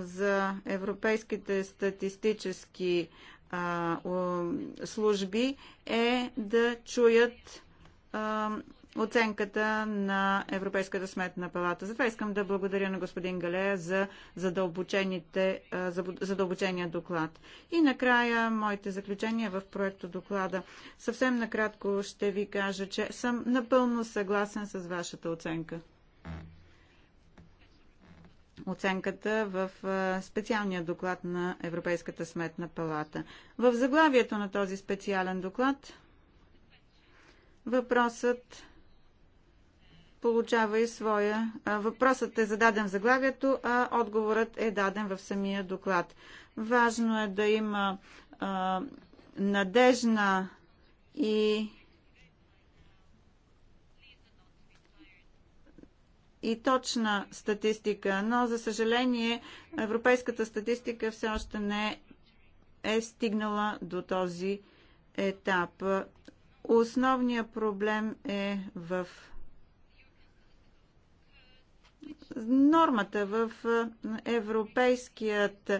за европейските статистически служби е да чуят оценката на Европейската сметна палата. Затова искам да благодаря на господин Галея за задълбочения доклад. И накрая моите заключения в проекто доклада. Съвсем накратко ще ви кажа, че съм напълно съгласен с вашата оценка. Оценката в специалния доклад на Европейската сметна палата. В заглавието на този специален доклад Въпросът получава и своя... Въпросът е зададен в заглавието, а отговорът е даден в самия доклад. Важно е да има а, надежна и и точна статистика, но за съжаление европейската статистика все още не е стигнала до този етап. Основният проблем е в нормата в Европейският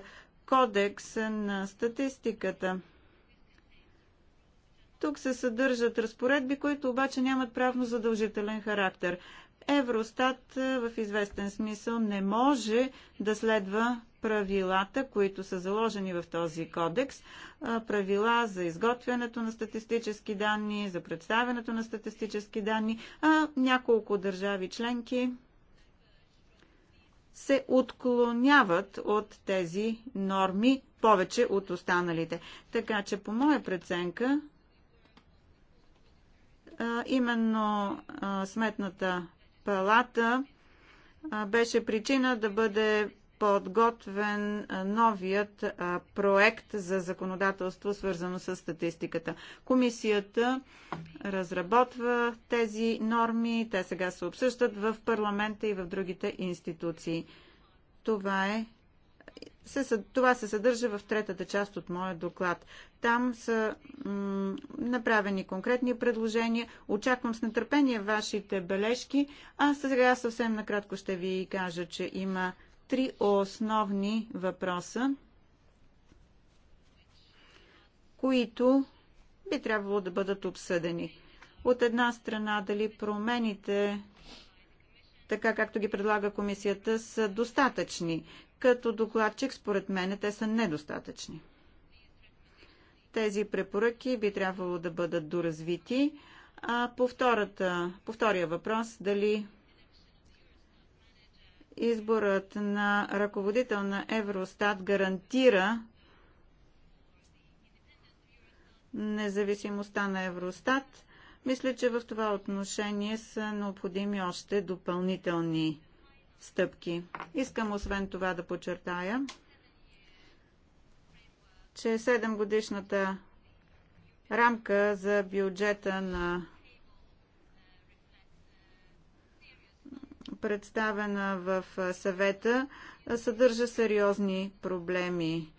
кодекс на статистиката. Тук се съдържат разпоредби, които обаче нямат правно задължителен характер. Евростат е, в известен смисъл не може да следва правилата, които са заложени в този кодекс, правила за изготвянето на статистически данни, за представянето на статистически данни, а няколко държави членки се отклоняват от тези норми повече от останалите. Така че по моя преценка именно сметната палата беше причина да бъде подготвен новият проект за законодателство, свързано с статистиката. Комисията разработва тези норми, те сега се обсъждат в парламента и в другите институции. Това е това се съдържа в третата част от моя доклад. Там са направени конкретни предложения. Очаквам с нетърпение вашите бележки. А сега съвсем накратко ще ви кажа, че има три основни въпроса, които би трябвало да бъдат обсъдени. От една страна, дали промените, така както ги предлага комисията, са достатъчни. Като докладчик, според мен, те са недостатъчни. Тези препоръки би трябвало да бъдат доразвити. А по, втората, по втория въпрос, дали изборът на ръководител на Евростат гарантира независимостта на Евростат. Мисля, че в това отношение са необходими още допълнителни стъпки. Искам освен това да подчертая, че 7 годишната рамка за бюджета на представена в съвета, съдържа сериозни проблеми.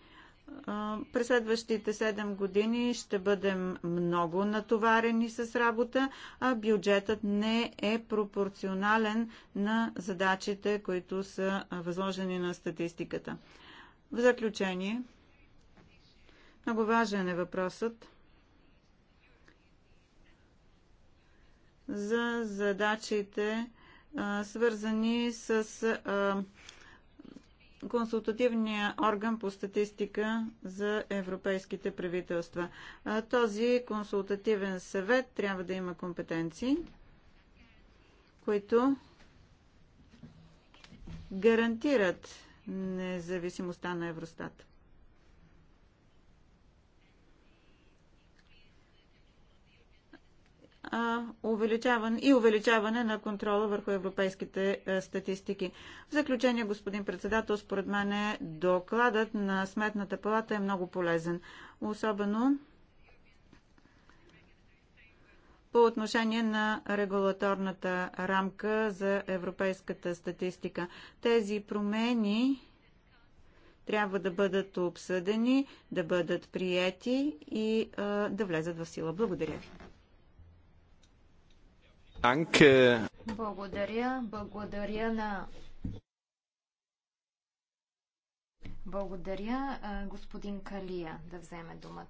През следващите 7 години ще бъдем много натоварени с работа, а бюджетът не е пропорционален на задачите, които са възложени на статистиката. В заключение, много важен е въпросът за задачите свързани с консултативния орган по статистика за европейските правителства. Този консултативен съвет трябва да има компетенции, които гарантират независимостта на Евростат. увеличаване, и увеличаване на контрола върху европейските е, статистики. В заключение, господин председател, според мен е, докладът на Сметната палата е много полезен. Особено по отношение на регулаторната рамка за европейската статистика. Тези промени трябва да бъдат обсъдени, да бъдат приети и а, е, да влезат в сила. Благодаря ви. Благодаря, благодаря на Благодаря, господин Калия, да вземе думата.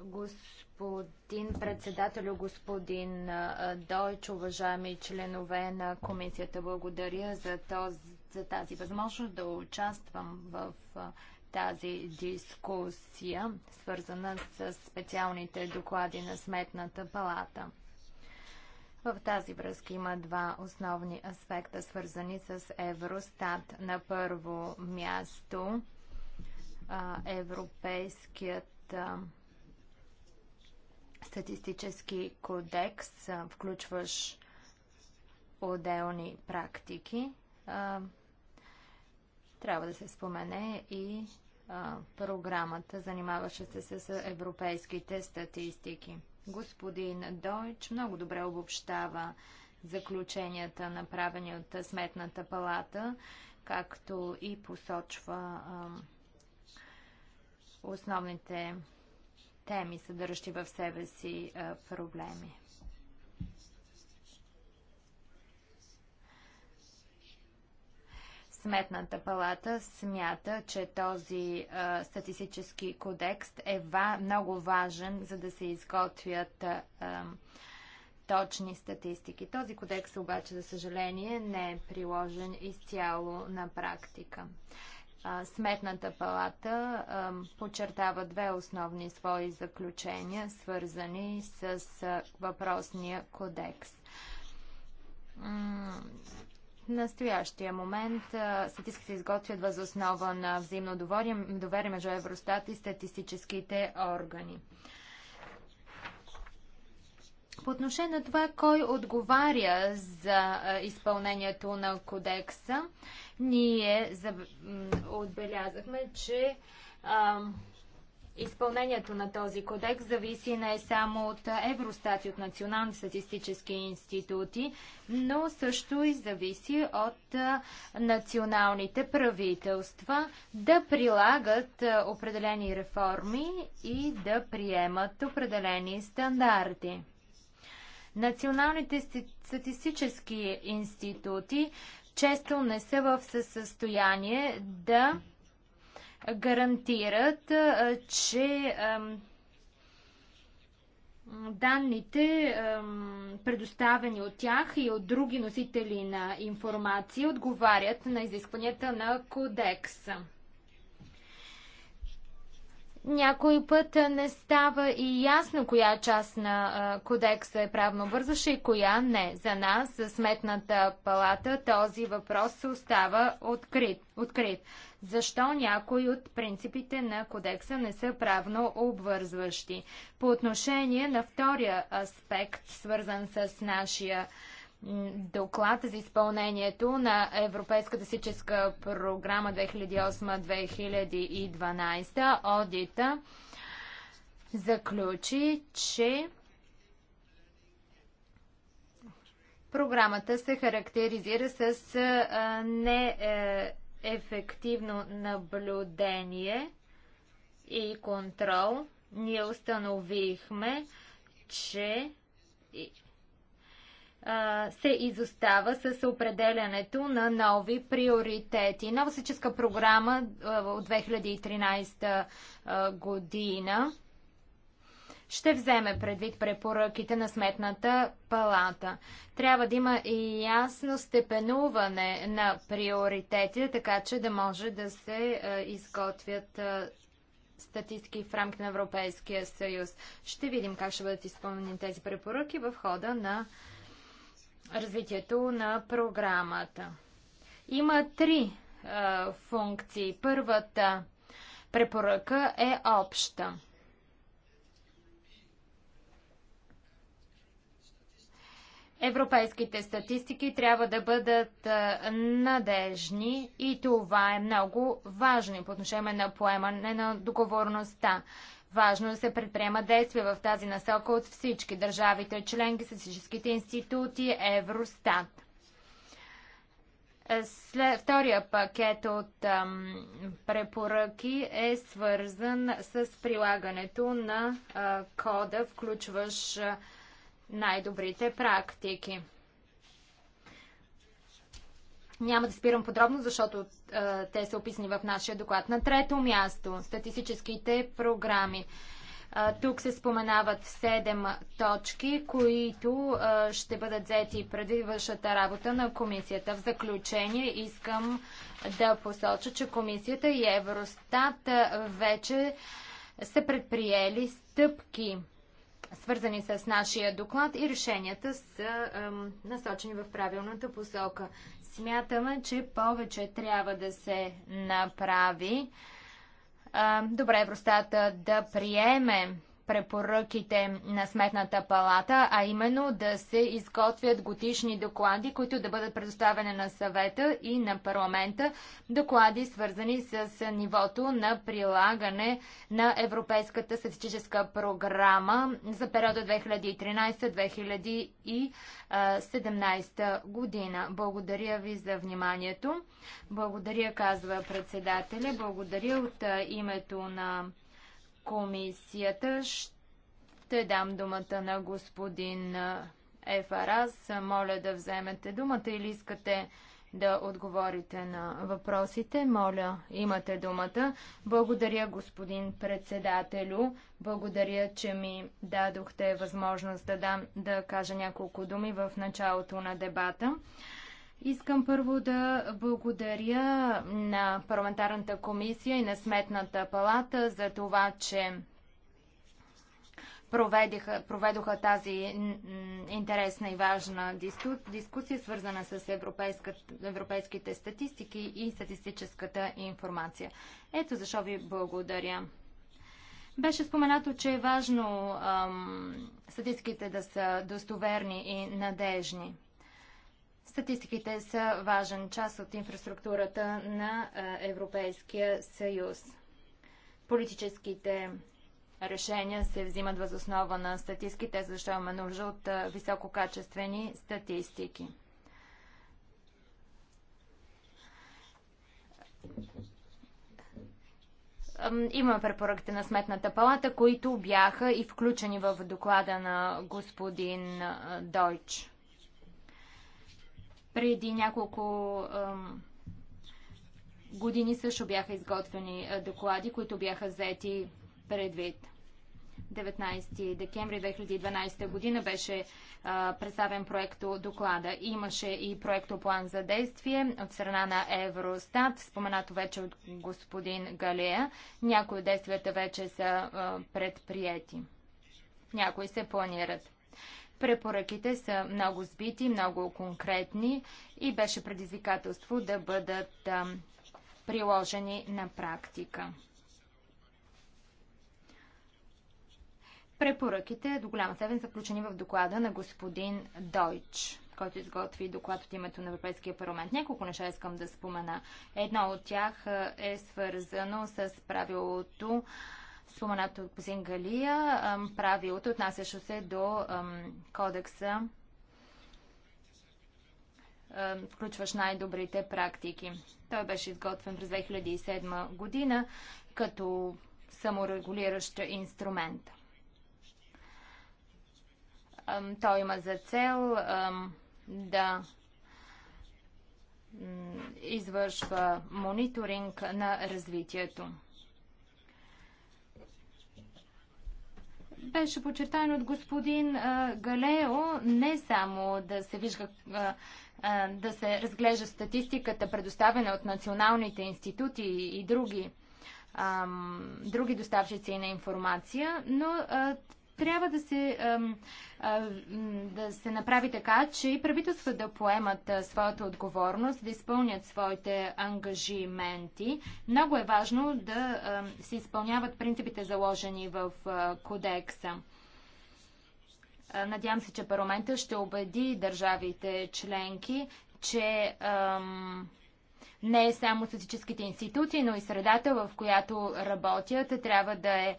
Господин председател, господин Дойч, уважаеми членове на комисията, благодаря за, този, за тази възможност да участвам в тази дискусия, свързана с специалните доклади на Сметната палата. В тази връзка има два основни аспекта, свързани с Евростат. На първо място Европейският статистически кодекс, включващ отделни практики, трябва да се спомене и а, програмата, занимаваща се с европейските статистики. Господин Дойч много добре обобщава заключенията, направени от Сметната палата, както и посочва а, основните теми, съдържащи в себе си а, проблеми. Сметната палата смята, че този а, статистически кодекс е ва, много важен, за да се изготвят а, точни статистики. Този кодекс обаче, за съжаление, не е приложен изцяло на практика. А, Сметната палата а, подчертава две основни свои заключения, свързани с а, въпросния кодекс настоящия момент статистиката се изготвят въз основа на взаимно доверие, доверие между Евростат и статистическите органи. По отношение на това, кой отговаря за изпълнението на кодекса, ние отбелязахме, че Изпълнението на този кодекс зависи не само от Евростат и от национални статистически институти, но също и зависи от националните правителства да прилагат определени реформи и да приемат определени стандарти. Националните статистически институти често не са в състояние да гарантират, че данните, предоставени от тях и от други носители на информация, отговарят на изискванията на кодекса. Някой път не става и ясно коя част на кодекса е правно вързаща и коя не. За нас, за сметната палата, този въпрос остава открит. открит. Защо някои от принципите на кодекса не са правно обвързващи? По отношение на втория аспект, свързан с нашия доклад за изпълнението на Европейската сическа програма 2008-2012, одита заключи, че Програмата се характеризира с не е, ефективно наблюдение и контрол, ние установихме, че се изостава с определянето на нови приоритети. Нова програма от 2013 година ще вземе предвид препоръките на Сметната палата. Трябва да има и ясно степенуване на приоритетите, така че да може да се е, изготвят е, статистики в рамките на Европейския съюз. Ще видим как ще бъдат изпълнени тези препоръки в хода на развитието на програмата. Има три е, функции. Първата препоръка е обща. Европейските статистики трябва да бъдат надежни и това е много важно по отношение на поемане на договорността. Важно е да се предприема действия в тази насока от всички държавите, членки, статистическите институти, Евростат. След, втория пакет от ам, препоръки е свързан с прилагането на а, кода, включващ най-добрите практики. Няма да спирам подробно, защото а, те са описани в нашия доклад. На трето място статистическите програми. А, тук се споменават 7 точки, които а, ще бъдат взети преди вършата работа на комисията. В заключение искам да посоча, че комисията и Евростат вече са предприели стъпки свързани с нашия доклад и решенията са ем, насочени в правилната посока. Смятаме, че повече трябва да се направи. добре, Евростата да приеме препоръките на Сметната палата, а именно да се изготвят годишни доклади, които да бъдат предоставени на съвета и на парламента, доклади свързани с нивото на прилагане на Европейската статистическа програма за периода 2013-2017 година. Благодаря ви за вниманието. Благодаря, казва председателя. Благодаря от името на комисията. Ще дам думата на господин Ефарас. Моля да вземете думата или искате да отговорите на въпросите. Моля, имате думата. Благодаря, господин председателю. Благодаря, че ми дадохте възможност да, дам, да кажа няколко думи в началото на дебата. Искам първо да благодаря на парламентарната комисия и на сметната палата за това, че проведиха, проведоха тази интересна и важна дискусия, свързана с европейските статистики и статистическата информация. Ето защо ви благодаря. Беше споменато, че е важно ам, статистиките да са достоверни и надежни. Статистиките са важен част от инфраструктурата на е, Европейския съюз. Политическите решения се взимат възоснова на статистиките, защото имаме нужда от е, висококачествени статистики. Има препоръките на Сметната палата, които бяха и включени в доклада на господин е, Дойч. Преди няколко години също бяха изготвени доклади, които бяха взети предвид. 19 декември 2012 година беше а, представен проекто доклада. Имаше и проекто план за действие от страна на Евростат, споменато вече от господин Галея. Някои от действията вече са а, предприяти. Някои се планират. Препоръките са много сбити, много конкретни и беше предизвикателство да бъдат а, приложени на практика. Препоръките до голяма степен са включени в доклада на господин Дойч, който изготви доклад от името на Европейския парламент. Няколко неща искам да спомена. Едно от тях е свързано с правилото споменато от Пусингалия, правилото, отнасящо се до кодекса, включващ най-добрите практики. Той беше изготвен през 2007 година като саморегулиращ инструмент. Той има за цел да извършва мониторинг на развитието. беше подчертано от господин Галео не само да се вижда да се разглежда статистиката, предоставена от националните институти и, и други други доставчици на информация, но трябва да се, да се направи така, че и правителства да поемат своята отговорност, да изпълнят своите ангажименти. Много е важно да се изпълняват принципите заложени в кодекса. Надявам се, че парламента ще убеди държавите членки, че ам, не е само физическите институции, но и средата, в която работят, трябва да е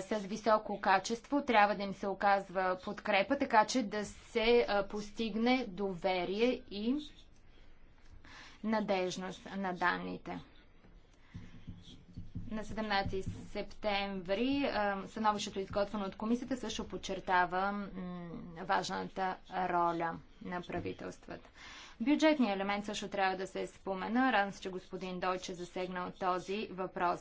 с високо качество, трябва да им се оказва подкрепа, така че да се постигне доверие и надежност на данните. На 17 септември становището, изготвено от комисията, също подчертава важната роля на правителствата. Бюджетният елемент също трябва да се спомена. Радвам се, че господин Дойче засегнал този въпрос.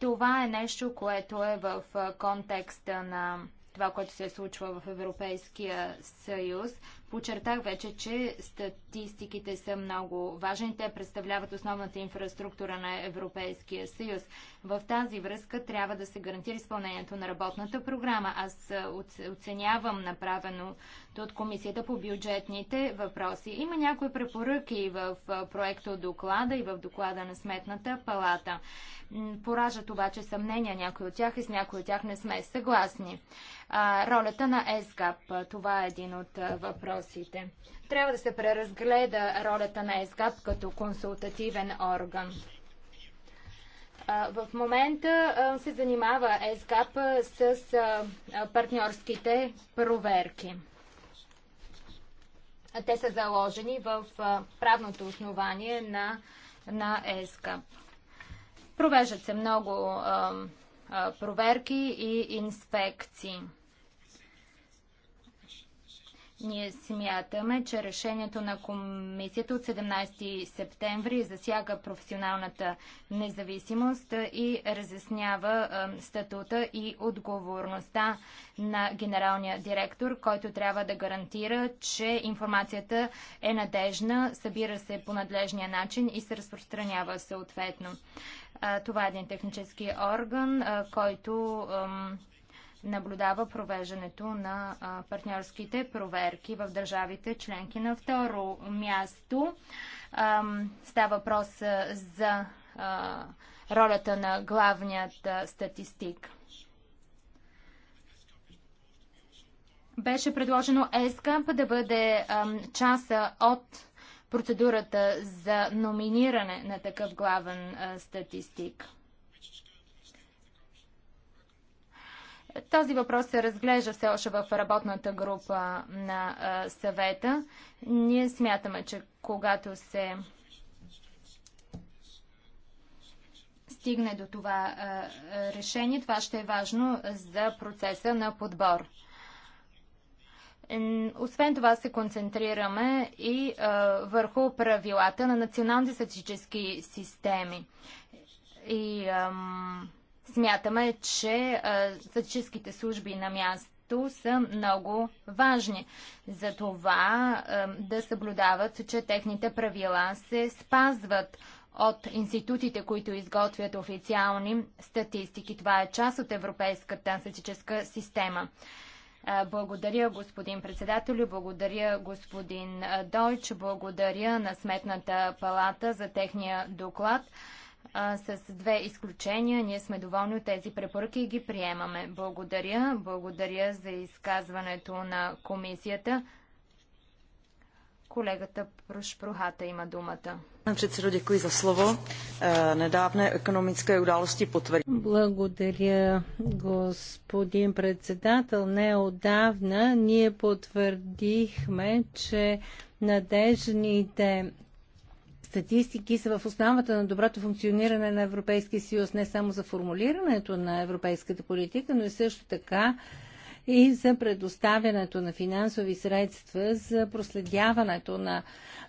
Това е нещо, което е в контекста на това, което се случва в Европейския съюз. Почертах вече, че статистиките са много важни. Те представляват основната инфраструктура на Европейския съюз. В тази връзка трябва да се гарантира изпълнението на работната програма. Аз оценявам направено от Комисията по бюджетните въпроси. Има някои препоръки в проекта от доклада и в доклада на Сметната палата. Поражат обаче съмнения някои от тях и с някои от тях не сме съгласни. ролята на ЕСГАП, това е един от въпросите. Трябва да се преразгледа ролята на ЕСГАП като консултативен орган. В момента се занимава ЕСКАП с партньорските проверки. Те са заложени в правното основание на, на ЕСКА. Провеждат се много проверки и инспекции. Ние смятаме, че решението на комисията от 17 септември засяга професионалната независимост и разяснява е, статута и отговорността на генералния директор, който трябва да гарантира, че информацията е надежна, събира се по надлежния начин и се разпространява съответно. Е, това е един технически орган, е, който наблюдава провеждането на партньорските проверки в държавите членки. На второ място става въпрос за ролята на главният статистик. Беше предложено ЕСКАП да бъде част от процедурата за номиниране на такъв главен статистик. Този въпрос се разглежда все още в работната група на съвета. Ние смятаме, че когато се стигне до това решение, това ще е важно за процеса на подбор. Освен това се концентрираме и върху правилата на националните статистически системи. И ам, Смятаме, че статическите служби на място са много важни за това да съблюдават, че техните правила се спазват от институтите, които изготвят официални статистики. Това е част от европейската статистическа система. Благодаря, господин председател, благодаря, господин Дойч, благодаря на Сметната палата за техния доклад а, с две изключения. Ние сме доволни от тези препоръки и ги приемаме. Благодаря. Благодаря за изказването на комисията. Колегата Прошпрухата има думата. Председо, děkuji за слово. Е, Недавне економическа удалости потвърди. Благодаря, господин председател. Неодавна ние потвърдихме, че надежните статистики са в основата на доброто функциониране на Европейския съюз, не само за формулирането на европейската политика, но и също така и за предоставянето на финансови средства за проследяването на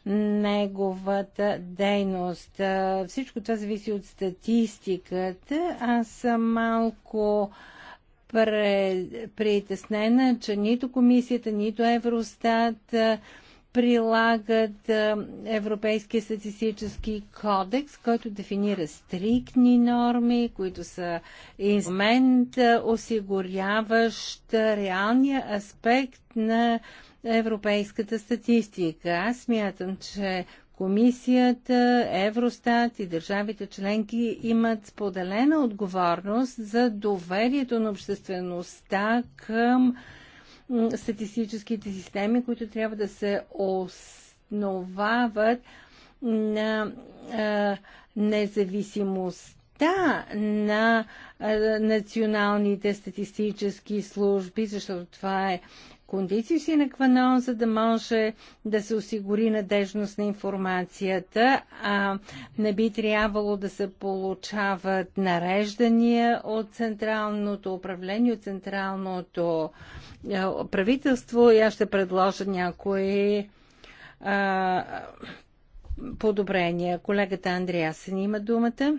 неговата дейност. Всичко това зависи от статистиката. Аз съм малко притеснена, че нито комисията, нито Евростат прилагат Европейския статистически кодекс, който дефинира стриктни норми, които са инструмент, осигуряващ реалния аспект на европейската статистика. Аз смятам, че Комисията, Евростат и държавите членки имат споделена отговорност за доверието на обществеността към статистическите системи, които трябва да се основават на а, независимостта на а, националните статистически служби, защото това е Кондиции си на кванон, за да може да се осигури надежност на информацията, а не би трябвало да се получават нареждания от централното управление, от централното е, правителство. И аз ще предложа някои а, подобрения. Колегата Андреасен има думата.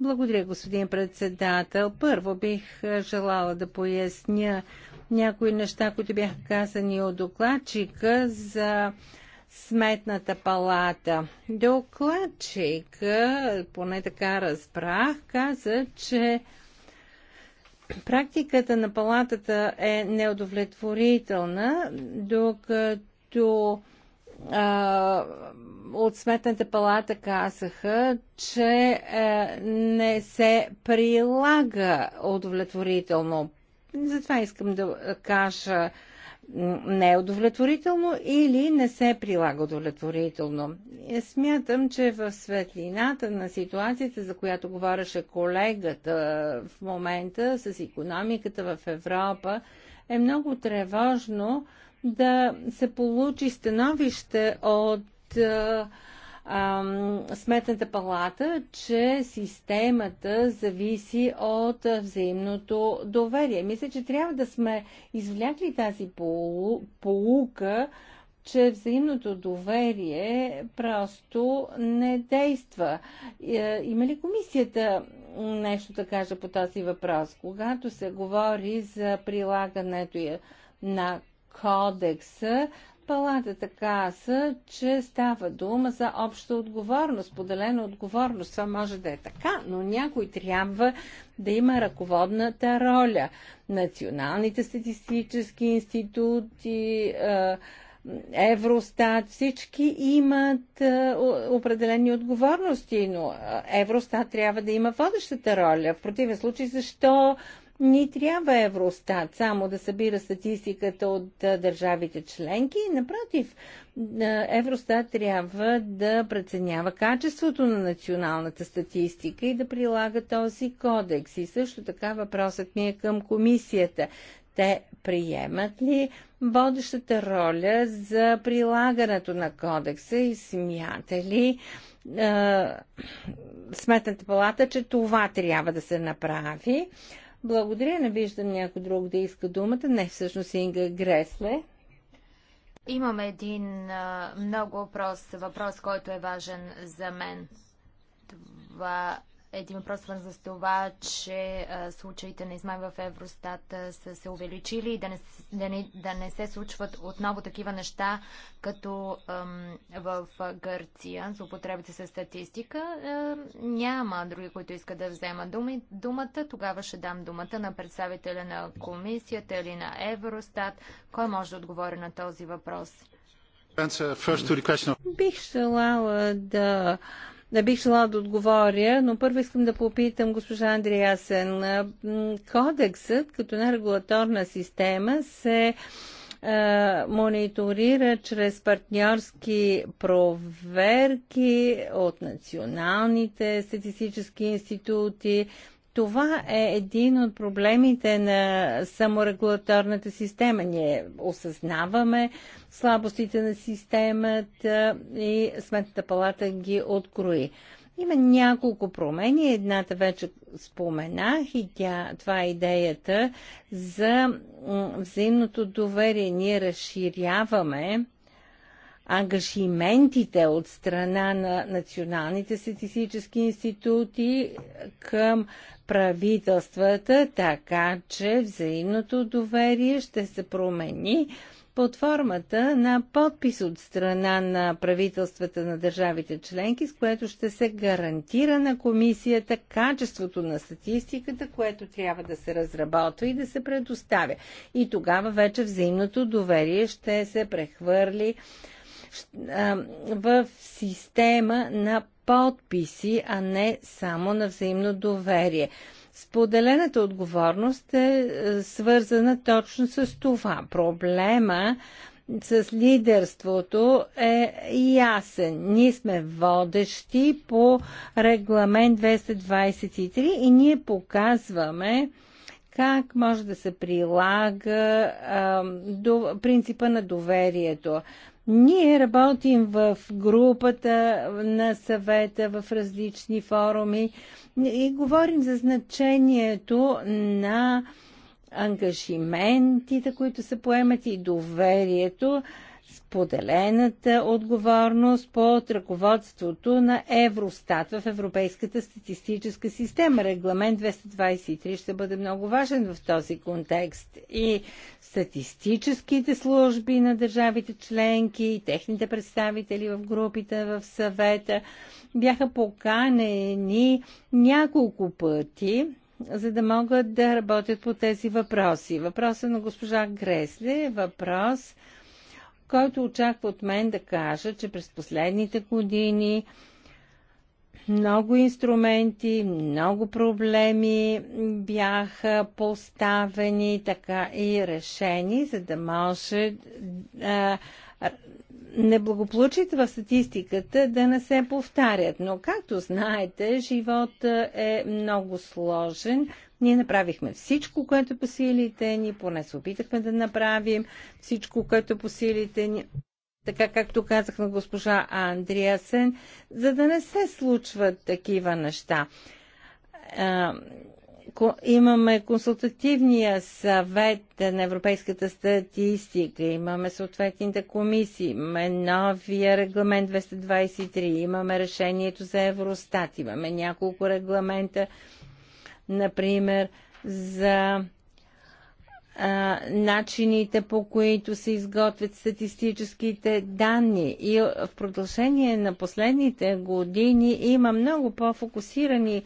Благодаря, господин председател. Първо бих е, желала да поясня някои неща, които бяха казани от докладчика за Сметната палата. Докладчик, поне така разбрах, каза, че практиката на палатата е неудовлетворителна, докато а, от Сметната палата казаха, че а, не се прилага удовлетворително затова искам да кажа не е удовлетворително или не се прилага удовлетворително. Смятам, че в светлината на ситуацията, за която говореше колегата в момента с економиката в Европа, е много тревожно да се получи становище от Сметната палата, че системата зависи от взаимното доверие. Мисля, че трябва да сме извлякли тази полука, че взаимното доверие просто не действа. Е, има ли комисията нещо да каже по този въпрос? Когато се говори за прилагането на кодекса, Палатата каза, че става дума за обща отговорност, поделена отговорност. Това може да е така, но някой трябва да има ръководната роля. Националните статистически институти, е, Евростат, всички имат е, определени отговорности, но е, Евростат трябва да има водещата роля. В противен случай, защо ни трябва Евростат само да събира статистиката от държавите членки. Напротив, Евростат трябва да преценява качеството на националната статистика и да прилага този кодекс. И също така въпросът ми е към комисията. Те приемат ли водещата роля за прилагането на кодекса и смята ли е, Сметната палата, че това трябва да се направи? Благодаря, не виждам някой друг да иска думата. Не, всъщност Инга Гресле. Имам един а, много прост въпрос, който е важен за мен. Това един въпрос свързан с това, че а, случаите на измами в Евростат а, са се увеличили и да не, да, не, да не се случват отново такива неща, като ам, в Гърция, за употребите с статистика. А, няма други, които искат да вземат думи, думата. Тогава ще дам думата на представителя на комисията или на Евростат. Кой може да отговори на този въпрос? Бих желала да не бих желала да отговоря, но първо искам да попитам госпожа Андреасен. Кодексът като една регулаторна система се мониторира чрез партньорски проверки от националните статистически институти, това е един от проблемите на саморегулаторната система. Ние осъзнаваме слабостите на системата и Сметната палата ги открои. Има няколко промени. Едната вече споменах и тя, това е идеята за взаимното доверие. Ние разширяваме ангажиментите от страна на националните статистически институти към правителствата, така че взаимното доверие ще се промени под формата на подпис от страна на правителствата на държавите членки, с което ще се гарантира на комисията качеството на статистиката, което трябва да се разработва и да се предоставя. И тогава вече взаимното доверие ще се прехвърли в система на подписи, а не само на взаимно доверие. Споделената отговорност е, е свързана точно с това. Проблема с лидерството е ясен. Ние сме водещи по регламент 223 и ние показваме как може да се прилага а, до, принципа на доверието. Ние работим в групата на съвета, в различни форуми и говорим за значението на ангажиментите, които се поемат и доверието поделената отговорност под ръководството на Евростат в Европейската статистическа система. Регламент 223 ще бъде много важен в този контекст. И статистическите служби на държавите членки и техните представители в групите в съвета бяха поканени няколко пъти за да могат да работят по тези въпроси. Въпросът на госпожа Гресле е въпрос, който очаква от мен да кажа, че през последните години много инструменти, много проблеми бяха поставени така и решени, за да може а, неблагополучията в статистиката да не се повтарят. Но, както знаете, живот е много сложен. Ние направихме всичко, което по силите ни, поне се опитахме да направим всичко, което по силите ни така както казах на госпожа Андриасен, за да не се случват такива неща имаме консултативния съвет на европейската статистика, имаме съответните комисии, имаме новия регламент 223, имаме решението за Евростат, имаме няколко регламента, например, за а, начините по които се изготвят статистическите данни. И в продължение на последните години има много по-фокусирани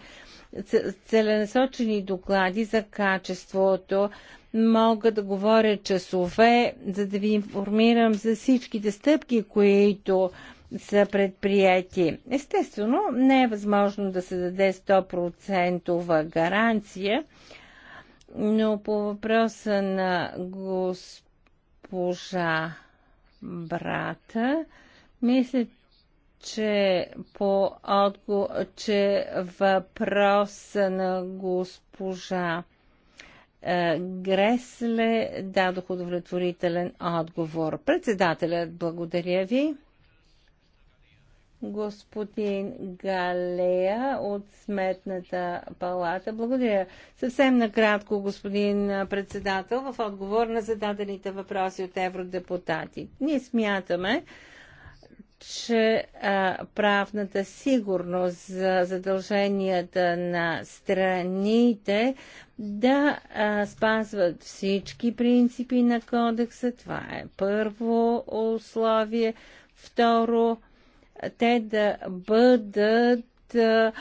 целенасочени доклади за качеството. Мога да говоря часове, за да ви информирам за всичките стъпки, които са предприяти. Естествено, не е възможно да се даде 100% гаранция, но по въпроса на госпожа брата, мисля, че, по отго... че въпрос на госпожа е, Гресле дадох удовлетворителен отговор. Председателят, благодаря ви. Господин Галея от Сметната палата. Благодаря. Съвсем накратко, господин председател, в отговор на зададените въпроси от евродепутати. Ние смятаме, че а, правната сигурност за задълженията на страните да а, спазват всички принципи на кодекса. Това е първо условие. Второ, те да бъдат а,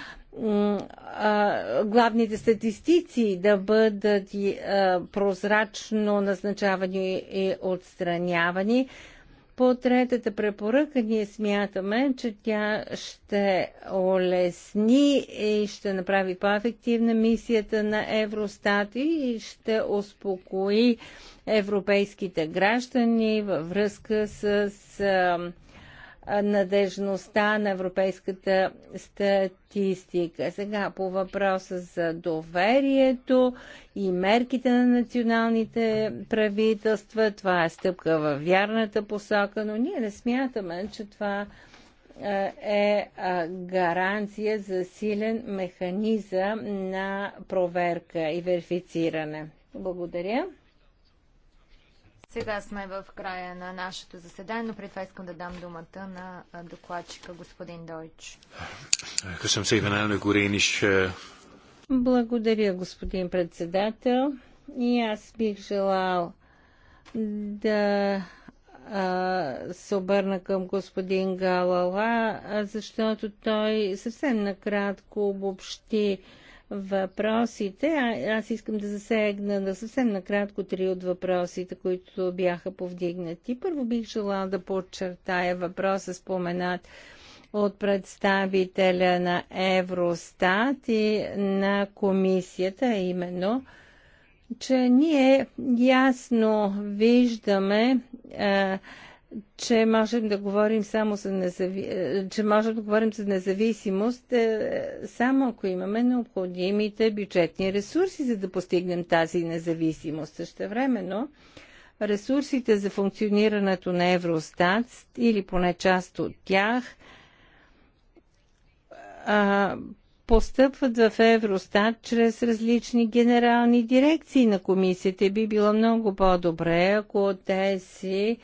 а, главните статистици да бъдат а, прозрачно назначавани и отстранявани. А, по третата препоръка ние смятаме, че тя ще улесни и ще направи по-ефективна мисията на Евростат и ще успокои европейските граждани във връзка с надежността на европейската статистика. Сега по въпроса за доверието и мерките на националните правителства, това е стъпка в вярната посока, но ние не смятаме, че това е гаранция за силен механизъм на проверка и верифициране. Благодаря. Сега сме в края на нашето заседание, но преди това искам да дам думата на докладчика господин Дойч. Е, Благодаря, господин председател. И аз бих желал да се обърна към господин Галала, защото той съвсем накратко обобщи въпросите. А, аз искам да засегна на съвсем накратко три от въпросите, които бяха повдигнати. Първо бих желала да подчертая въпроса споменат от представителя на Евростат и на комисията, именно, че ние ясно виждаме е, че можем да говорим само за незави... Е, че можем да говорим за независимост е, само ако имаме необходимите бюджетни ресурси, за да постигнем тази независимост. също времено ресурсите за функционирането на Евростат или поне част от тях а, постъпват в Евростат чрез различни генерални дирекции на комисията. Би било много по-добре, ако те тези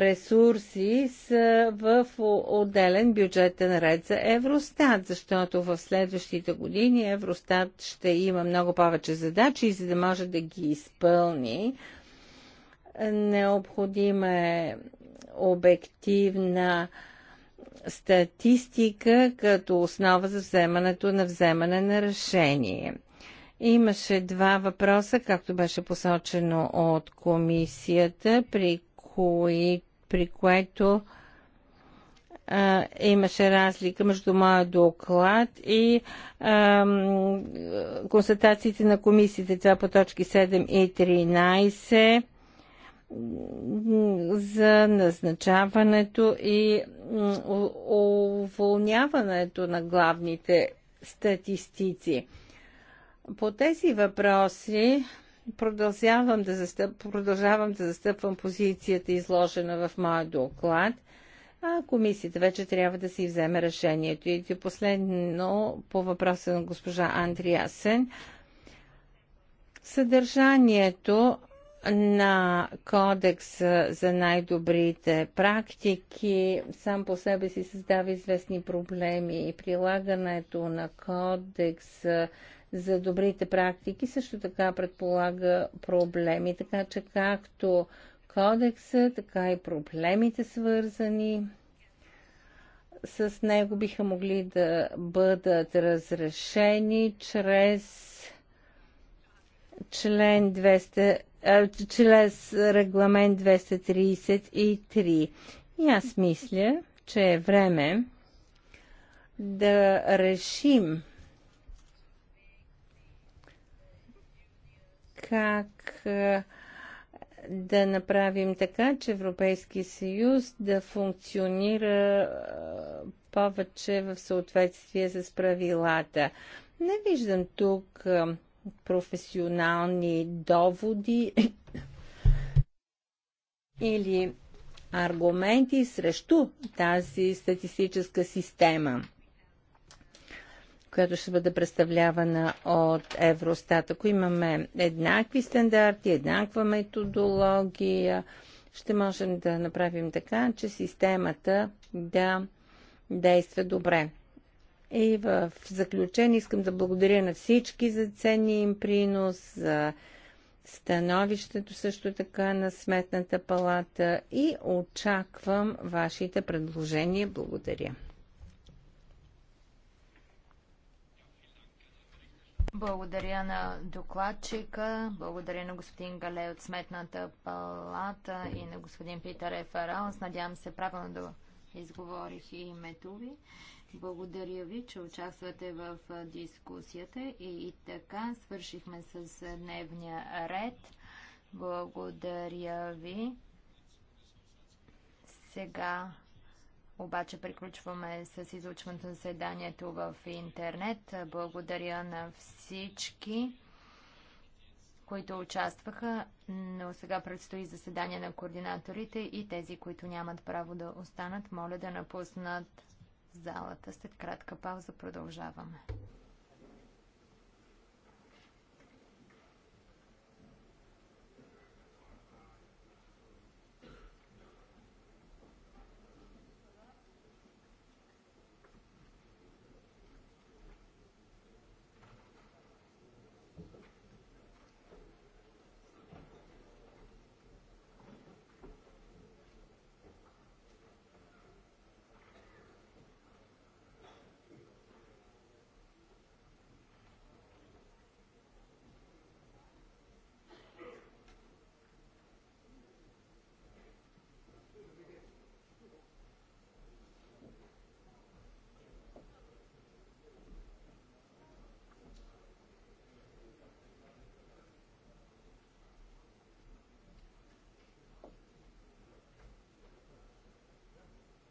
ресурси са в отделен бюджетен ред за Евростат, защото в следващите години Евростат ще има много повече задачи и за да може да ги изпълни, необходима е обективна статистика като основа за вземането на вземане на решение. Имаше два въпроса, както беше посочено от комисията, при кои, при което а, имаше разлика между моя доклад и а, констатациите на комисиите. Това по точки 7 и 13 за назначаването и уволняването на главните статистици. По тези въпроси продължавам да, застъп, продължавам да застъпвам позицията, изложена в моя доклад, а комисията вече трябва да си вземе решението. И последно по въпроса на госпожа Андриасен. Съдържанието на кодекса за най-добрите практики сам по себе си създава известни проблеми и прилагането на кодекс за добрите практики също така предполага проблеми, така че както кодекса, така и проблемите свързани с него биха могли да бъдат разрешени чрез член 200, чрез регламент 233. И аз мисля, че е време да решим как е, да направим така, че Европейския съюз да функционира е, повече в съответствие с правилата. Не виждам тук е, професионални доводи или аргументи срещу тази статистическа система която ще бъде представлявана от Евростат. Ако имаме еднакви стандарти, еднаква методология, ще можем да направим така, че системата да действа добре. И в заключение искам да благодаря на всички за ценния им принос, за становището също така на Сметната палата и очаквам вашите предложения. Благодаря. Благодаря на докладчика, благодаря на господин Гале от Сметната палата и на господин Питър Ефараус. Надявам се правилно да изговорих и името ви. Благодаря ви, че участвате в дискусията и, и така свършихме с дневния ред. Благодаря ви. Сега обаче приключваме с излучването на заседанието в интернет. Благодаря на всички, които участваха, но сега предстои заседание на координаторите и тези, които нямат право да останат, моля да напуснат залата. След кратка пауза продължаваме.